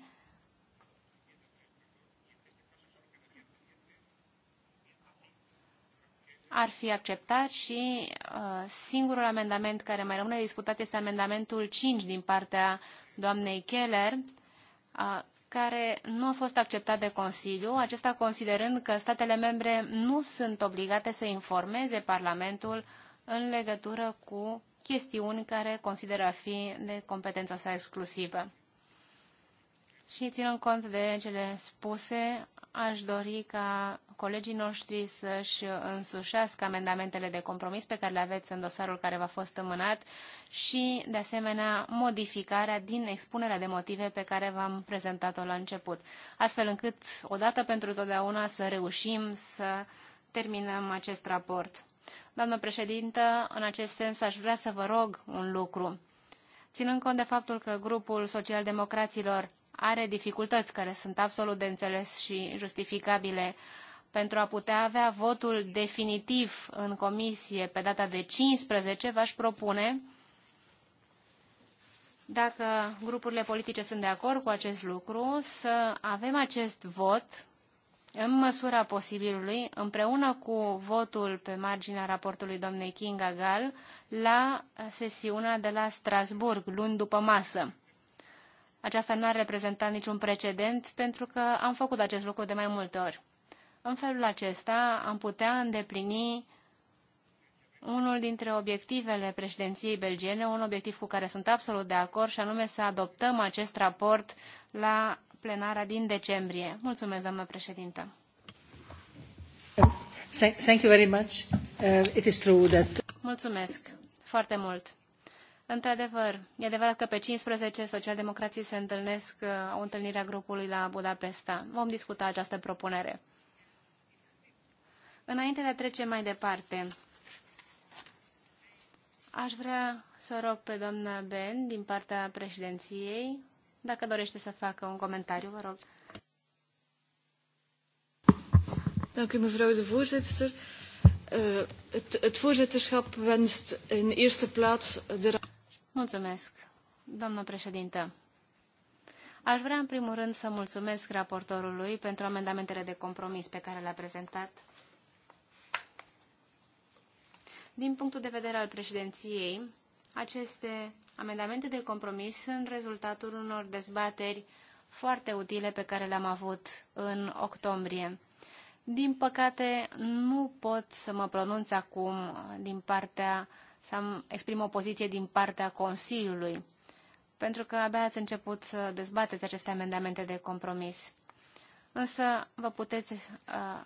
ar fi acceptat și uh, singurul amendament care mai rămâne discutat este amendamentul 5 din partea doamnei Keller, uh, care nu a fost acceptat de Consiliu, acesta considerând că statele membre nu sunt obligate să informeze Parlamentul în legătură cu chestiuni care consideră a fi de competența sa exclusivă. Și ținând cont de cele spuse, aș dori ca colegii noștri să-și însușească amendamentele de compromis pe care le aveți în dosarul care v-a fost înmânat și, de asemenea, modificarea din expunerea de motive pe care v-am prezentat-o la început, astfel încât, odată pentru totdeauna, să reușim să terminăm acest raport. Doamnă președintă, în acest sens aș vrea să vă rog un lucru. Ținând cont de faptul că grupul social-democraților are dificultăți care sunt absolut de înțeles și justificabile pentru a putea avea votul definitiv în comisie pe data de 15, v-aș propune, dacă grupurile politice sunt de acord cu acest lucru, să avem acest vot în măsura posibilului, împreună cu votul pe marginea raportului doamnei Kinga Gal, la sesiunea de la Strasburg, luni după masă. Aceasta nu ar reprezenta niciun precedent pentru că am făcut acest lucru de mai multe ori. În felul acesta am putea îndeplini unul dintre obiectivele președinției belgiene, un obiectiv cu care sunt absolut de acord, și anume să adoptăm acest raport la plenara din decembrie. Mulțumesc, doamnă președintă. Thank you very much. Uh, it is true that... Mulțumesc foarte mult. Într-adevăr, e adevărat că pe 15 socialdemocrații se întâlnesc, o uh, întâlnire a grupului la Budapesta. Vom discuta această propunere. Înainte de a trece mai departe, aș vrea să rog pe doamna Ben din partea președinției, dacă dorește să facă un comentariu, vă rog. Dank u, mevrouw de voorzitter. Uh, het, het voorzitterschap wenst in eerste plaats de raad. Mulțumesc, doamnă președintă. Aș vrea, în primul rând, să mulțumesc raportorului pentru amendamentele de compromis pe care le-a prezentat. Din punctul de vedere al președinției, aceste amendamente de compromis sunt rezultatul unor dezbateri foarte utile pe care le-am avut în octombrie. Din păcate, nu pot să mă pronunț acum din partea să exprim o poziție din partea Consiliului, pentru că abia ați început să dezbateți aceste amendamente de compromis. Însă vă puteți, uh,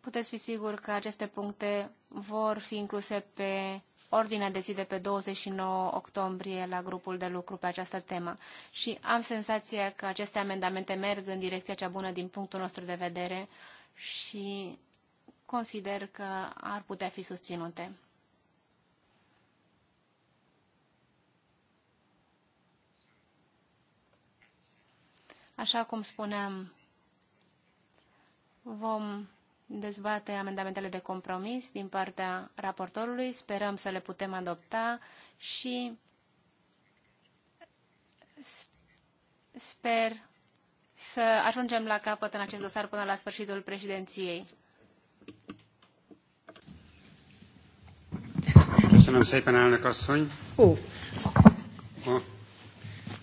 puteți fi sigur că aceste puncte vor fi incluse pe ordinea de zi de pe 29 octombrie la grupul de lucru pe această temă și am senzația că aceste amendamente merg în direcția cea bună din punctul nostru de vedere și consider că ar putea fi susținute. Așa cum spuneam, vom dezbate amendamentele de compromis din partea raportorului. Sperăm să le putem adopta și sper să ajungem la capăt în acest dosar până la sfârșitul președinției. Köszönöm szépen, elnök asszony. Ó. A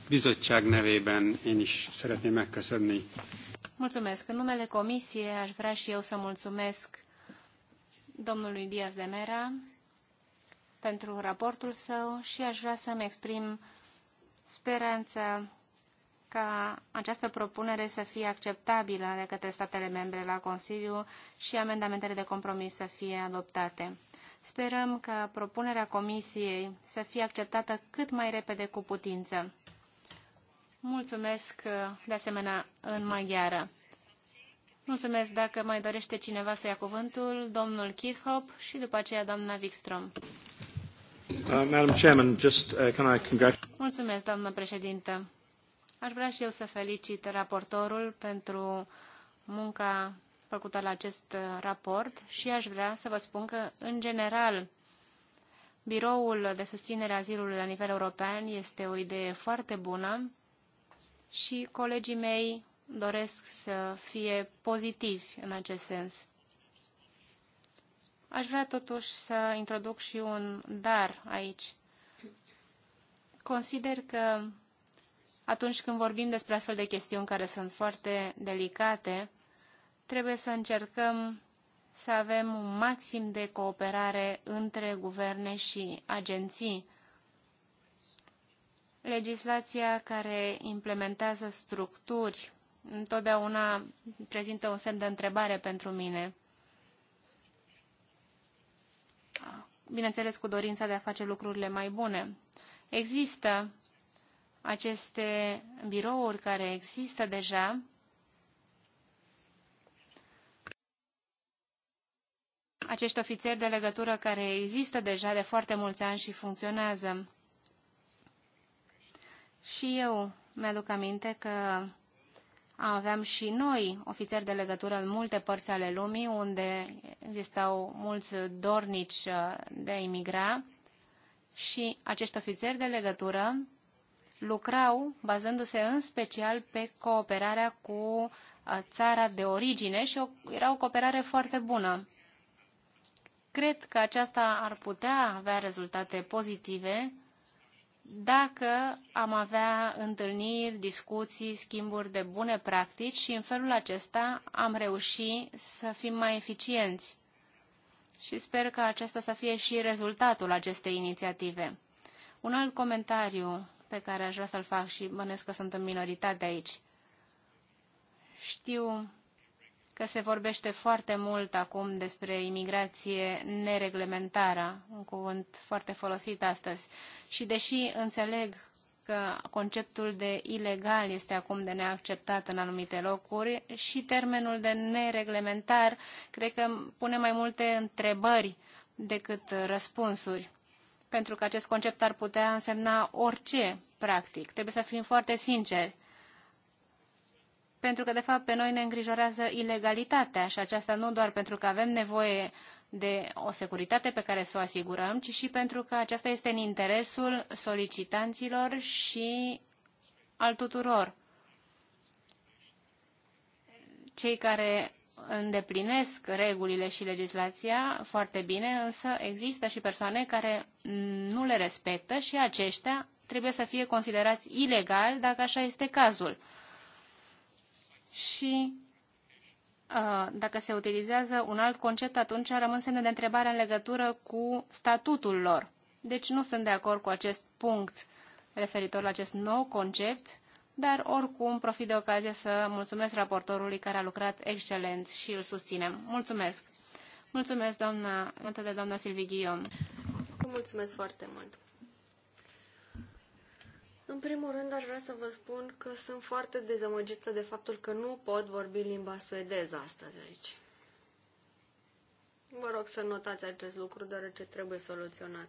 bizottság nevében én is szeretném megköszönni. Mulțumesc. În numele comisiei aș vrea și eu să mulțumesc domnului Diaz de Mera pentru raportul său și aș vrea să-mi exprim speranța ca această propunere să fie acceptabilă de către statele membre la Consiliu și amendamentele de compromis să fie adoptate. Sperăm că propunerea Comisiei să fie acceptată cât mai repede cu putință. Mulțumesc uh, de asemenea în maghiară. Mulțumesc dacă mai dorește cineva să ia cuvântul, domnul Kirchhoff și după aceea doamna Wikström. Uh, uh, Mulțumesc, doamnă președintă. Aș vrea și eu să felicit raportorul pentru munca făcută la acest uh, raport și aș vrea să vă spun că, în general, biroul de susținere a azilului la nivel european este o idee foarte bună și colegii mei doresc să fie pozitivi în acest sens. Aș vrea totuși să introduc și un dar aici. Consider că atunci când vorbim despre astfel de chestiuni care sunt foarte delicate, trebuie să încercăm să avem un maxim de cooperare între guverne și agenții. Legislația care implementează structuri întotdeauna prezintă un semn de întrebare pentru mine. Bineînțeles, cu dorința de a face lucrurile mai bune. Există aceste birouri care există deja, acești ofițeri de legătură care există deja de foarte mulți ani și funcționează. Și eu mi-aduc aminte că aveam și noi ofițeri de legătură în multe părți ale lumii, unde existau mulți dornici uh, de a imigra și acești ofițeri de legătură lucrau bazându-se în special pe cooperarea cu uh, țara de origine și o, era o cooperare foarte bună. Cred că aceasta ar putea avea rezultate pozitive dacă am avea întâlniri, discuții, schimburi de bune practici și în felul acesta am reușit să fim mai eficienți. Și sper că acesta să fie și rezultatul acestei inițiative. Un alt comentariu pe care aș vrea să-l fac și bănesc că sunt în minoritate aici. Știu că se vorbește foarte mult acum despre imigrație nereglementară, un cuvânt foarte folosit astăzi. Și deși înțeleg că conceptul de ilegal este acum de neacceptat în anumite locuri și termenul de nereglementar cred că pune mai multe întrebări decât răspunsuri pentru că acest concept ar putea însemna orice, practic. Trebuie să fim foarte sinceri pentru că, de fapt, pe noi ne îngrijorează ilegalitatea și aceasta nu doar pentru că avem nevoie de o securitate pe care să o asigurăm, ci și pentru că aceasta este în interesul solicitanților și al tuturor. Cei care îndeplinesc regulile și legislația foarte bine, însă există și persoane care nu le respectă și aceștia trebuie să fie considerați ilegal dacă așa este cazul și uh, dacă se utilizează un alt concept, atunci rămân semne de întrebare în legătură cu statutul lor. Deci nu sunt de acord cu acest punct referitor la acest nou concept, dar oricum profit de ocazie să mulțumesc raportorului care a lucrat excelent și îl susținem. Mulțumesc! Mulțumesc, doamna, de doamna Silvi Ghion. Mulțumesc foarte mult! În primul rând, aș vrea să vă spun că sunt foarte dezamăgită de faptul că nu pot vorbi limba suedeză astăzi aici. Vă rog să notați acest lucru, deoarece trebuie soluționat.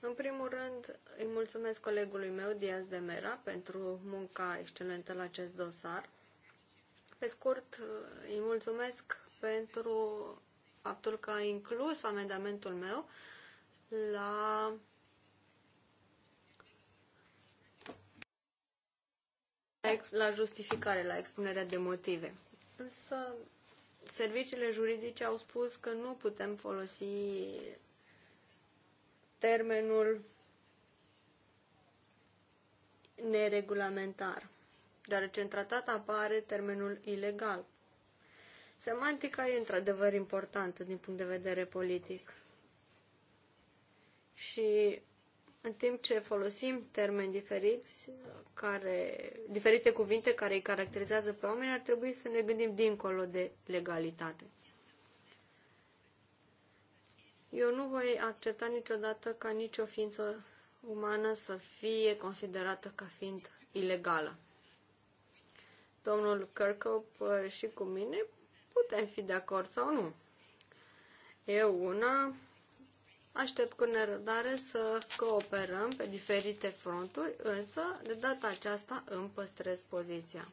În primul rând, îi mulțumesc colegului meu, Diaz de Mera, pentru munca excelentă la acest dosar. Pe scurt, îi mulțumesc pentru faptul că a inclus amendamentul meu la la justificare, la expunerea de motive. Însă, serviciile juridice au spus că nu putem folosi termenul neregulamentar, deoarece în tratat apare termenul ilegal. Semantica e într-adevăr importantă din punct de vedere politic. Și în timp ce folosim termeni diferiți, care, diferite cuvinte care îi caracterizează pe oameni, ar trebui să ne gândim dincolo de legalitate. Eu nu voi accepta niciodată ca nicio ființă umană să fie considerată ca fiind ilegală. Domnul Kirkhope uh, și cu mine putem fi de acord sau nu. Eu una Aștept cu nerăbdare să cooperăm pe diferite fronturi, însă de data aceasta îmi păstrez poziția.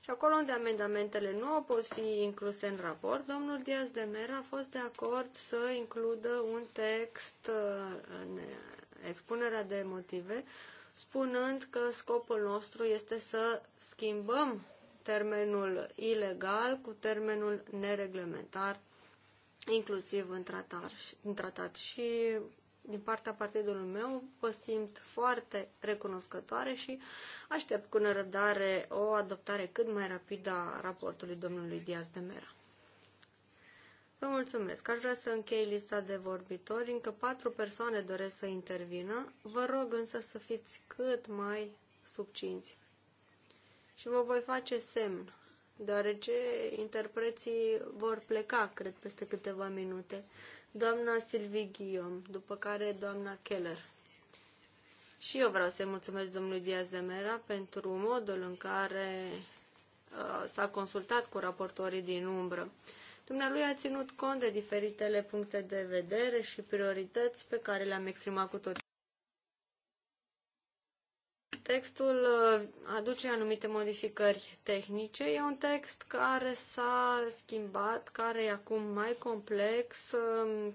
Și acolo unde amendamentele nu au pot fi incluse în raport, domnul Diaz de Mera a fost de acord să includă un text uh, în expunerea de motive, spunând că scopul nostru este să schimbăm termenul ilegal cu termenul nereglementar inclusiv în tratat, în tratat. Și din partea partidului meu vă simt foarte recunoscătoare și aștept cu nerăbdare o adoptare cât mai rapidă a raportului domnului Diaz de Mera. Vă mulțumesc. Aș vrea să închei lista de vorbitori. Încă patru persoane doresc să intervină. Vă rog însă să fiți cât mai subcinți. Și vă voi face semn deoarece interpreții vor pleca, cred, peste câteva minute. Doamna Silvi Ghiom, după care doamna Keller. Și eu vreau să-i mulțumesc domnului Diaz de Mera pentru modul în care uh, s-a consultat cu raportorii din umbră. Dumnealui a ținut cont de diferitele puncte de vedere și priorități pe care le-am exprimat cu toții. Textul uh, aduce anumite modificări tehnice. E un text care s-a schimbat, care e acum mai complex, um,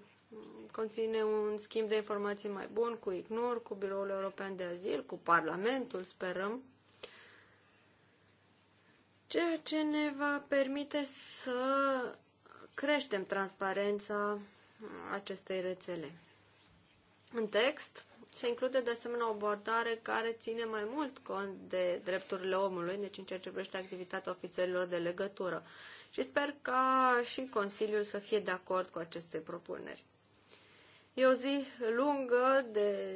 conține un schimb de informații mai bun cu IGNUR, cu Biroul European de Azil, cu Parlamentul, sperăm, ceea ce ne va permite să creștem transparența acestei rețele. În text se include de asemenea o abordare care ține mai mult cont de drepturile omului, deci în ceea ce privește activitatea ofițerilor de legătură. Și sper ca și Consiliul să fie de acord cu aceste propuneri. E o zi lungă de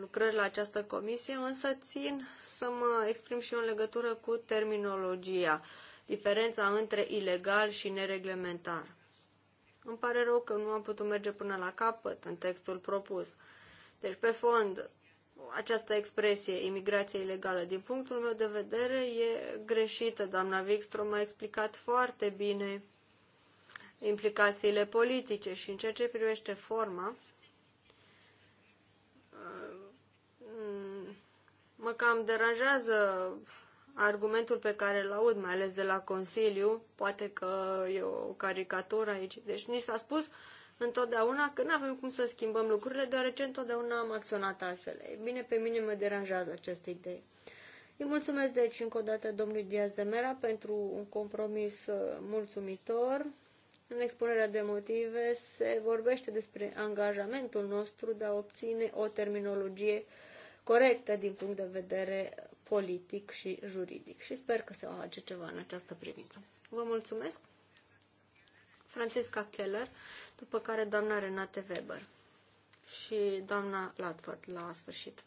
lucrări la această comisie, însă țin să mă exprim și eu în legătură cu terminologia, diferența între ilegal și nereglementar. Îmi pare rău că nu am putut merge până la capăt în textul propus. Deci, pe fond, această expresie, imigrație ilegală, din punctul meu de vedere, e greșită. Doamna Wikström a explicat foarte bine implicațiile politice și în ceea ce privește forma, mă cam deranjează argumentul pe care îl aud, mai ales de la Consiliu, poate că e o caricatură aici, deci ni s-a spus uh, întotdeauna că nu avem cum să schimbăm lucrurile, deoarece întotdeauna am acționat astfel. E bine, pe mine mă deranjează această idee. Îi mulțumesc deci încă o dată domnului Diaz de Mera pentru un compromis uh, mulțumitor. În expunerea de motive se vorbește despre angajamentul nostru de a obține o terminologie corectă din punct de vedere politic și juridic și sper că se va face ceva în această privință. Vă mulțumesc! Francesca Keller, după care doamna Renate Weber și doamna Latford la sfârșit.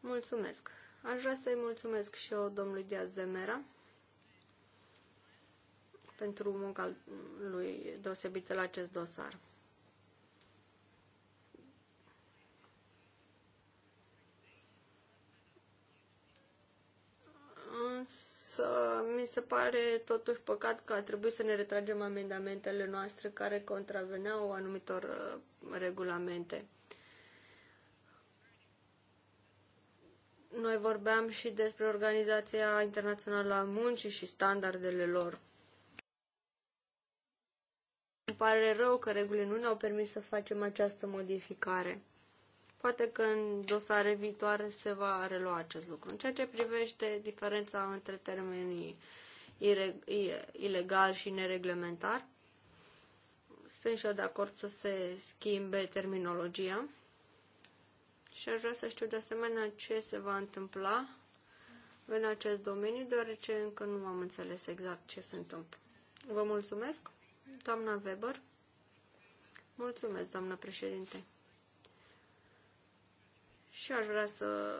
Mulțumesc! Aș vrea să-i mulțumesc și eu domnului Diaz de Mera pentru munca lui deosebită la acest dosar. însă mi se pare totuși păcat că a trebuit să ne retragem amendamentele noastre care contraveneau anumitor uh, regulamente. Noi vorbeam și despre Organizația Internațională a Muncii și standardele lor. Îmi pare rău că regulile nu ne-au permis să facem această modificare. Poate că în dosare viitoare se va relua acest lucru. În ceea ce privește diferența între termenii ilegal și nereglementar, sunt și eu de acord să se schimbe terminologia și aș vrea să știu de asemenea ce se va întâmpla în acest domeniu, deoarece încă nu am înțeles exact ce se întâmplă. Vă mulțumesc, doamna Weber. Mulțumesc, doamna președinte. Și aș vrea să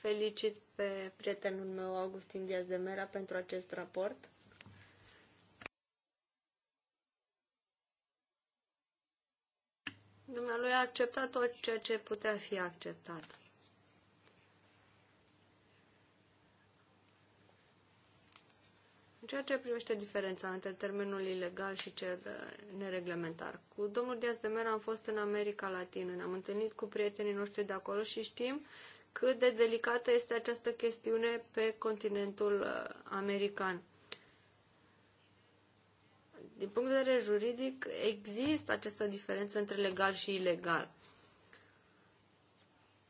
felicit pe prietenul meu, Augustin Diaz de Mera, pentru acest raport. Dumnealui a acceptat tot ceea ce putea fi acceptat. În ceea ce privește diferența între termenul ilegal și cel uh, nereglementar, cu domnul Diaz de Mera am fost în America Latină, ne-am întâlnit cu prietenii noștri de acolo și știm cât de delicată este această chestiune pe continentul uh, american. Din punct de vedere juridic, există această diferență între legal și ilegal.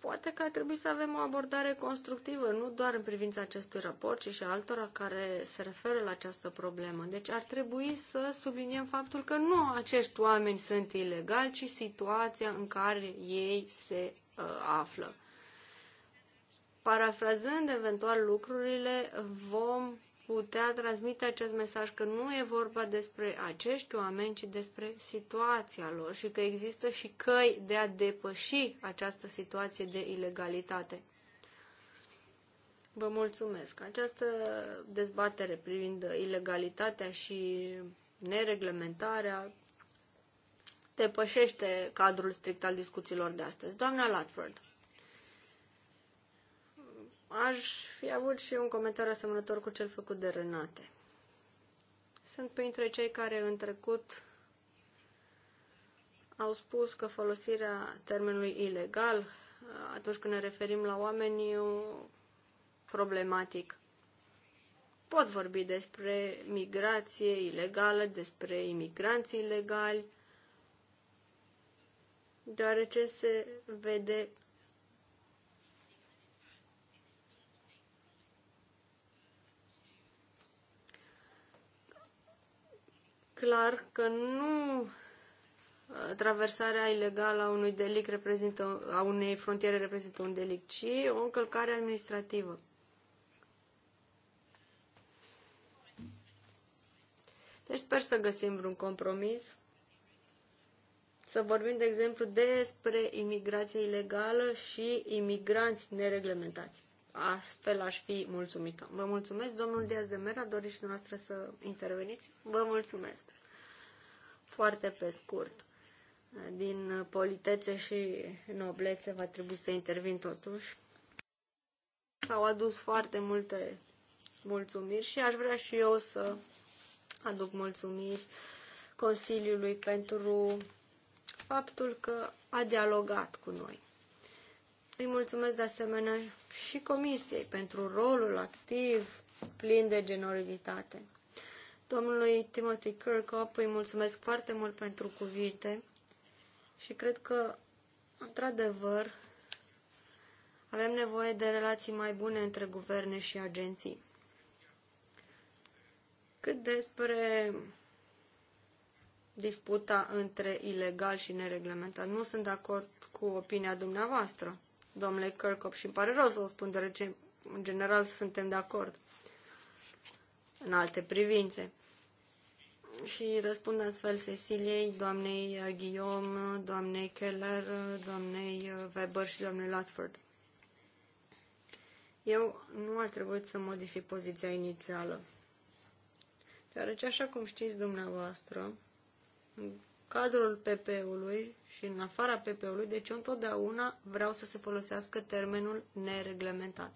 Poate că ar trebui să avem o abordare constructivă, nu doar în privința acestui raport, ci și altora care se referă la această problemă. Deci ar trebui să subliniem faptul că nu acești oameni sunt ilegali, ci situația în care ei se uh, află. Parafrazând eventual lucrurile, vom putea transmite acest mesaj că nu e vorba despre acești oameni, ci despre situația lor și că există și căi de a depăși această situație de ilegalitate. Vă mulțumesc. Această dezbatere privind ilegalitatea și nereglementarea depășește cadrul strict al discuțiilor de astăzi. Doamna Latford. Aș fi avut și un comentariu asemănător cu cel făcut de Renate. Sunt printre cei care în trecut au spus că folosirea termenului ilegal atunci când ne referim la oameni e problematic. Pot vorbi despre migrație ilegală, despre imigranți ilegali, deoarece se vede clar că nu traversarea ilegală a unui delic reprezintă, a unei frontiere reprezintă un delict, ci o încălcare administrativă. Deci sper să găsim vreun compromis. Să vorbim, de exemplu, despre imigrație ilegală și imigranți nereglementați. Astfel aș fi mulțumită. Vă mulțumesc, domnul Diaz de Mera, doriți și să interveniți? Vă mulțumesc. Foarte pe scurt. Din politețe și noblețe va trebui să intervin totuși. S-au adus foarte multe mulțumiri și aș vrea și eu să aduc mulțumiri Consiliului pentru faptul că a dialogat cu noi. Îi mulțumesc de asemenea și Comisiei pentru rolul activ plin de generozitate. Domnului Timothy Kirkhope îi mulțumesc foarte mult pentru cuvinte și cred că, într-adevăr, avem nevoie de relații mai bune între guverne și agenții. Cât despre disputa între ilegal și nereglementat, nu sunt de acord cu opinia dumneavoastră domnule Kirkhope și îmi pare rău să o spun, deoarece în general suntem de acord în alte privințe. Și răspund astfel Ceciliei, doamnei Guillaume, doamnei Keller, doamnei Weber și doamnei Latford. Eu nu a trebuit să modific poziția inițială. Deoarece, așa cum știți dumneavoastră, cadrul PP-ului și în afara PP-ului, deci eu întotdeauna vreau să se folosească termenul nereglementat.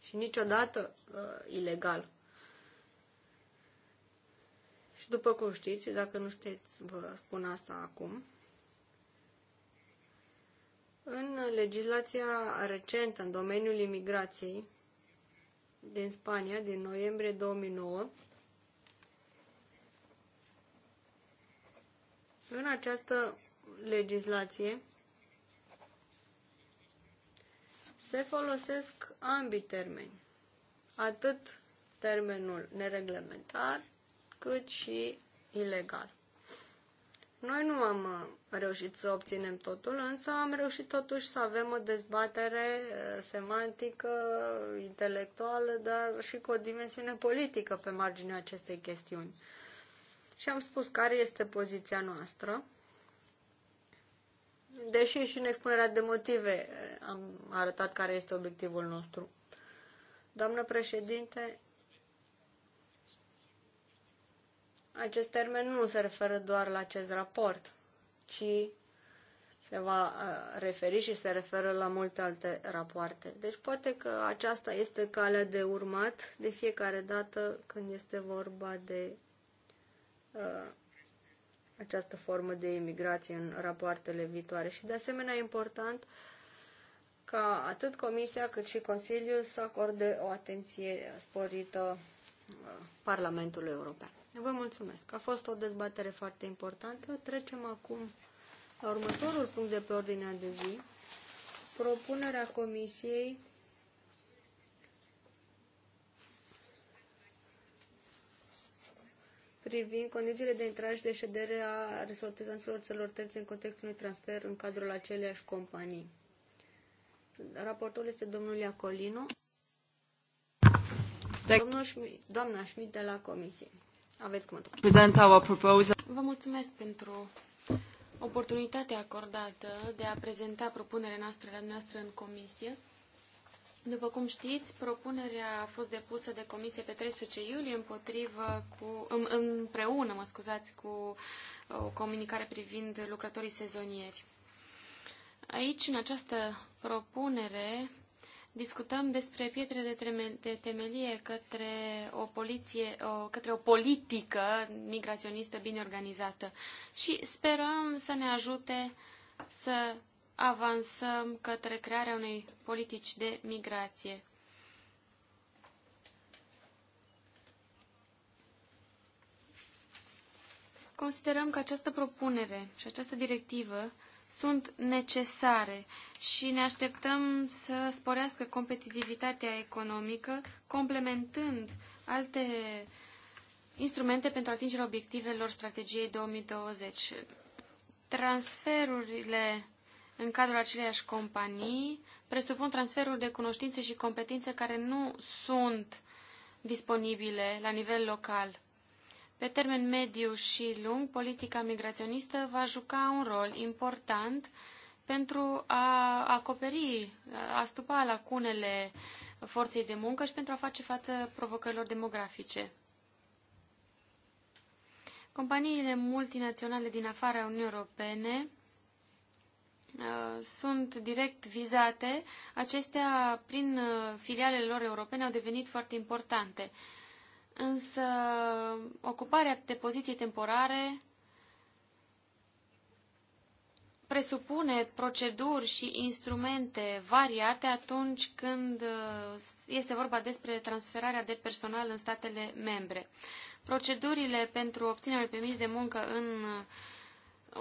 Și niciodată uh, ilegal. Și după cum știți, dacă nu știți, vă spun asta acum, în legislația recentă în domeniul imigrației din Spania, din noiembrie 2009, În această legislație se folosesc ambii termeni, atât termenul nereglementar cât și ilegal. Noi nu am uh, reușit să obținem totul, însă am reușit totuși să avem o dezbatere uh, semantică, intelectuală, dar și cu o dimensiune politică pe marginea acestei chestiuni și am spus care este poziția noastră. Deși și în expunerea de motive eh, am arătat care este obiectivul nostru. Doamnă președinte, acest termen nu se referă doar la acest raport, ci se va eh, referi și se referă la multe alte rapoarte. Deci poate că aceasta este calea de urmat de fiecare dată când este vorba de Uh, această formă de imigrație în rapoartele viitoare și de asemenea important ca atât Comisia cât și Consiliul să acorde o atenție sporită uh, Parlamentului European. Vă mulțumesc. A fost o dezbatere foarte importantă. Trecem acum la următorul punct de pe ordinea de zi, propunerea Comisiei privind condițiile de intrare și de ședere a resortizanților țărilor terțe în contextul unui transfer în cadrul aceleiași companii. Raportorul este domnul Iacolino. Domnul Schmid, doamna Schmidt de la Comisie. Aveți cuvântul. Present our proposal. Vă mulțumesc pentru oportunitatea acordată de a prezenta propunerea noastră la noastră în comisie. După cum știți, propunerea a fost depusă de comisie pe 13 iulie împotrivă cu, împreună mă scuzați, cu uh, o comunicare privind lucrătorii sezonieri. Aici, în această propunere, discutăm despre pietre de temelie către o, poliție, o, către o politică migraționistă bine organizată și sperăm să ne ajute să avansăm către crearea unei politici de migrație. Considerăm că această propunere și această directivă sunt necesare și ne așteptăm să sporească competitivitatea economică, complementând alte instrumente pentru atingerea obiectivelor strategiei 2020. Transferurile în cadrul aceleiași companii presupun transferul de cunoștințe și competențe care nu sunt disponibile la nivel local. Pe termen mediu și lung, politica migraționistă va juca un rol important pentru a acoperi, a stupa lacunele forței de muncă și pentru a face față provocărilor demografice. Companiile multinaționale din afara Uniunii Europene Uh, sunt direct vizate, acestea, prin uh, filialele lor europene, au devenit foarte importante. Însă, ocuparea de poziții temporare presupune proceduri și instrumente variate atunci când uh, este vorba despre transferarea de personal în statele membre. Procedurile pentru obținerea permis de muncă în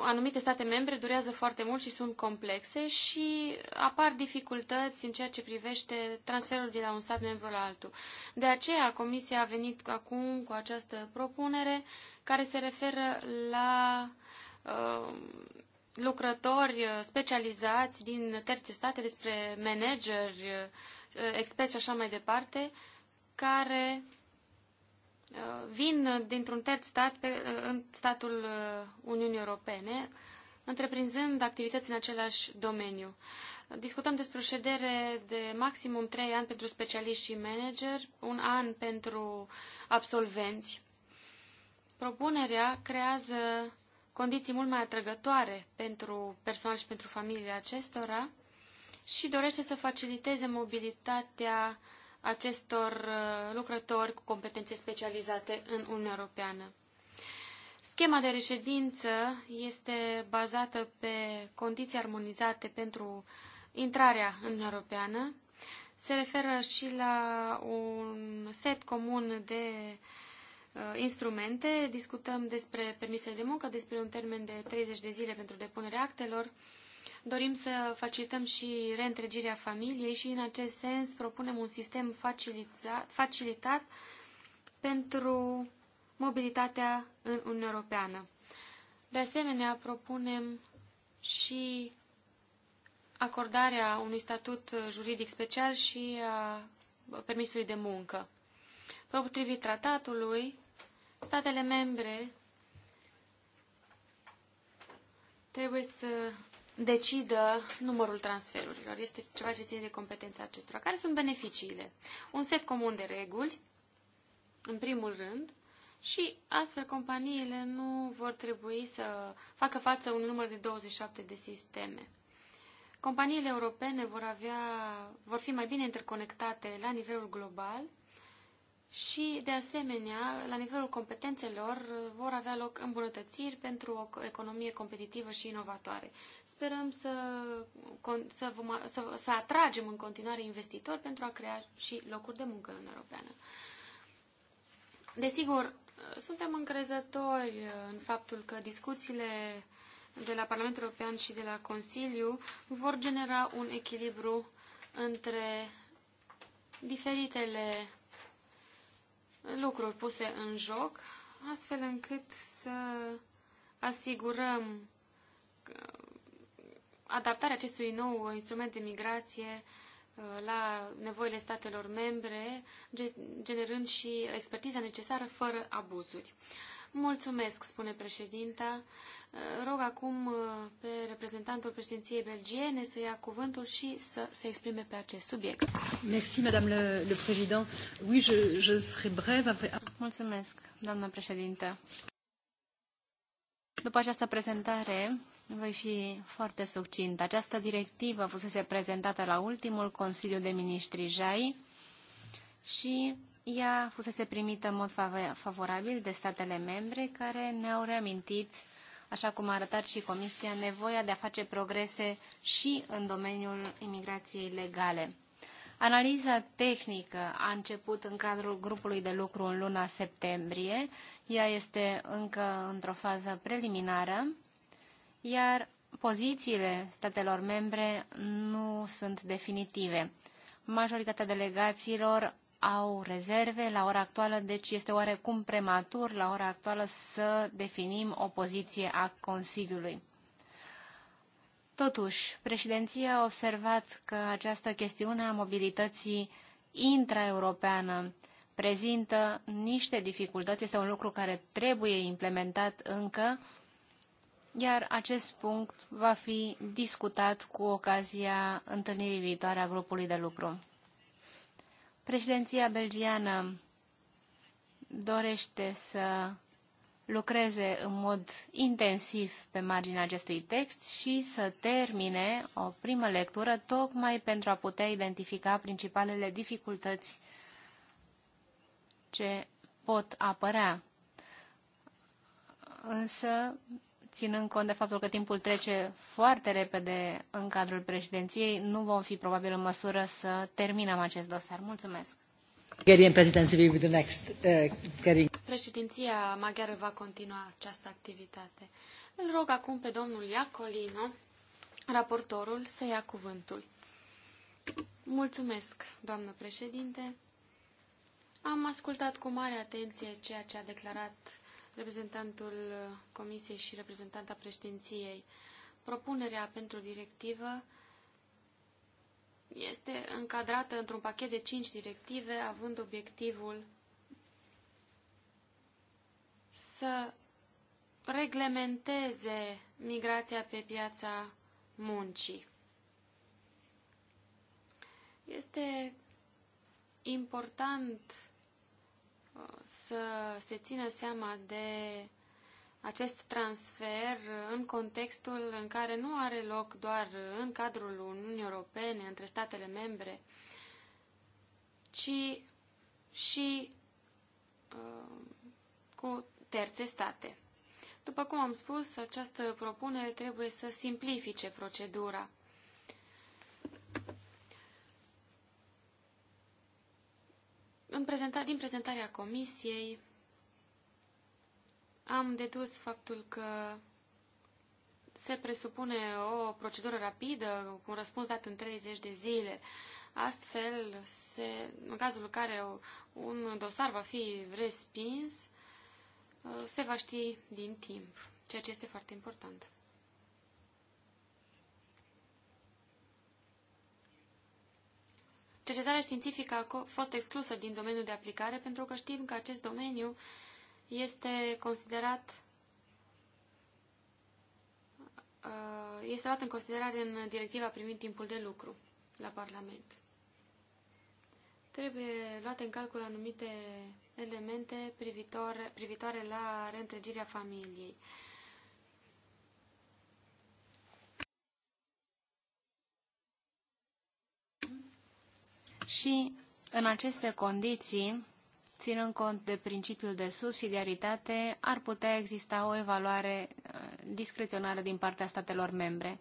anumite state membre durează foarte mult și sunt complexe și apar dificultăți în ceea ce privește transferul de la un stat membru la altul. De aceea, Comisia a venit acum cu această propunere care se referă la uh, lucrători specializați din terțe state, despre manageri, uh, experți și așa mai departe, care Uh, vin uh, dintr-un terț stat pe, uh, în statul Uniunii Europene, întreprinzând activități în același domeniu. Discutăm despre o ședere de maximum 3 ani pentru specialiști și manageri, un an pentru absolvenți. Propunerea creează condiții mult mai atrăgătoare pentru personal și pentru familia acestora și dorește să faciliteze mobilitatea uh, acestor uh, lucrători cu competențe specializate în Uniunea Europeană. Schema de reședință este bazată pe condiții armonizate pentru intrarea în Uniunea Europeană. Se referă și la un set comun de uh, instrumente. Discutăm despre permisele de muncă, despre un termen de 30 de zile pentru depunerea actelor, Dorim să facilităm și reîntregirea familiei și în acest sens propunem un sistem facilitat, facilitat pentru mobilitatea în Uniunea Europeană. De asemenea, propunem și acordarea unui statut juridic special și a permisului de muncă. Potrivit tratatului, statele membre trebuie să decidă numărul transferurilor. Este ceva ce ține de competența acestora. Care sunt beneficiile? Un set comun de reguli, în primul rând, și astfel companiile nu vor trebui să facă față un număr de 27 de sisteme. Companiile europene vor, avea, vor fi mai bine interconectate la nivelul global și, de asemenea, la nivelul competențelor vor avea loc îmbunătățiri pentru o economie competitivă și inovatoare. Sperăm să, să, vom, să, să atragem în continuare investitori pentru a crea și locuri de muncă în Europeană. Desigur, suntem încrezători în faptul că discuțiile de la Parlamentul European și de la Consiliu vor genera un echilibru între diferitele lucruri puse în joc, astfel încât să asigurăm uh, adaptarea acestui nou instrument de migrație uh, la nevoile statelor membre, generând și expertiza necesară fără abuzuri. Mulțumesc, spune președinta. Eh, rog acum eh, pe reprezentantul președinției belgiene să ia cuvântul și să se exprime pe acest subiect. Merci, madame le, le président. Oui, je, je serai brève. Après... Mulțumesc, doamna președintă. După această prezentare, voi fi foarte succint. Această directivă a fost prezentată la ultimul Consiliu de Ministri JAI și ea fusese primită în mod favorabil de statele membre care ne-au reamintit, așa cum a arătat și Comisia, nevoia de a face progrese și în domeniul imigrației legale. Analiza tehnică a început în cadrul grupului de lucru în luna septembrie. Ea este încă într-o fază preliminară, iar pozițiile statelor membre nu sunt definitive. Majoritatea delegațiilor au rezerve la ora actuală, deci este oarecum prematur la ora actuală să definim o poziție a Consiliului. Totuși, președinția a observat că această chestiune a mobilității intraeuropeană prezintă niște dificultăți, este un lucru care trebuie implementat încă, iar acest punct va fi discutat cu ocazia întâlnirii viitoare a grupului de lucru. Președinția belgiană dorește să lucreze în mod intensiv pe marginea acestui text și să termine o primă lectură tocmai pentru a putea identifica principalele dificultăți ce pot apărea. Însă ținând cont de faptul că timpul trece foarte repede în cadrul președinției, nu vom fi probabil în măsură să terminăm acest dosar. Mulțumesc! Uh, Președinția maghiară va continua această activitate. Îl rog acum pe domnul Iacolino, raportorul, să ia cuvântul. Mulțumesc, doamnă președinte. Am ascultat cu mare atenție ceea ce a declarat reprezentantul Comisiei și reprezentanta președinției. Propunerea pentru directivă este încadrată într-un pachet de cinci directive, având obiectivul să reglementeze migrația pe piața muncii. Este important să se țină seama de acest transfer în contextul în care nu are loc doar în cadrul Uniunii Europene, între statele membre, ci și uh, cu terțe state. După cum am spus, această propunere trebuie să simplifice procedura. În prezenta, din prezentarea comisiei am dedus faptul că se presupune o procedură rapidă cu un răspuns dat în 30 de zile. Astfel, se, în cazul în care un dosar va fi respins, se va ști din timp, ceea ce este foarte important. Cercetarea științifică a fost exclusă din domeniul de aplicare pentru că știm că acest domeniu este considerat uh, este luat în considerare în directiva privind timpul de lucru la Parlament. Trebuie luate în calcul anumite elemente privitor, privitoare la reîntregirea familiei. Și în aceste condiții, ținând cont de principiul de subsidiaritate, ar putea exista o evaluare uh, discreționară din partea statelor membre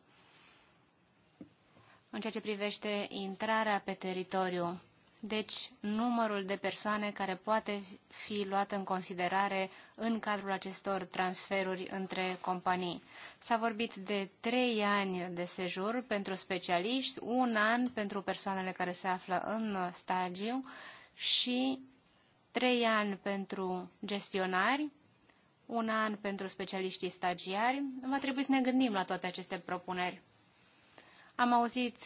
în ceea ce privește intrarea pe teritoriu deci numărul de persoane care poate fi luat în considerare în cadrul acestor transferuri între companii. S-a vorbit de trei ani de sejur pentru specialiști, un an pentru persoanele care se află în stagiu și trei ani pentru gestionari, un an pentru specialiștii stagiari. Va trebui să ne gândim la toate aceste propuneri. Am auzit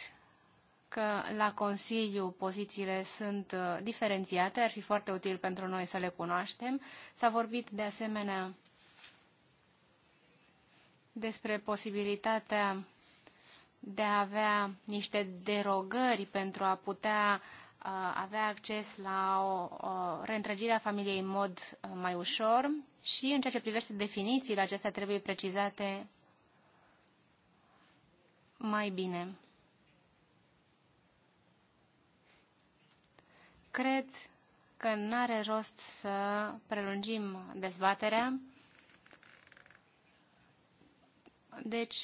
că la Consiliu pozițiile sunt uh, diferențiate, ar fi foarte util pentru noi să le cunoaștem. S-a vorbit de asemenea despre posibilitatea de a avea niște derogări pentru a putea uh, avea acces la o, o a familiei în mod uh, mai ușor și în ceea ce privește definițiile acestea trebuie precizate mai bine. cred că n-are rost să prelungim dezbaterea. Deci,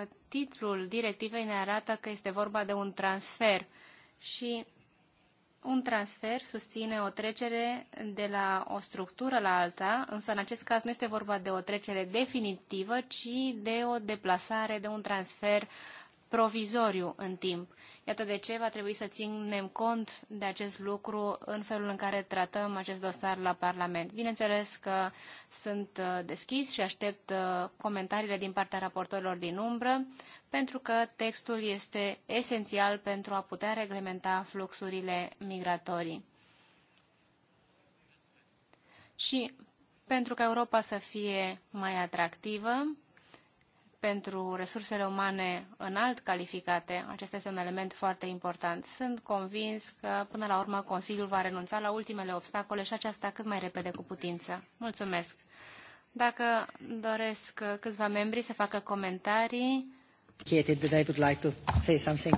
uh, titlul directivei ne arată că este vorba de un transfer și un transfer susține o trecere de la o structură la alta, însă în acest caz nu este vorba de o trecere definitivă, ci de o deplasare, de un transfer provizoriu în timp. Iată de ce va trebui să ținem cont de acest lucru în felul în care tratăm acest dosar la Parlament. Bineînțeles că sunt uh, deschis și aștept uh, comentariile din partea raportorilor din umbră, pentru că textul este esențial pentru a putea reglementa fluxurile migratorii. Și pentru ca Europa să fie mai atractivă, pentru resursele umane înalt calificate, acesta este un element foarte important. Sunt convins că până la urmă Consiliul va renunța la ultimele obstacole și aceasta cât mai repede cu putință. Mulțumesc! Dacă doresc câțiva membri să facă comentarii... Katie, that I would like to say something.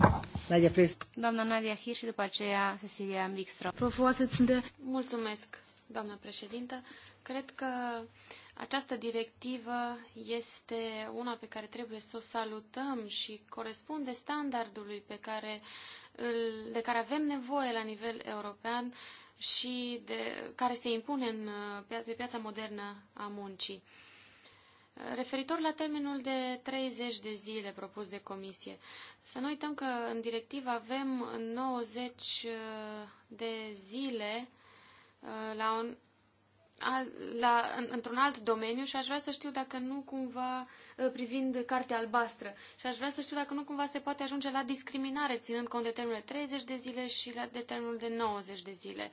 Nadia, please. Doamna Nadia Hir și după aceea Cecilia Wikström. Mulțumesc, doamnă președintă. Cred că această directivă este una pe care trebuie să o salutăm și corespunde standardului pe care, îl, de care avem nevoie la nivel european și de, care se impune în, pe piața modernă a muncii. Referitor la termenul de 30 de zile propus de comisie, să nu uităm că în directivă avem 90 uh, de zile uh, la un, la, într-un alt domeniu și aș vrea să știu dacă nu cumva, ă, privind cartea albastră, și aș vrea să știu dacă nu cumva se poate ajunge la discriminare, ținând cont de termenul de 30 de zile și la de termenul de 90 de zile.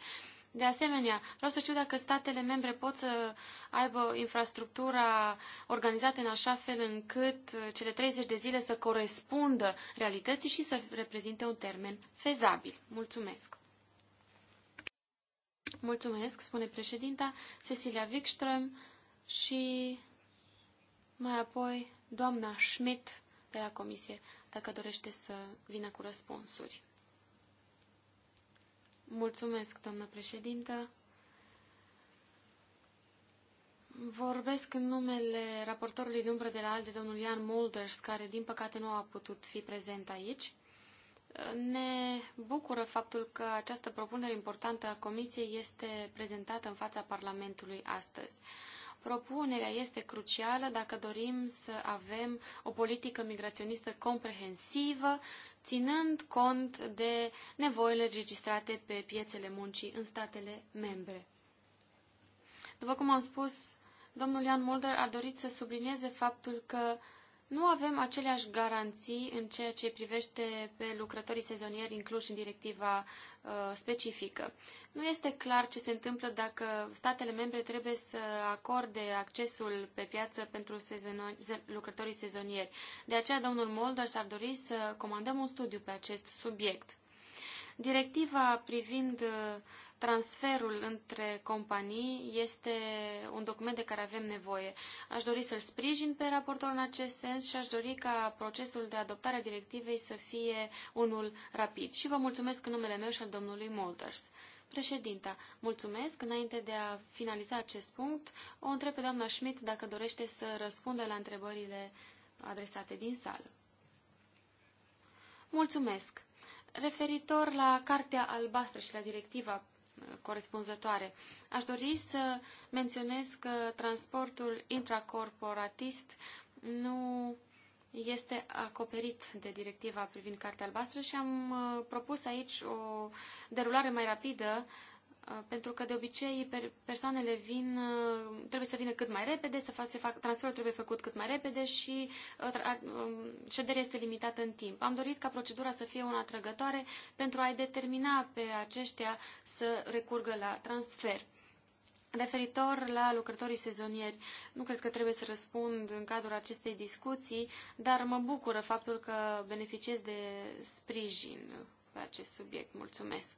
De asemenea, vreau să știu dacă statele membre pot să aibă infrastructura organizată în așa fel încât ă, cele 30 de zile să corespundă realității și să reprezinte un termen fezabil. Mulțumesc! Mulțumesc, spune președinta, Cecilia Wikström și mai apoi doamna Schmidt de la comisie, dacă dorește să vină cu răspunsuri. Mulțumesc, doamnă președintă. Vorbesc în numele raportorului de umbră de la ALDE, domnul Ian Mulders, care din păcate nu a putut fi prezent aici. Ne bucură faptul că această propunere importantă a Comisiei este prezentată în fața Parlamentului astăzi. Propunerea este crucială dacă dorim să avem o politică migraționistă comprehensivă, ținând cont de nevoile registrate pe piețele muncii în statele membre. După cum am spus, domnul Ian Mulder a dorit să sublinieze faptul că nu avem aceleași garanții în ceea ce privește pe lucrătorii sezonieri incluși în directiva uh, specifică. Nu este clar ce se întâmplă dacă statele membre trebuie să acorde accesul pe piață pentru sezonori, lucrătorii sezonieri. De aceea, domnul Mulder s-ar dori să comandăm un studiu pe acest subiect. Directiva privind uh, transferul între companii este un document de care avem nevoie. Aș dori să-l sprijin pe raportor în acest sens și aș dori ca procesul de adoptare a directivei să fie unul rapid. Și vă mulțumesc în numele meu și al domnului Molders. Președinta, mulțumesc. Înainte de a finaliza acest punct, o întreb pe doamna Schmidt dacă dorește să răspundă la întrebările adresate din sală. Mulțumesc. Referitor la Cartea Albastră și la directiva corespunzătoare. Aș dori să menționez că transportul intracorporatist nu este acoperit de directiva privind Cartea Albastră și am uh, propus aici o derulare mai rapidă pentru că de obicei persoanele vin, trebuie să vină cât mai repede, să fac, fac, transferul trebuie făcut cât mai repede și șederea este limitată în timp. Am dorit ca procedura să fie una atrăgătoare pentru a-i determina pe aceștia să recurgă la transfer. Referitor la lucrătorii sezonieri, nu cred că trebuie să răspund în cadrul acestei discuții, dar mă bucură faptul că beneficiez de sprijin pe acest subiect. Mulțumesc!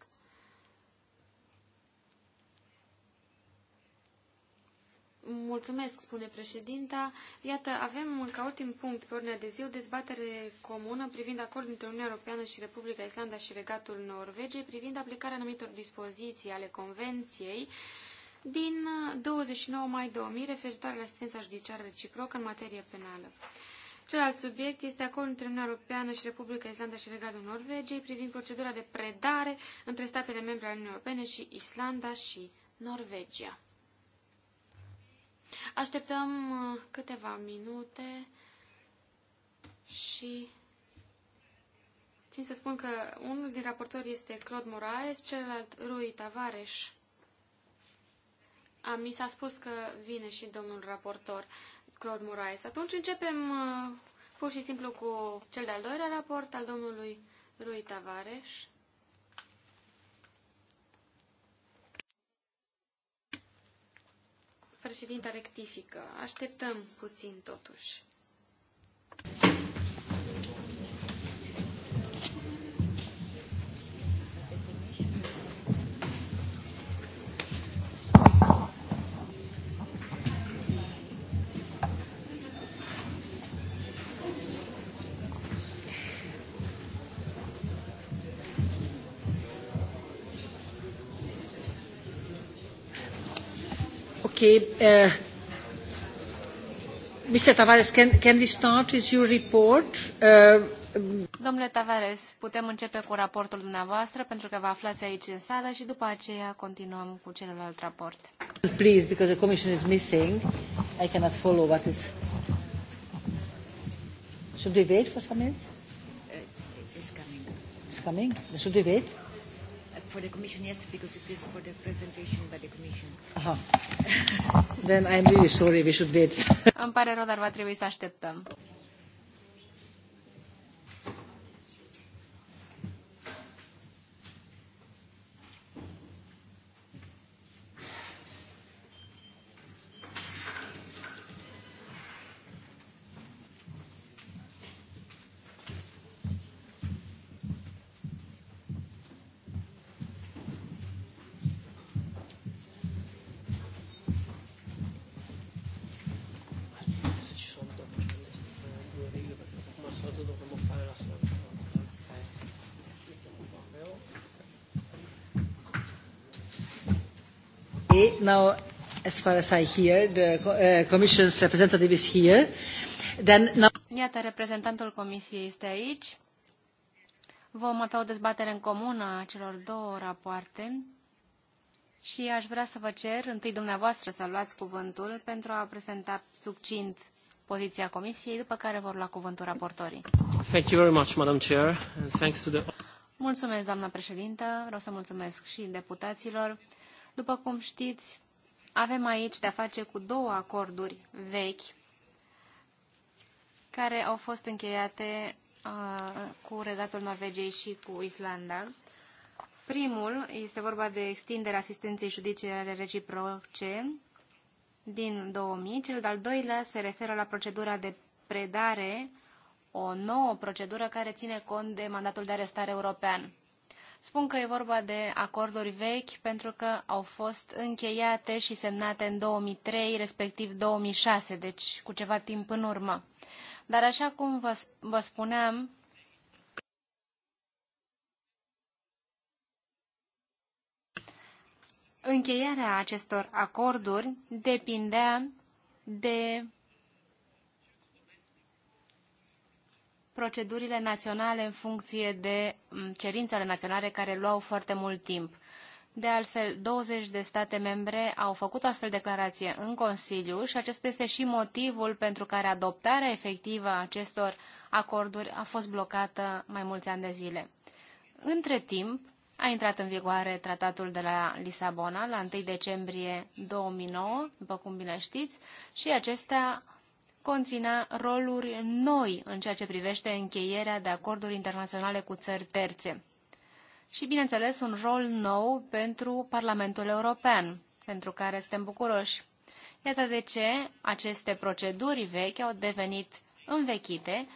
Mulțumesc, spune președinta. Iată, avem ca ultim punct pe ordinea de zi o dezbatere comună privind acordul între Uniunea Europeană și Republica Islanda și Regatul Norvegiei privind aplicarea anumitor dispoziții ale Convenției din 29 uh, mai 2000 referitoare la asistența judiciară reciprocă în materie penală. Celălalt subiect este acordul între Uniunea Europeană și Republica Islanda și Regatul Norvegiei privind procedura de predare între statele membre ale Uniunii Europene și Islanda și Norvegia. Așteptăm uh, câteva minute și țin să spun că unul din raportori este Claude Moraes, celălalt Rui Tavares. A, mi s-a spus că vine și domnul raportor Claude Moraes. Atunci începem uh, pur și simplu cu cel de-al doilea raport al domnului Rui Tavares. Președinta rectifică. Așteptăm puțin, totuși. Domnule Tavares, putem începe cu raportul dumneavoastră pentru că vă aflați aici în sală și după aceea continuăm cu celălalt raport. Please, because the commission is missing, I cannot follow what is... Should we wait for some minutes? Uh, it's coming. It's coming? Should we wait? for the Commission, yes, because it is for the presentation by the Commission. Aha. Then I'm really sorry, we should wait. Îmi pare rău, dar va trebui să așteptăm. now, as far as I hear, the uh, Commission's representative is here. Then now... Iată, reprezentantul Comisiei este aici. Vom avea o dezbatere în comună a celor două rapoarte și aș vrea să vă cer întâi dumneavoastră să luați cuvântul pentru a prezenta succint poziția Comisiei, după care vor lua cuvântul raportorii. Thank you very much, Madam Chair, thanks to the... Mulțumesc, doamna președintă. Vreau să mulțumesc și deputaților după cum știți, avem aici de-a face cu două acorduri vechi care au fost încheiate uh, cu Regatul Norvegiei și cu Islanda. Primul este vorba de extinderea asistenței judiciare reciproce din 2000. Cel de-al doilea se referă la procedura de predare, o nouă procedură care ține cont de mandatul de arestare european. Spun că e vorba de acorduri vechi pentru că au fost încheiate și semnate în 2003, respectiv 2006, deci cu ceva timp în urmă. Dar așa cum vă, vă spuneam, încheierea acestor acorduri depindea de procedurile naționale în funcție de cerințele naționale care luau foarte mult timp. De altfel, 20 de state membre au făcut o astfel declarație în Consiliu și acesta este și motivul pentru care adoptarea efectivă a acestor acorduri a fost blocată mai mulți ani de zile. Între timp, a intrat în vigoare tratatul de la Lisabona la 1 decembrie 2009, după cum bine știți, și acesta conținea roluri noi în ceea ce privește încheierea de acorduri internaționale cu țări terțe. Și, bineînțeles, un rol nou pentru Parlamentul European, pentru care suntem bucuroși. Iată de ce aceste proceduri vechi au devenit învechite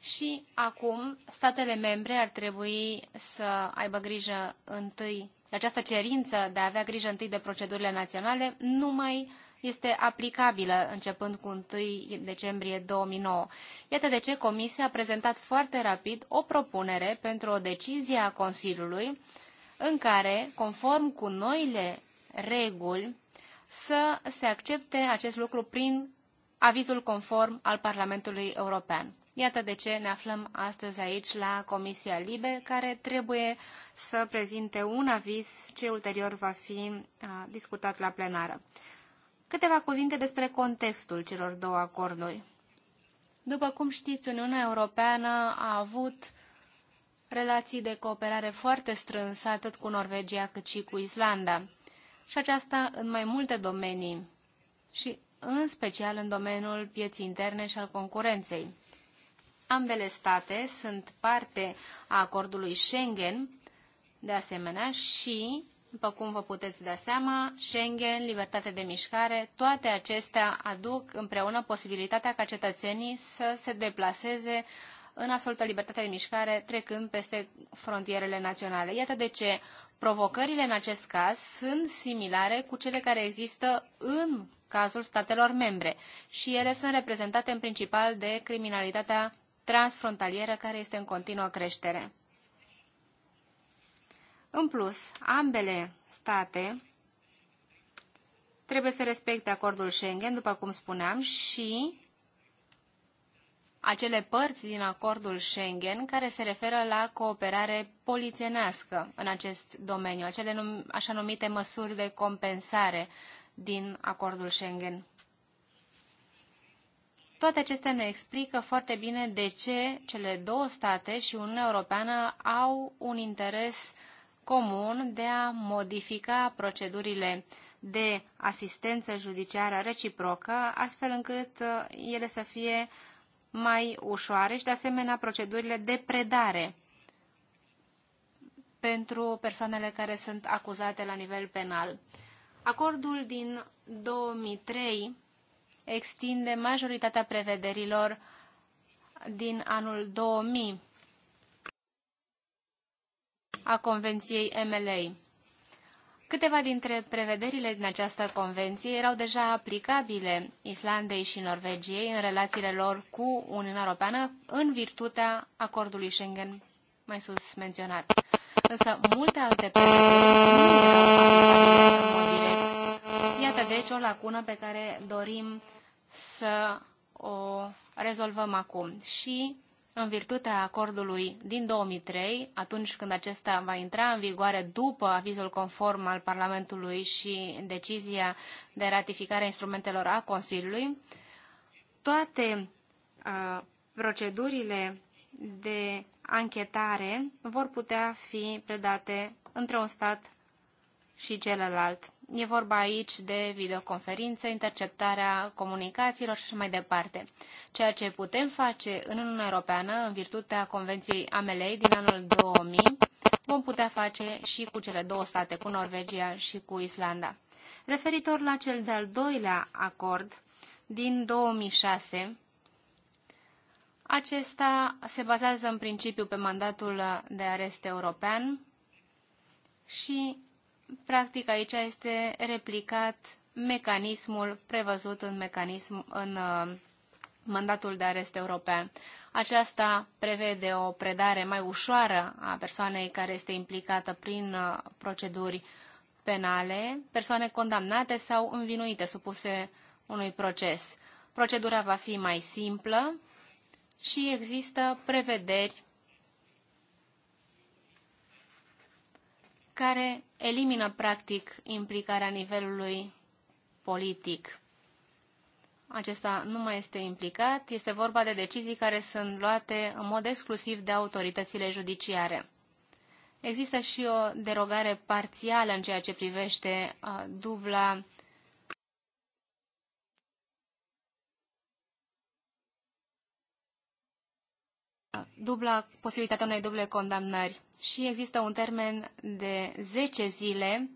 și acum statele membre ar trebui să aibă grijă întâi, această cerință de a avea grijă întâi de procedurile naționale, numai mai este aplicabilă începând cu 1 decembrie 2009. Iată de ce Comisia a prezentat foarte rapid o propunere pentru o decizie a Consiliului în care, conform cu noile reguli, să se accepte acest lucru prin avizul conform al Parlamentului European. Iată de ce ne aflăm astăzi aici la Comisia Libe, care trebuie să prezinte un aviz ce ulterior va fi discutat la plenară. Câteva cuvinte despre contextul celor două acorduri. După cum știți, Uniunea Europeană a avut relații de cooperare foarte strânsă atât cu Norvegia cât și cu Islanda. Și aceasta în mai multe domenii și în special în domeniul pieții interne și al concurenței. Ambele state sunt parte a acordului Schengen, de asemenea, și după cum vă puteți da seama, Schengen, libertate de mișcare, toate acestea aduc împreună posibilitatea ca cetățenii să se deplaseze în absolută libertate de mișcare, trecând peste frontierele naționale. Iată de ce provocările în acest caz sunt similare cu cele care există în cazul statelor membre și ele sunt reprezentate în principal de criminalitatea transfrontalieră care este în continuă creștere. În plus, ambele state trebuie să respecte acordul Schengen, după cum spuneam, și acele părți din acordul Schengen care se referă la cooperare polițienească în acest domeniu, acele num așa numite măsuri de compensare din acordul Schengen. Toate acestea ne explică foarte bine de ce cele două state și Uniunea Europeană au un interes uh, comun de a modifica procedurile de asistență judiciară reciprocă, astfel încât uh, ele să fie mai ușoare și, de asemenea, procedurile de predare pentru persoanele care sunt acuzate la nivel penal. Acordul din 2003 extinde majoritatea prevederilor din anul 2000 a Convenției MLA. Câteva dintre prevederile din această convenție erau deja aplicabile Islandei și Norvegiei în relațiile lor cu Uniunea Europeană în virtutea acordului Schengen mai sus menționat. Însă multe alte prevederi nu erau aplicabile în mod direct. Iată deci o lacună pe care dorim să o rezolvăm acum. Și în virtutea acordului din 2003, atunci când acesta va intra în vigoare după avizul conform al Parlamentului și decizia de ratificare a instrumentelor a Consiliului, toate uh, procedurile de anchetare vor putea fi predate între un stat și celălalt. E vorba aici de videoconferințe, interceptarea comunicațiilor și așa mai departe. Ceea ce putem face în Uniunea Europeană, în virtutea Convenției Amelei din anul 2000, vom putea face și cu cele două state, cu Norvegia și cu Islanda. Referitor la cel de-al doilea acord din 2006, acesta se bazează în principiu pe mandatul de arest european și practic aici este replicat mecanismul prevăzut în, mecanism, în uh, mandatul de arest european. Aceasta prevede o predare mai ușoară a persoanei care este implicată prin uh, proceduri penale, persoane condamnate sau învinuite, supuse unui proces. Procedura va fi mai simplă și există prevederi care elimină practic implicarea nivelului politic. Acesta nu mai este implicat, este vorba de decizii care sunt luate în mod exclusiv de autoritățile judiciare. Există și o derogare parțială în ceea ce privește uh, dubla dubla, posibilitatea unei duble condamnări și există un termen de 10 zile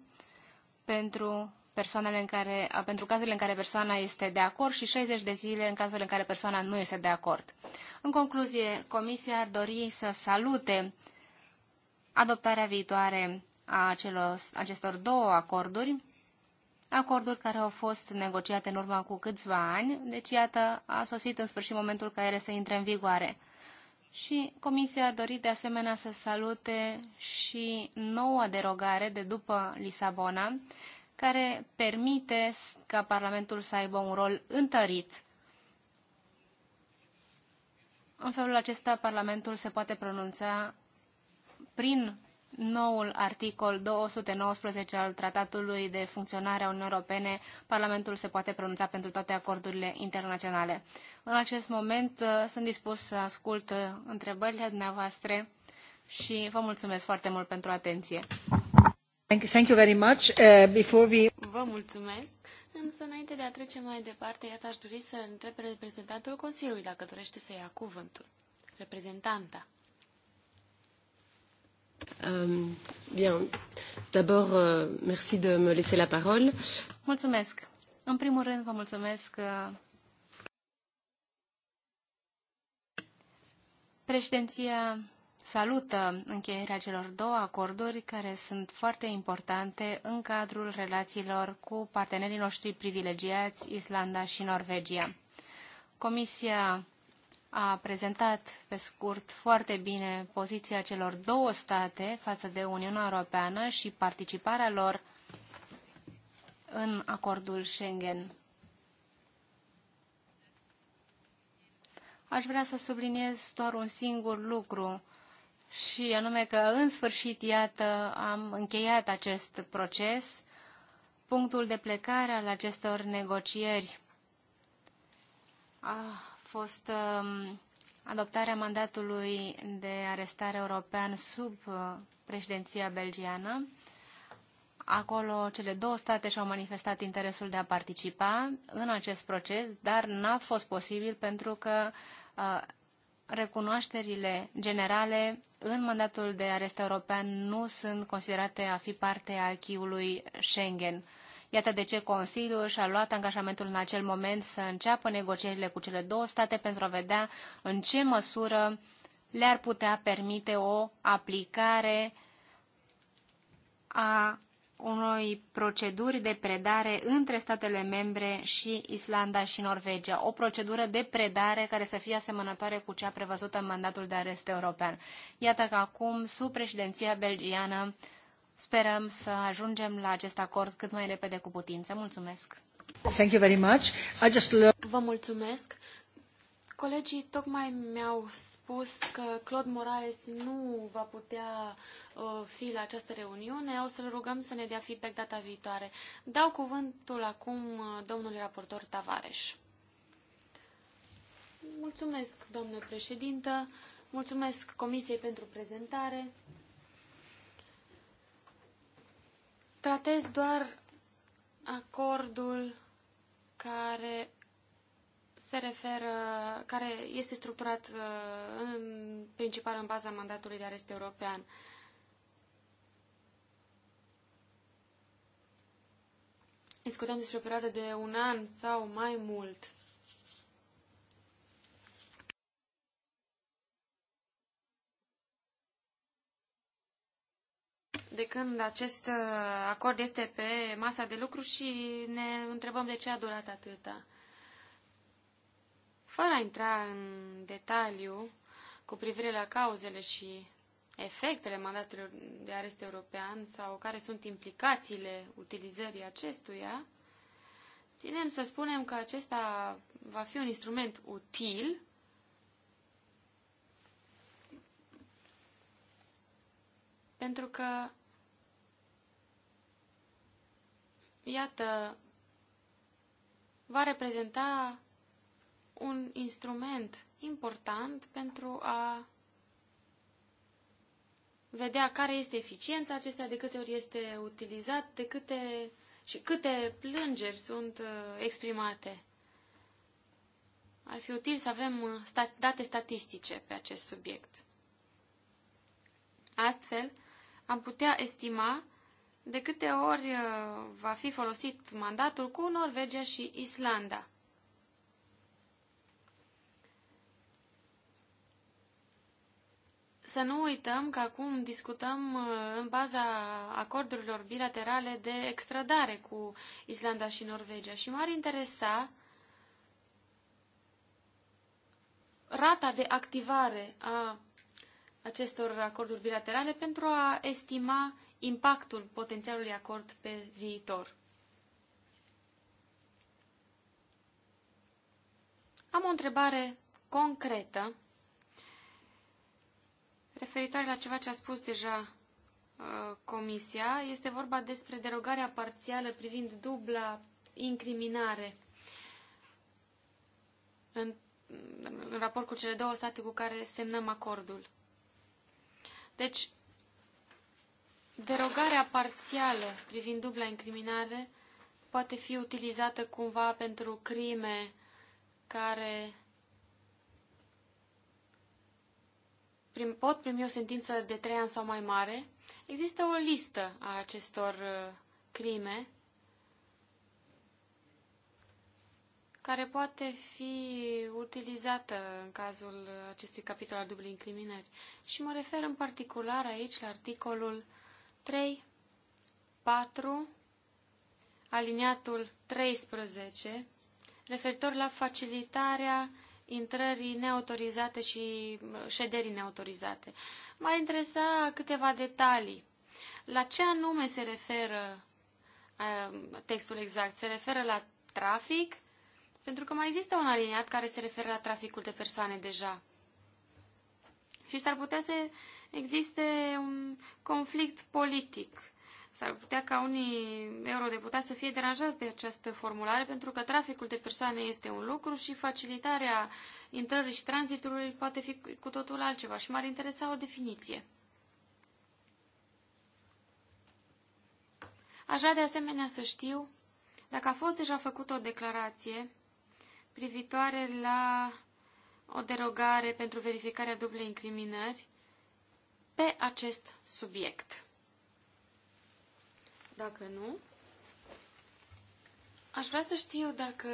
pentru persoanele în care, pentru cazurile în care persoana este de acord și 60 de zile în cazul în care persoana nu este de acord. În concluzie, Comisia ar dori să salute adoptarea viitoare a acelor, acestor două acorduri, acorduri care au fost negociate în urma cu câțiva ani, deci iată, a sosit în sfârșit momentul ca ele să intre în vigoare și Comisia a dorit de asemenea să salute și noua derogare de după Lisabona, care permite ca Parlamentul să aibă un rol întărit. În felul acesta, Parlamentul se poate pronunța prin noul articol 219 al Tratatului de Funcționare a Uniunii Europene, Parlamentul se poate pronunța pentru toate acordurile internaționale. În acest moment uh, sunt dispus să ascult uh, întrebările dumneavoastră și vă mulțumesc foarte mult pentru atenție. Thank you very much. Uh, before we... Vă mulțumesc. Însă, înainte de a trece mai departe, iată, aș dori să întreb reprezentantul Consiliului dacă dorește să ia cuvântul. Reprezentanta. Mulțumesc. În primul rând, vă mulțumesc uh, Președinția salută încheierea celor două acorduri care sunt foarte importante în cadrul relațiilor cu partenerii noștri privilegiați, Islanda și Norvegia. Comisia a prezentat pe scurt foarte bine poziția celor două state față de Uniunea Europeană și participarea lor în acordul Schengen. Aș vrea să subliniez doar un singur lucru și anume că în sfârșit, iată, am încheiat acest proces, punctul de plecare al acestor negocieri. Ah, fost um, adoptarea mandatului de arestare european sub uh, președinția belgiană. Acolo cele două state și-au manifestat interesul de a participa în acest proces, dar n-a fost posibil pentru că uh, recunoașterile generale în mandatul de arest european nu sunt considerate a fi parte a acquis Schengen. Iată de ce Consiliul și-a luat angajamentul în acel moment să înceapă negocierile cu cele două state pentru a vedea în ce măsură le-ar putea permite o aplicare a unei proceduri de predare între statele membre și Islanda și Norvegia. O procedură de predare care să fie asemănătoare cu cea prevăzută în mandatul de arest european. Iată că acum, sub președinția belgiană, Sperăm să ajungem la acest acord cât mai repede cu putință. Mulțumesc! Thank you very much. I just Vă mulțumesc! Colegii tocmai mi-au spus că Claude Morales nu va putea uh, fi la această reuniune. O să-l rugăm să ne dea feedback data viitoare. Dau cuvântul acum uh, domnului raportor Tavares. Mulțumesc, doamnă președintă. Mulțumesc Comisiei pentru prezentare. Tratez doar acordul care se referă, care este structurat uh, în principal în baza mandatului de arest european. Discutăm despre o perioadă de un an sau mai mult. de când acest uh, acord este pe masa de lucru și ne întrebăm de ce a durat atâta. Fără a intra în detaliu cu privire la cauzele și efectele mandatului de arest european sau care sunt implicațiile utilizării acestuia, ținem să spunem că acesta va fi un instrument util pentru că iată, va reprezenta un instrument important pentru a vedea care este eficiența acestea, de câte ori este utilizat, de câte și câte plângeri sunt uh, exprimate. Ar fi util să avem uh, date statistice pe acest subiect. Astfel, am putea estima de câte ori uh, va fi folosit mandatul cu Norvegia și Islanda. Să nu uităm că acum discutăm uh, în baza acordurilor bilaterale de extradare cu Islanda și Norvegia și m-ar interesa rata de activare a acestor acorduri bilaterale pentru a estima impactul potențialului acord pe viitor. Am o întrebare concretă referitoare la ceva ce a spus deja uh, Comisia. Este vorba despre derogarea parțială privind dubla incriminare în, în raport cu cele două state cu care semnăm acordul. Deci, derogarea parțială privind dubla incriminare poate fi utilizată cumva pentru crime care prim, pot primi o sentință de trei ani sau mai mare. Există o listă a acestor uh, crime care poate fi utilizată în cazul acestui capitol al dublei incriminări. Și mă refer în particular aici la articolul 3, 4, aliniatul 13, referitor la facilitarea intrării neautorizate și șederii neautorizate. M-ar interesa câteva detalii. La ce anume se referă uh, textul exact? Se referă la trafic, pentru că mai există un aliniat care se referă la traficul de persoane deja. Și s-ar putea să existe un conflict politic. S-ar putea ca unii eurodeputați să fie deranjați de această formulare, pentru că traficul de persoane este un lucru și facilitarea intrării și tranzitului poate fi cu totul altceva și m-ar interesa o definiție. Aș vrea de asemenea să știu dacă a fost deja făcută o declarație privitoare la o derogare pentru verificarea dublei incriminări pe acest subiect. Dacă nu, aș vrea să știu dacă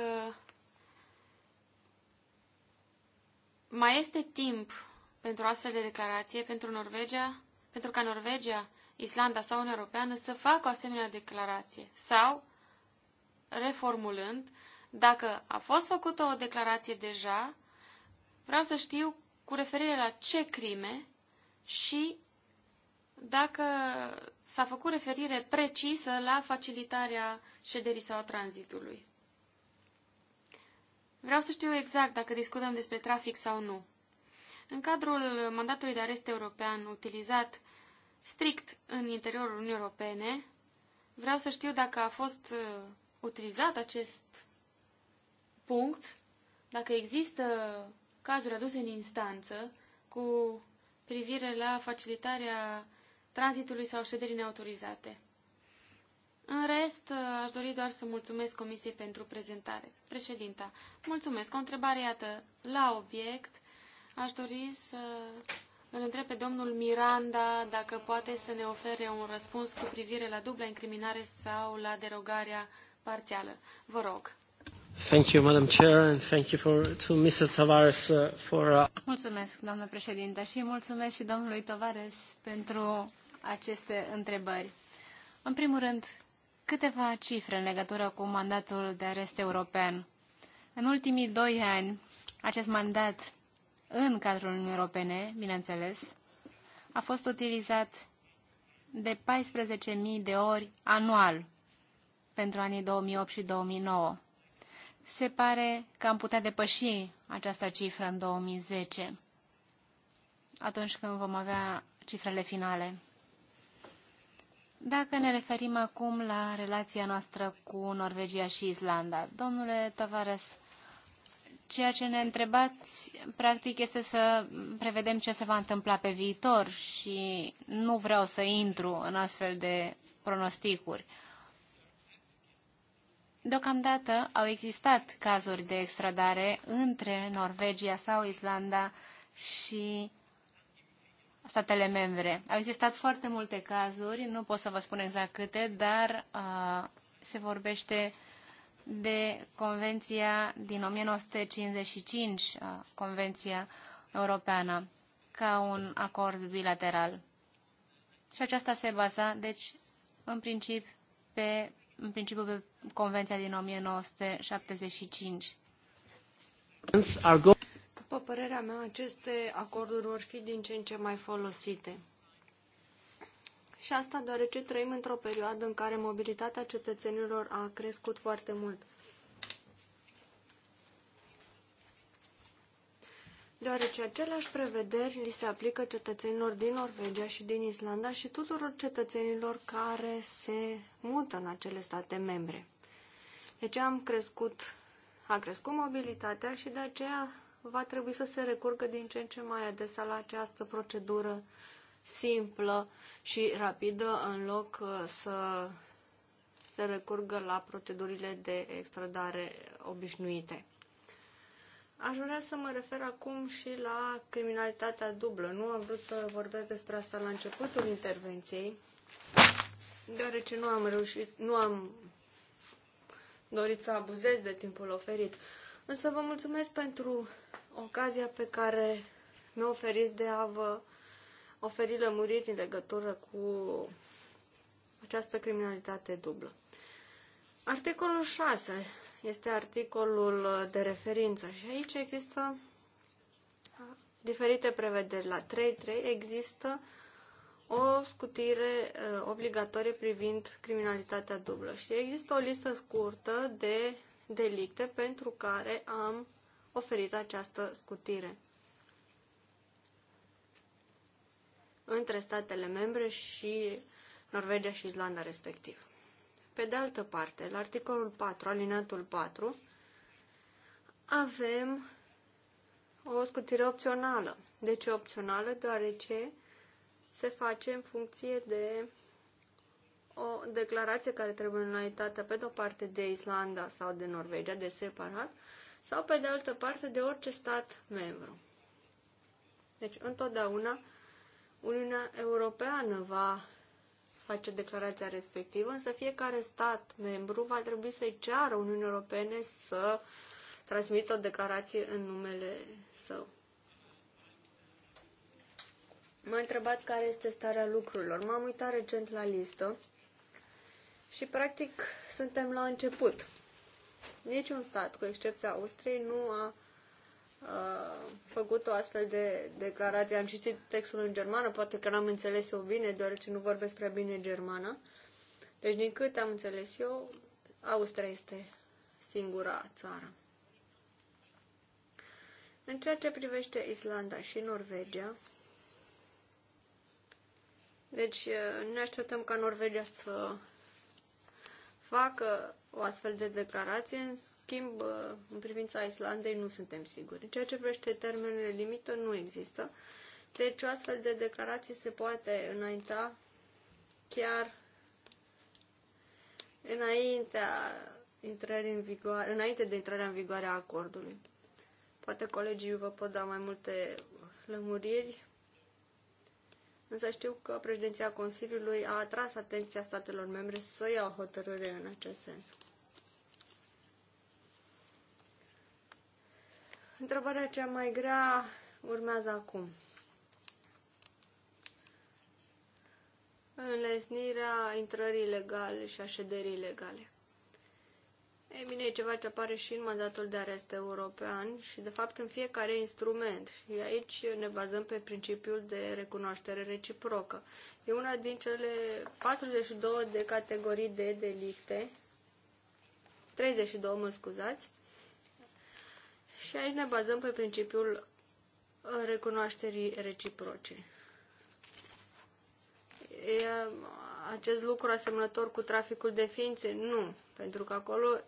mai este timp pentru astfel de declarație pentru Norvegia, pentru ca Norvegia, Islanda sau Uniunea Europeană să facă o asemenea declarație sau, reformulând, dacă a fost făcută o declarație deja, vreau să știu cu referire la ce crime și dacă s-a făcut referire precisă la facilitarea șederii sau tranzitului. Vreau să știu exact dacă discutăm despre trafic sau nu. În cadrul mandatului de arest european utilizat strict în interiorul Uniunii Europene, vreau să știu dacă a fost uh, utilizat acest punct, dacă există cazuri aduse în instanță cu privire la facilitarea tranzitului sau șederii neautorizate. În rest, aș dori doar să mulțumesc Comisiei pentru prezentare. Președinta, mulțumesc. O întrebare, iată, la obiect. Aș dori să îl întreb pe domnul Miranda dacă poate să ne ofere un răspuns cu privire la dubla incriminare sau la derogarea parțială. Vă rog. Thank you, Madam Chair, and thank you for, to Mr. Tavares uh, for... Uh... Mulțumesc, doamnă președinte, și mulțumesc și domnului Tavares pentru aceste întrebări. În primul rând, câteva cifre în legătură cu mandatul de arest european. În ultimii doi ani, acest mandat în cadrul Uniunii Europene, bineînțeles, a fost utilizat de 14.000 de ori anual pentru anii 2008 și 2009 se pare că am putea depăși această cifră în 2010, atunci când vom avea cifrele finale. Dacă ne referim acum la relația noastră cu Norvegia și Islanda, domnule Tavares, ceea ce ne întrebați, practic, este să prevedem ce se va întâmpla pe viitor și nu vreau să intru în astfel de pronosticuri. Deocamdată au existat cazuri de extradare între Norvegia sau Islanda și statele membre. Au existat foarte multe cazuri, nu pot să vă spun exact câte, dar uh, se vorbește de Convenția din 1955, uh, Convenția Europeană, ca un acord bilateral. Și aceasta se baza, deci, în principiu, pe în principiu pe Convenția din 1975. După părerea mea, aceste acorduri vor fi din ce în ce mai folosite. Și asta deoarece trăim într-o perioadă în care mobilitatea cetățenilor a crescut foarte mult. deoarece aceleași prevederi li se aplică cetățenilor din Norvegia și din Islanda și tuturor cetățenilor care se mută în acele state membre. Deci am crescut, a crescut mobilitatea și de aceea va trebui să se recurgă din ce în ce mai adesea la această procedură simplă și rapidă în loc uh, să se recurgă la procedurile de extradare obișnuite. Aș vrea să mă refer acum și la criminalitatea dublă. Nu am vrut să vorbesc despre asta la începutul intervenției, deoarece nu am reușit, nu am dorit să abuzez de timpul oferit. Însă vă mulțumesc pentru ocazia pe care mi a oferit de a vă oferi lămuriri în legătură cu această criminalitate dublă. Articolul 6 este articolul de referință și aici există diferite prevederi. La 3.3 există o scutire uh, obligatorie privind criminalitatea dublă și există o listă scurtă de delicte pentru care am oferit această scutire între statele membre și Norvegia și Islanda respectiv. Pe de altă parte, la articolul 4, alinatul 4, avem o scutire opțională. De ce opțională? Deoarece se face în funcție de o declarație care trebuie înaintată pe de-o parte de Islanda sau de Norvegia, de separat, sau pe de altă parte de orice stat membru. Deci, întotdeauna, Uniunea Europeană va face declarația respectivă, însă fiecare stat membru va trebui să-i ceară Uniunii Europene să transmită o declarație în numele său. M-a întrebat care este starea lucrurilor. M-am uitat recent la listă și, practic, suntem la început. Niciun stat, cu excepția Austriei, nu a Uh, făcut o astfel de declarație. Am citit textul în germană, poate că n-am înțeles eu bine, deoarece nu vorbesc prea bine germană. Deci, din cât am înțeles eu, Austria este singura țară. În ceea ce privește Islanda și Norvegia, deci uh, ne așteptăm ca Norvegia să facă o astfel de declarație, în schimb, uh, în privința Islandei nu suntem siguri. În ceea ce vrește termenele limită, nu există. Deci o astfel de declarație se poate înainta chiar înaintea intrării în vigoare, înainte de intrarea în vigoare a acordului. Poate colegii vă pot da mai multe lămuriri Însă știu că președinția Consiliului a atras atenția statelor membre să ia o hotărâre în acest sens. Întrebarea cea mai grea urmează acum. Înlesnirea intrării legale și a șederii legale. Ei bine, e ceva ce apare și în mandatul de arest european și, de fapt, în fiecare instrument. Și aici ne bazăm pe principiul de recunoaștere reciprocă. E una din cele 42 de categorii de delicte, 32, mă scuzați, și aici ne bazăm pe principiul recunoașterii reciproce. E acest lucru asemănător cu traficul de ființe? Nu, pentru că acolo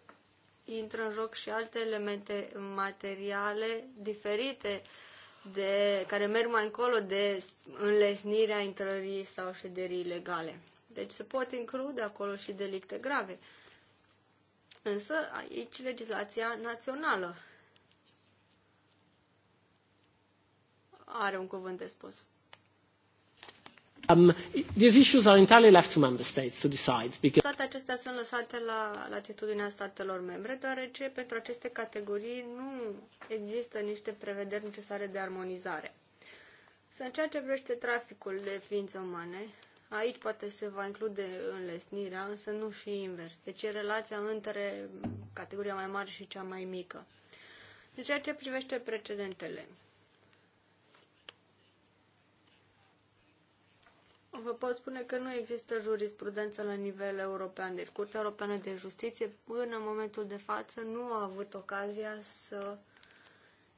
intră în joc și alte elemente materiale diferite de, care merg mai încolo de înlesnirea intrării sau șederii ilegale. Deci se pot include acolo și delicte grave. Însă aici legislația națională are un cuvânt de spus. Um, these issues are entirely left to member states to decide because... Toate acestea sunt lăsate la latitudinea statelor membre, deoarece pentru aceste categorii nu există niște prevederi necesare de armonizare. Să în ceea ce privește traficul de ființe umane, aici poate se va include înlesnirea, însă nu și invers. Deci e relația între categoria mai mare și cea mai mică. În ceea ce privește precedentele, Vă pot spune că nu există jurisprudență la nivel european, deci Curtea Europeană de Justiție până în momentul de față nu a avut ocazia să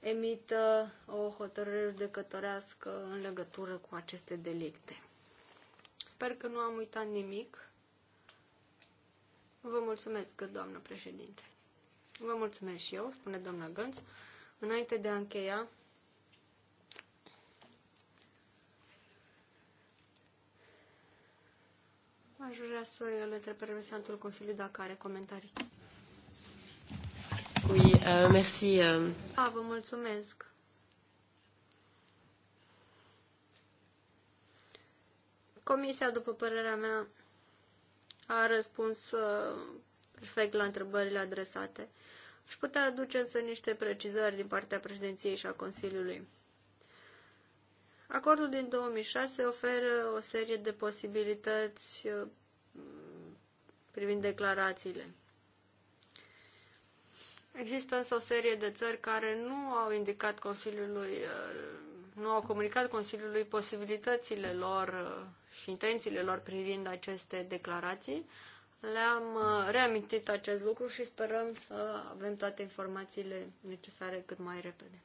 emită o hotărâre judecătorească în legătură cu aceste delicte. Sper că nu am uitat nimic. Vă mulțumesc, doamnă președinte. Vă mulțumesc și eu, spune doamna Gânț. Înainte de a încheia, Aș vrea să îl întreb pe reprezentantul Consiliului dacă are comentarii. Oui, uh, merci. Uh... A, vă mulțumesc. Comisia, după părerea mea, a răspuns uh, perfect la întrebările adresate. și putea aduce însă niște precizări din partea președinției și a Consiliului. Acordul din 2006 oferă o serie de posibilități uh, privind declarațiile. Există însă o serie de țări care nu au indicat Consiliului, uh, nu au comunicat Consiliului posibilitățile lor uh, și intențiile lor privind aceste declarații. Le-am reamintit acest lucru și sperăm să avem toate informațiile necesare cât mai repede.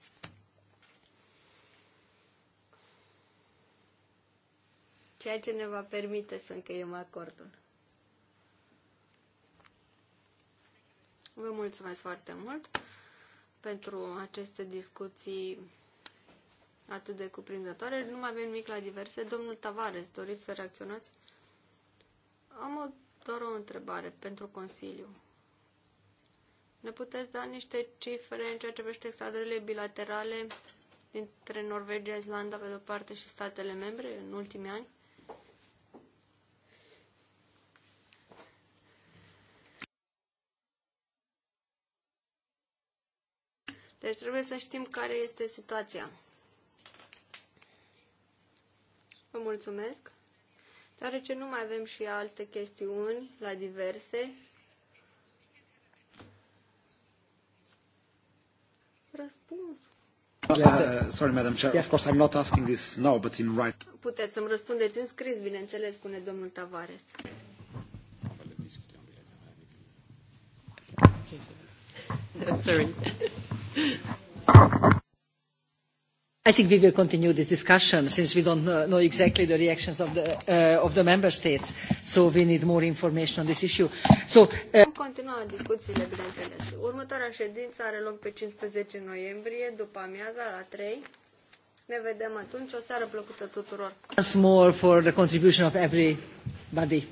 ceea ce ne va permite să încheiem acordul. Vă mulțumesc foarte mult pentru aceste discuții atât de cuprinzătoare. Nu mai avem nimic la diverse. Domnul Tavares, doriți să reacționați? Am o, doar o întrebare pentru Consiliu. Ne puteți da niște cifre în ceea ce privește extradările bilaterale dintre Norvegia, Islanda, pe de-o parte, și statele membre în ultimii ani? Deci trebuie să știm care este situația. Vă mulțumesc. Deoarece nu mai avem și alte chestiuni la diverse, răspuns. Uh, sorry, Madam Chair, of course I'm not asking this now, but in right. Puteți să-mi răspundeți în scris, bineînțeles, spune domnul Tavares. Sorry. I think we will continue this discussion since we don't know exactly the reactions of the, uh, of the member states. So we need more information on this issue. So, uh... Continuăm discuțiile, bineînțeles. Următoarea ședință are loc pe 15 noiembrie, după amiaza, la 3. Ne vedem atunci. O seară plăcută tuturor. Once for the contribution of everybody.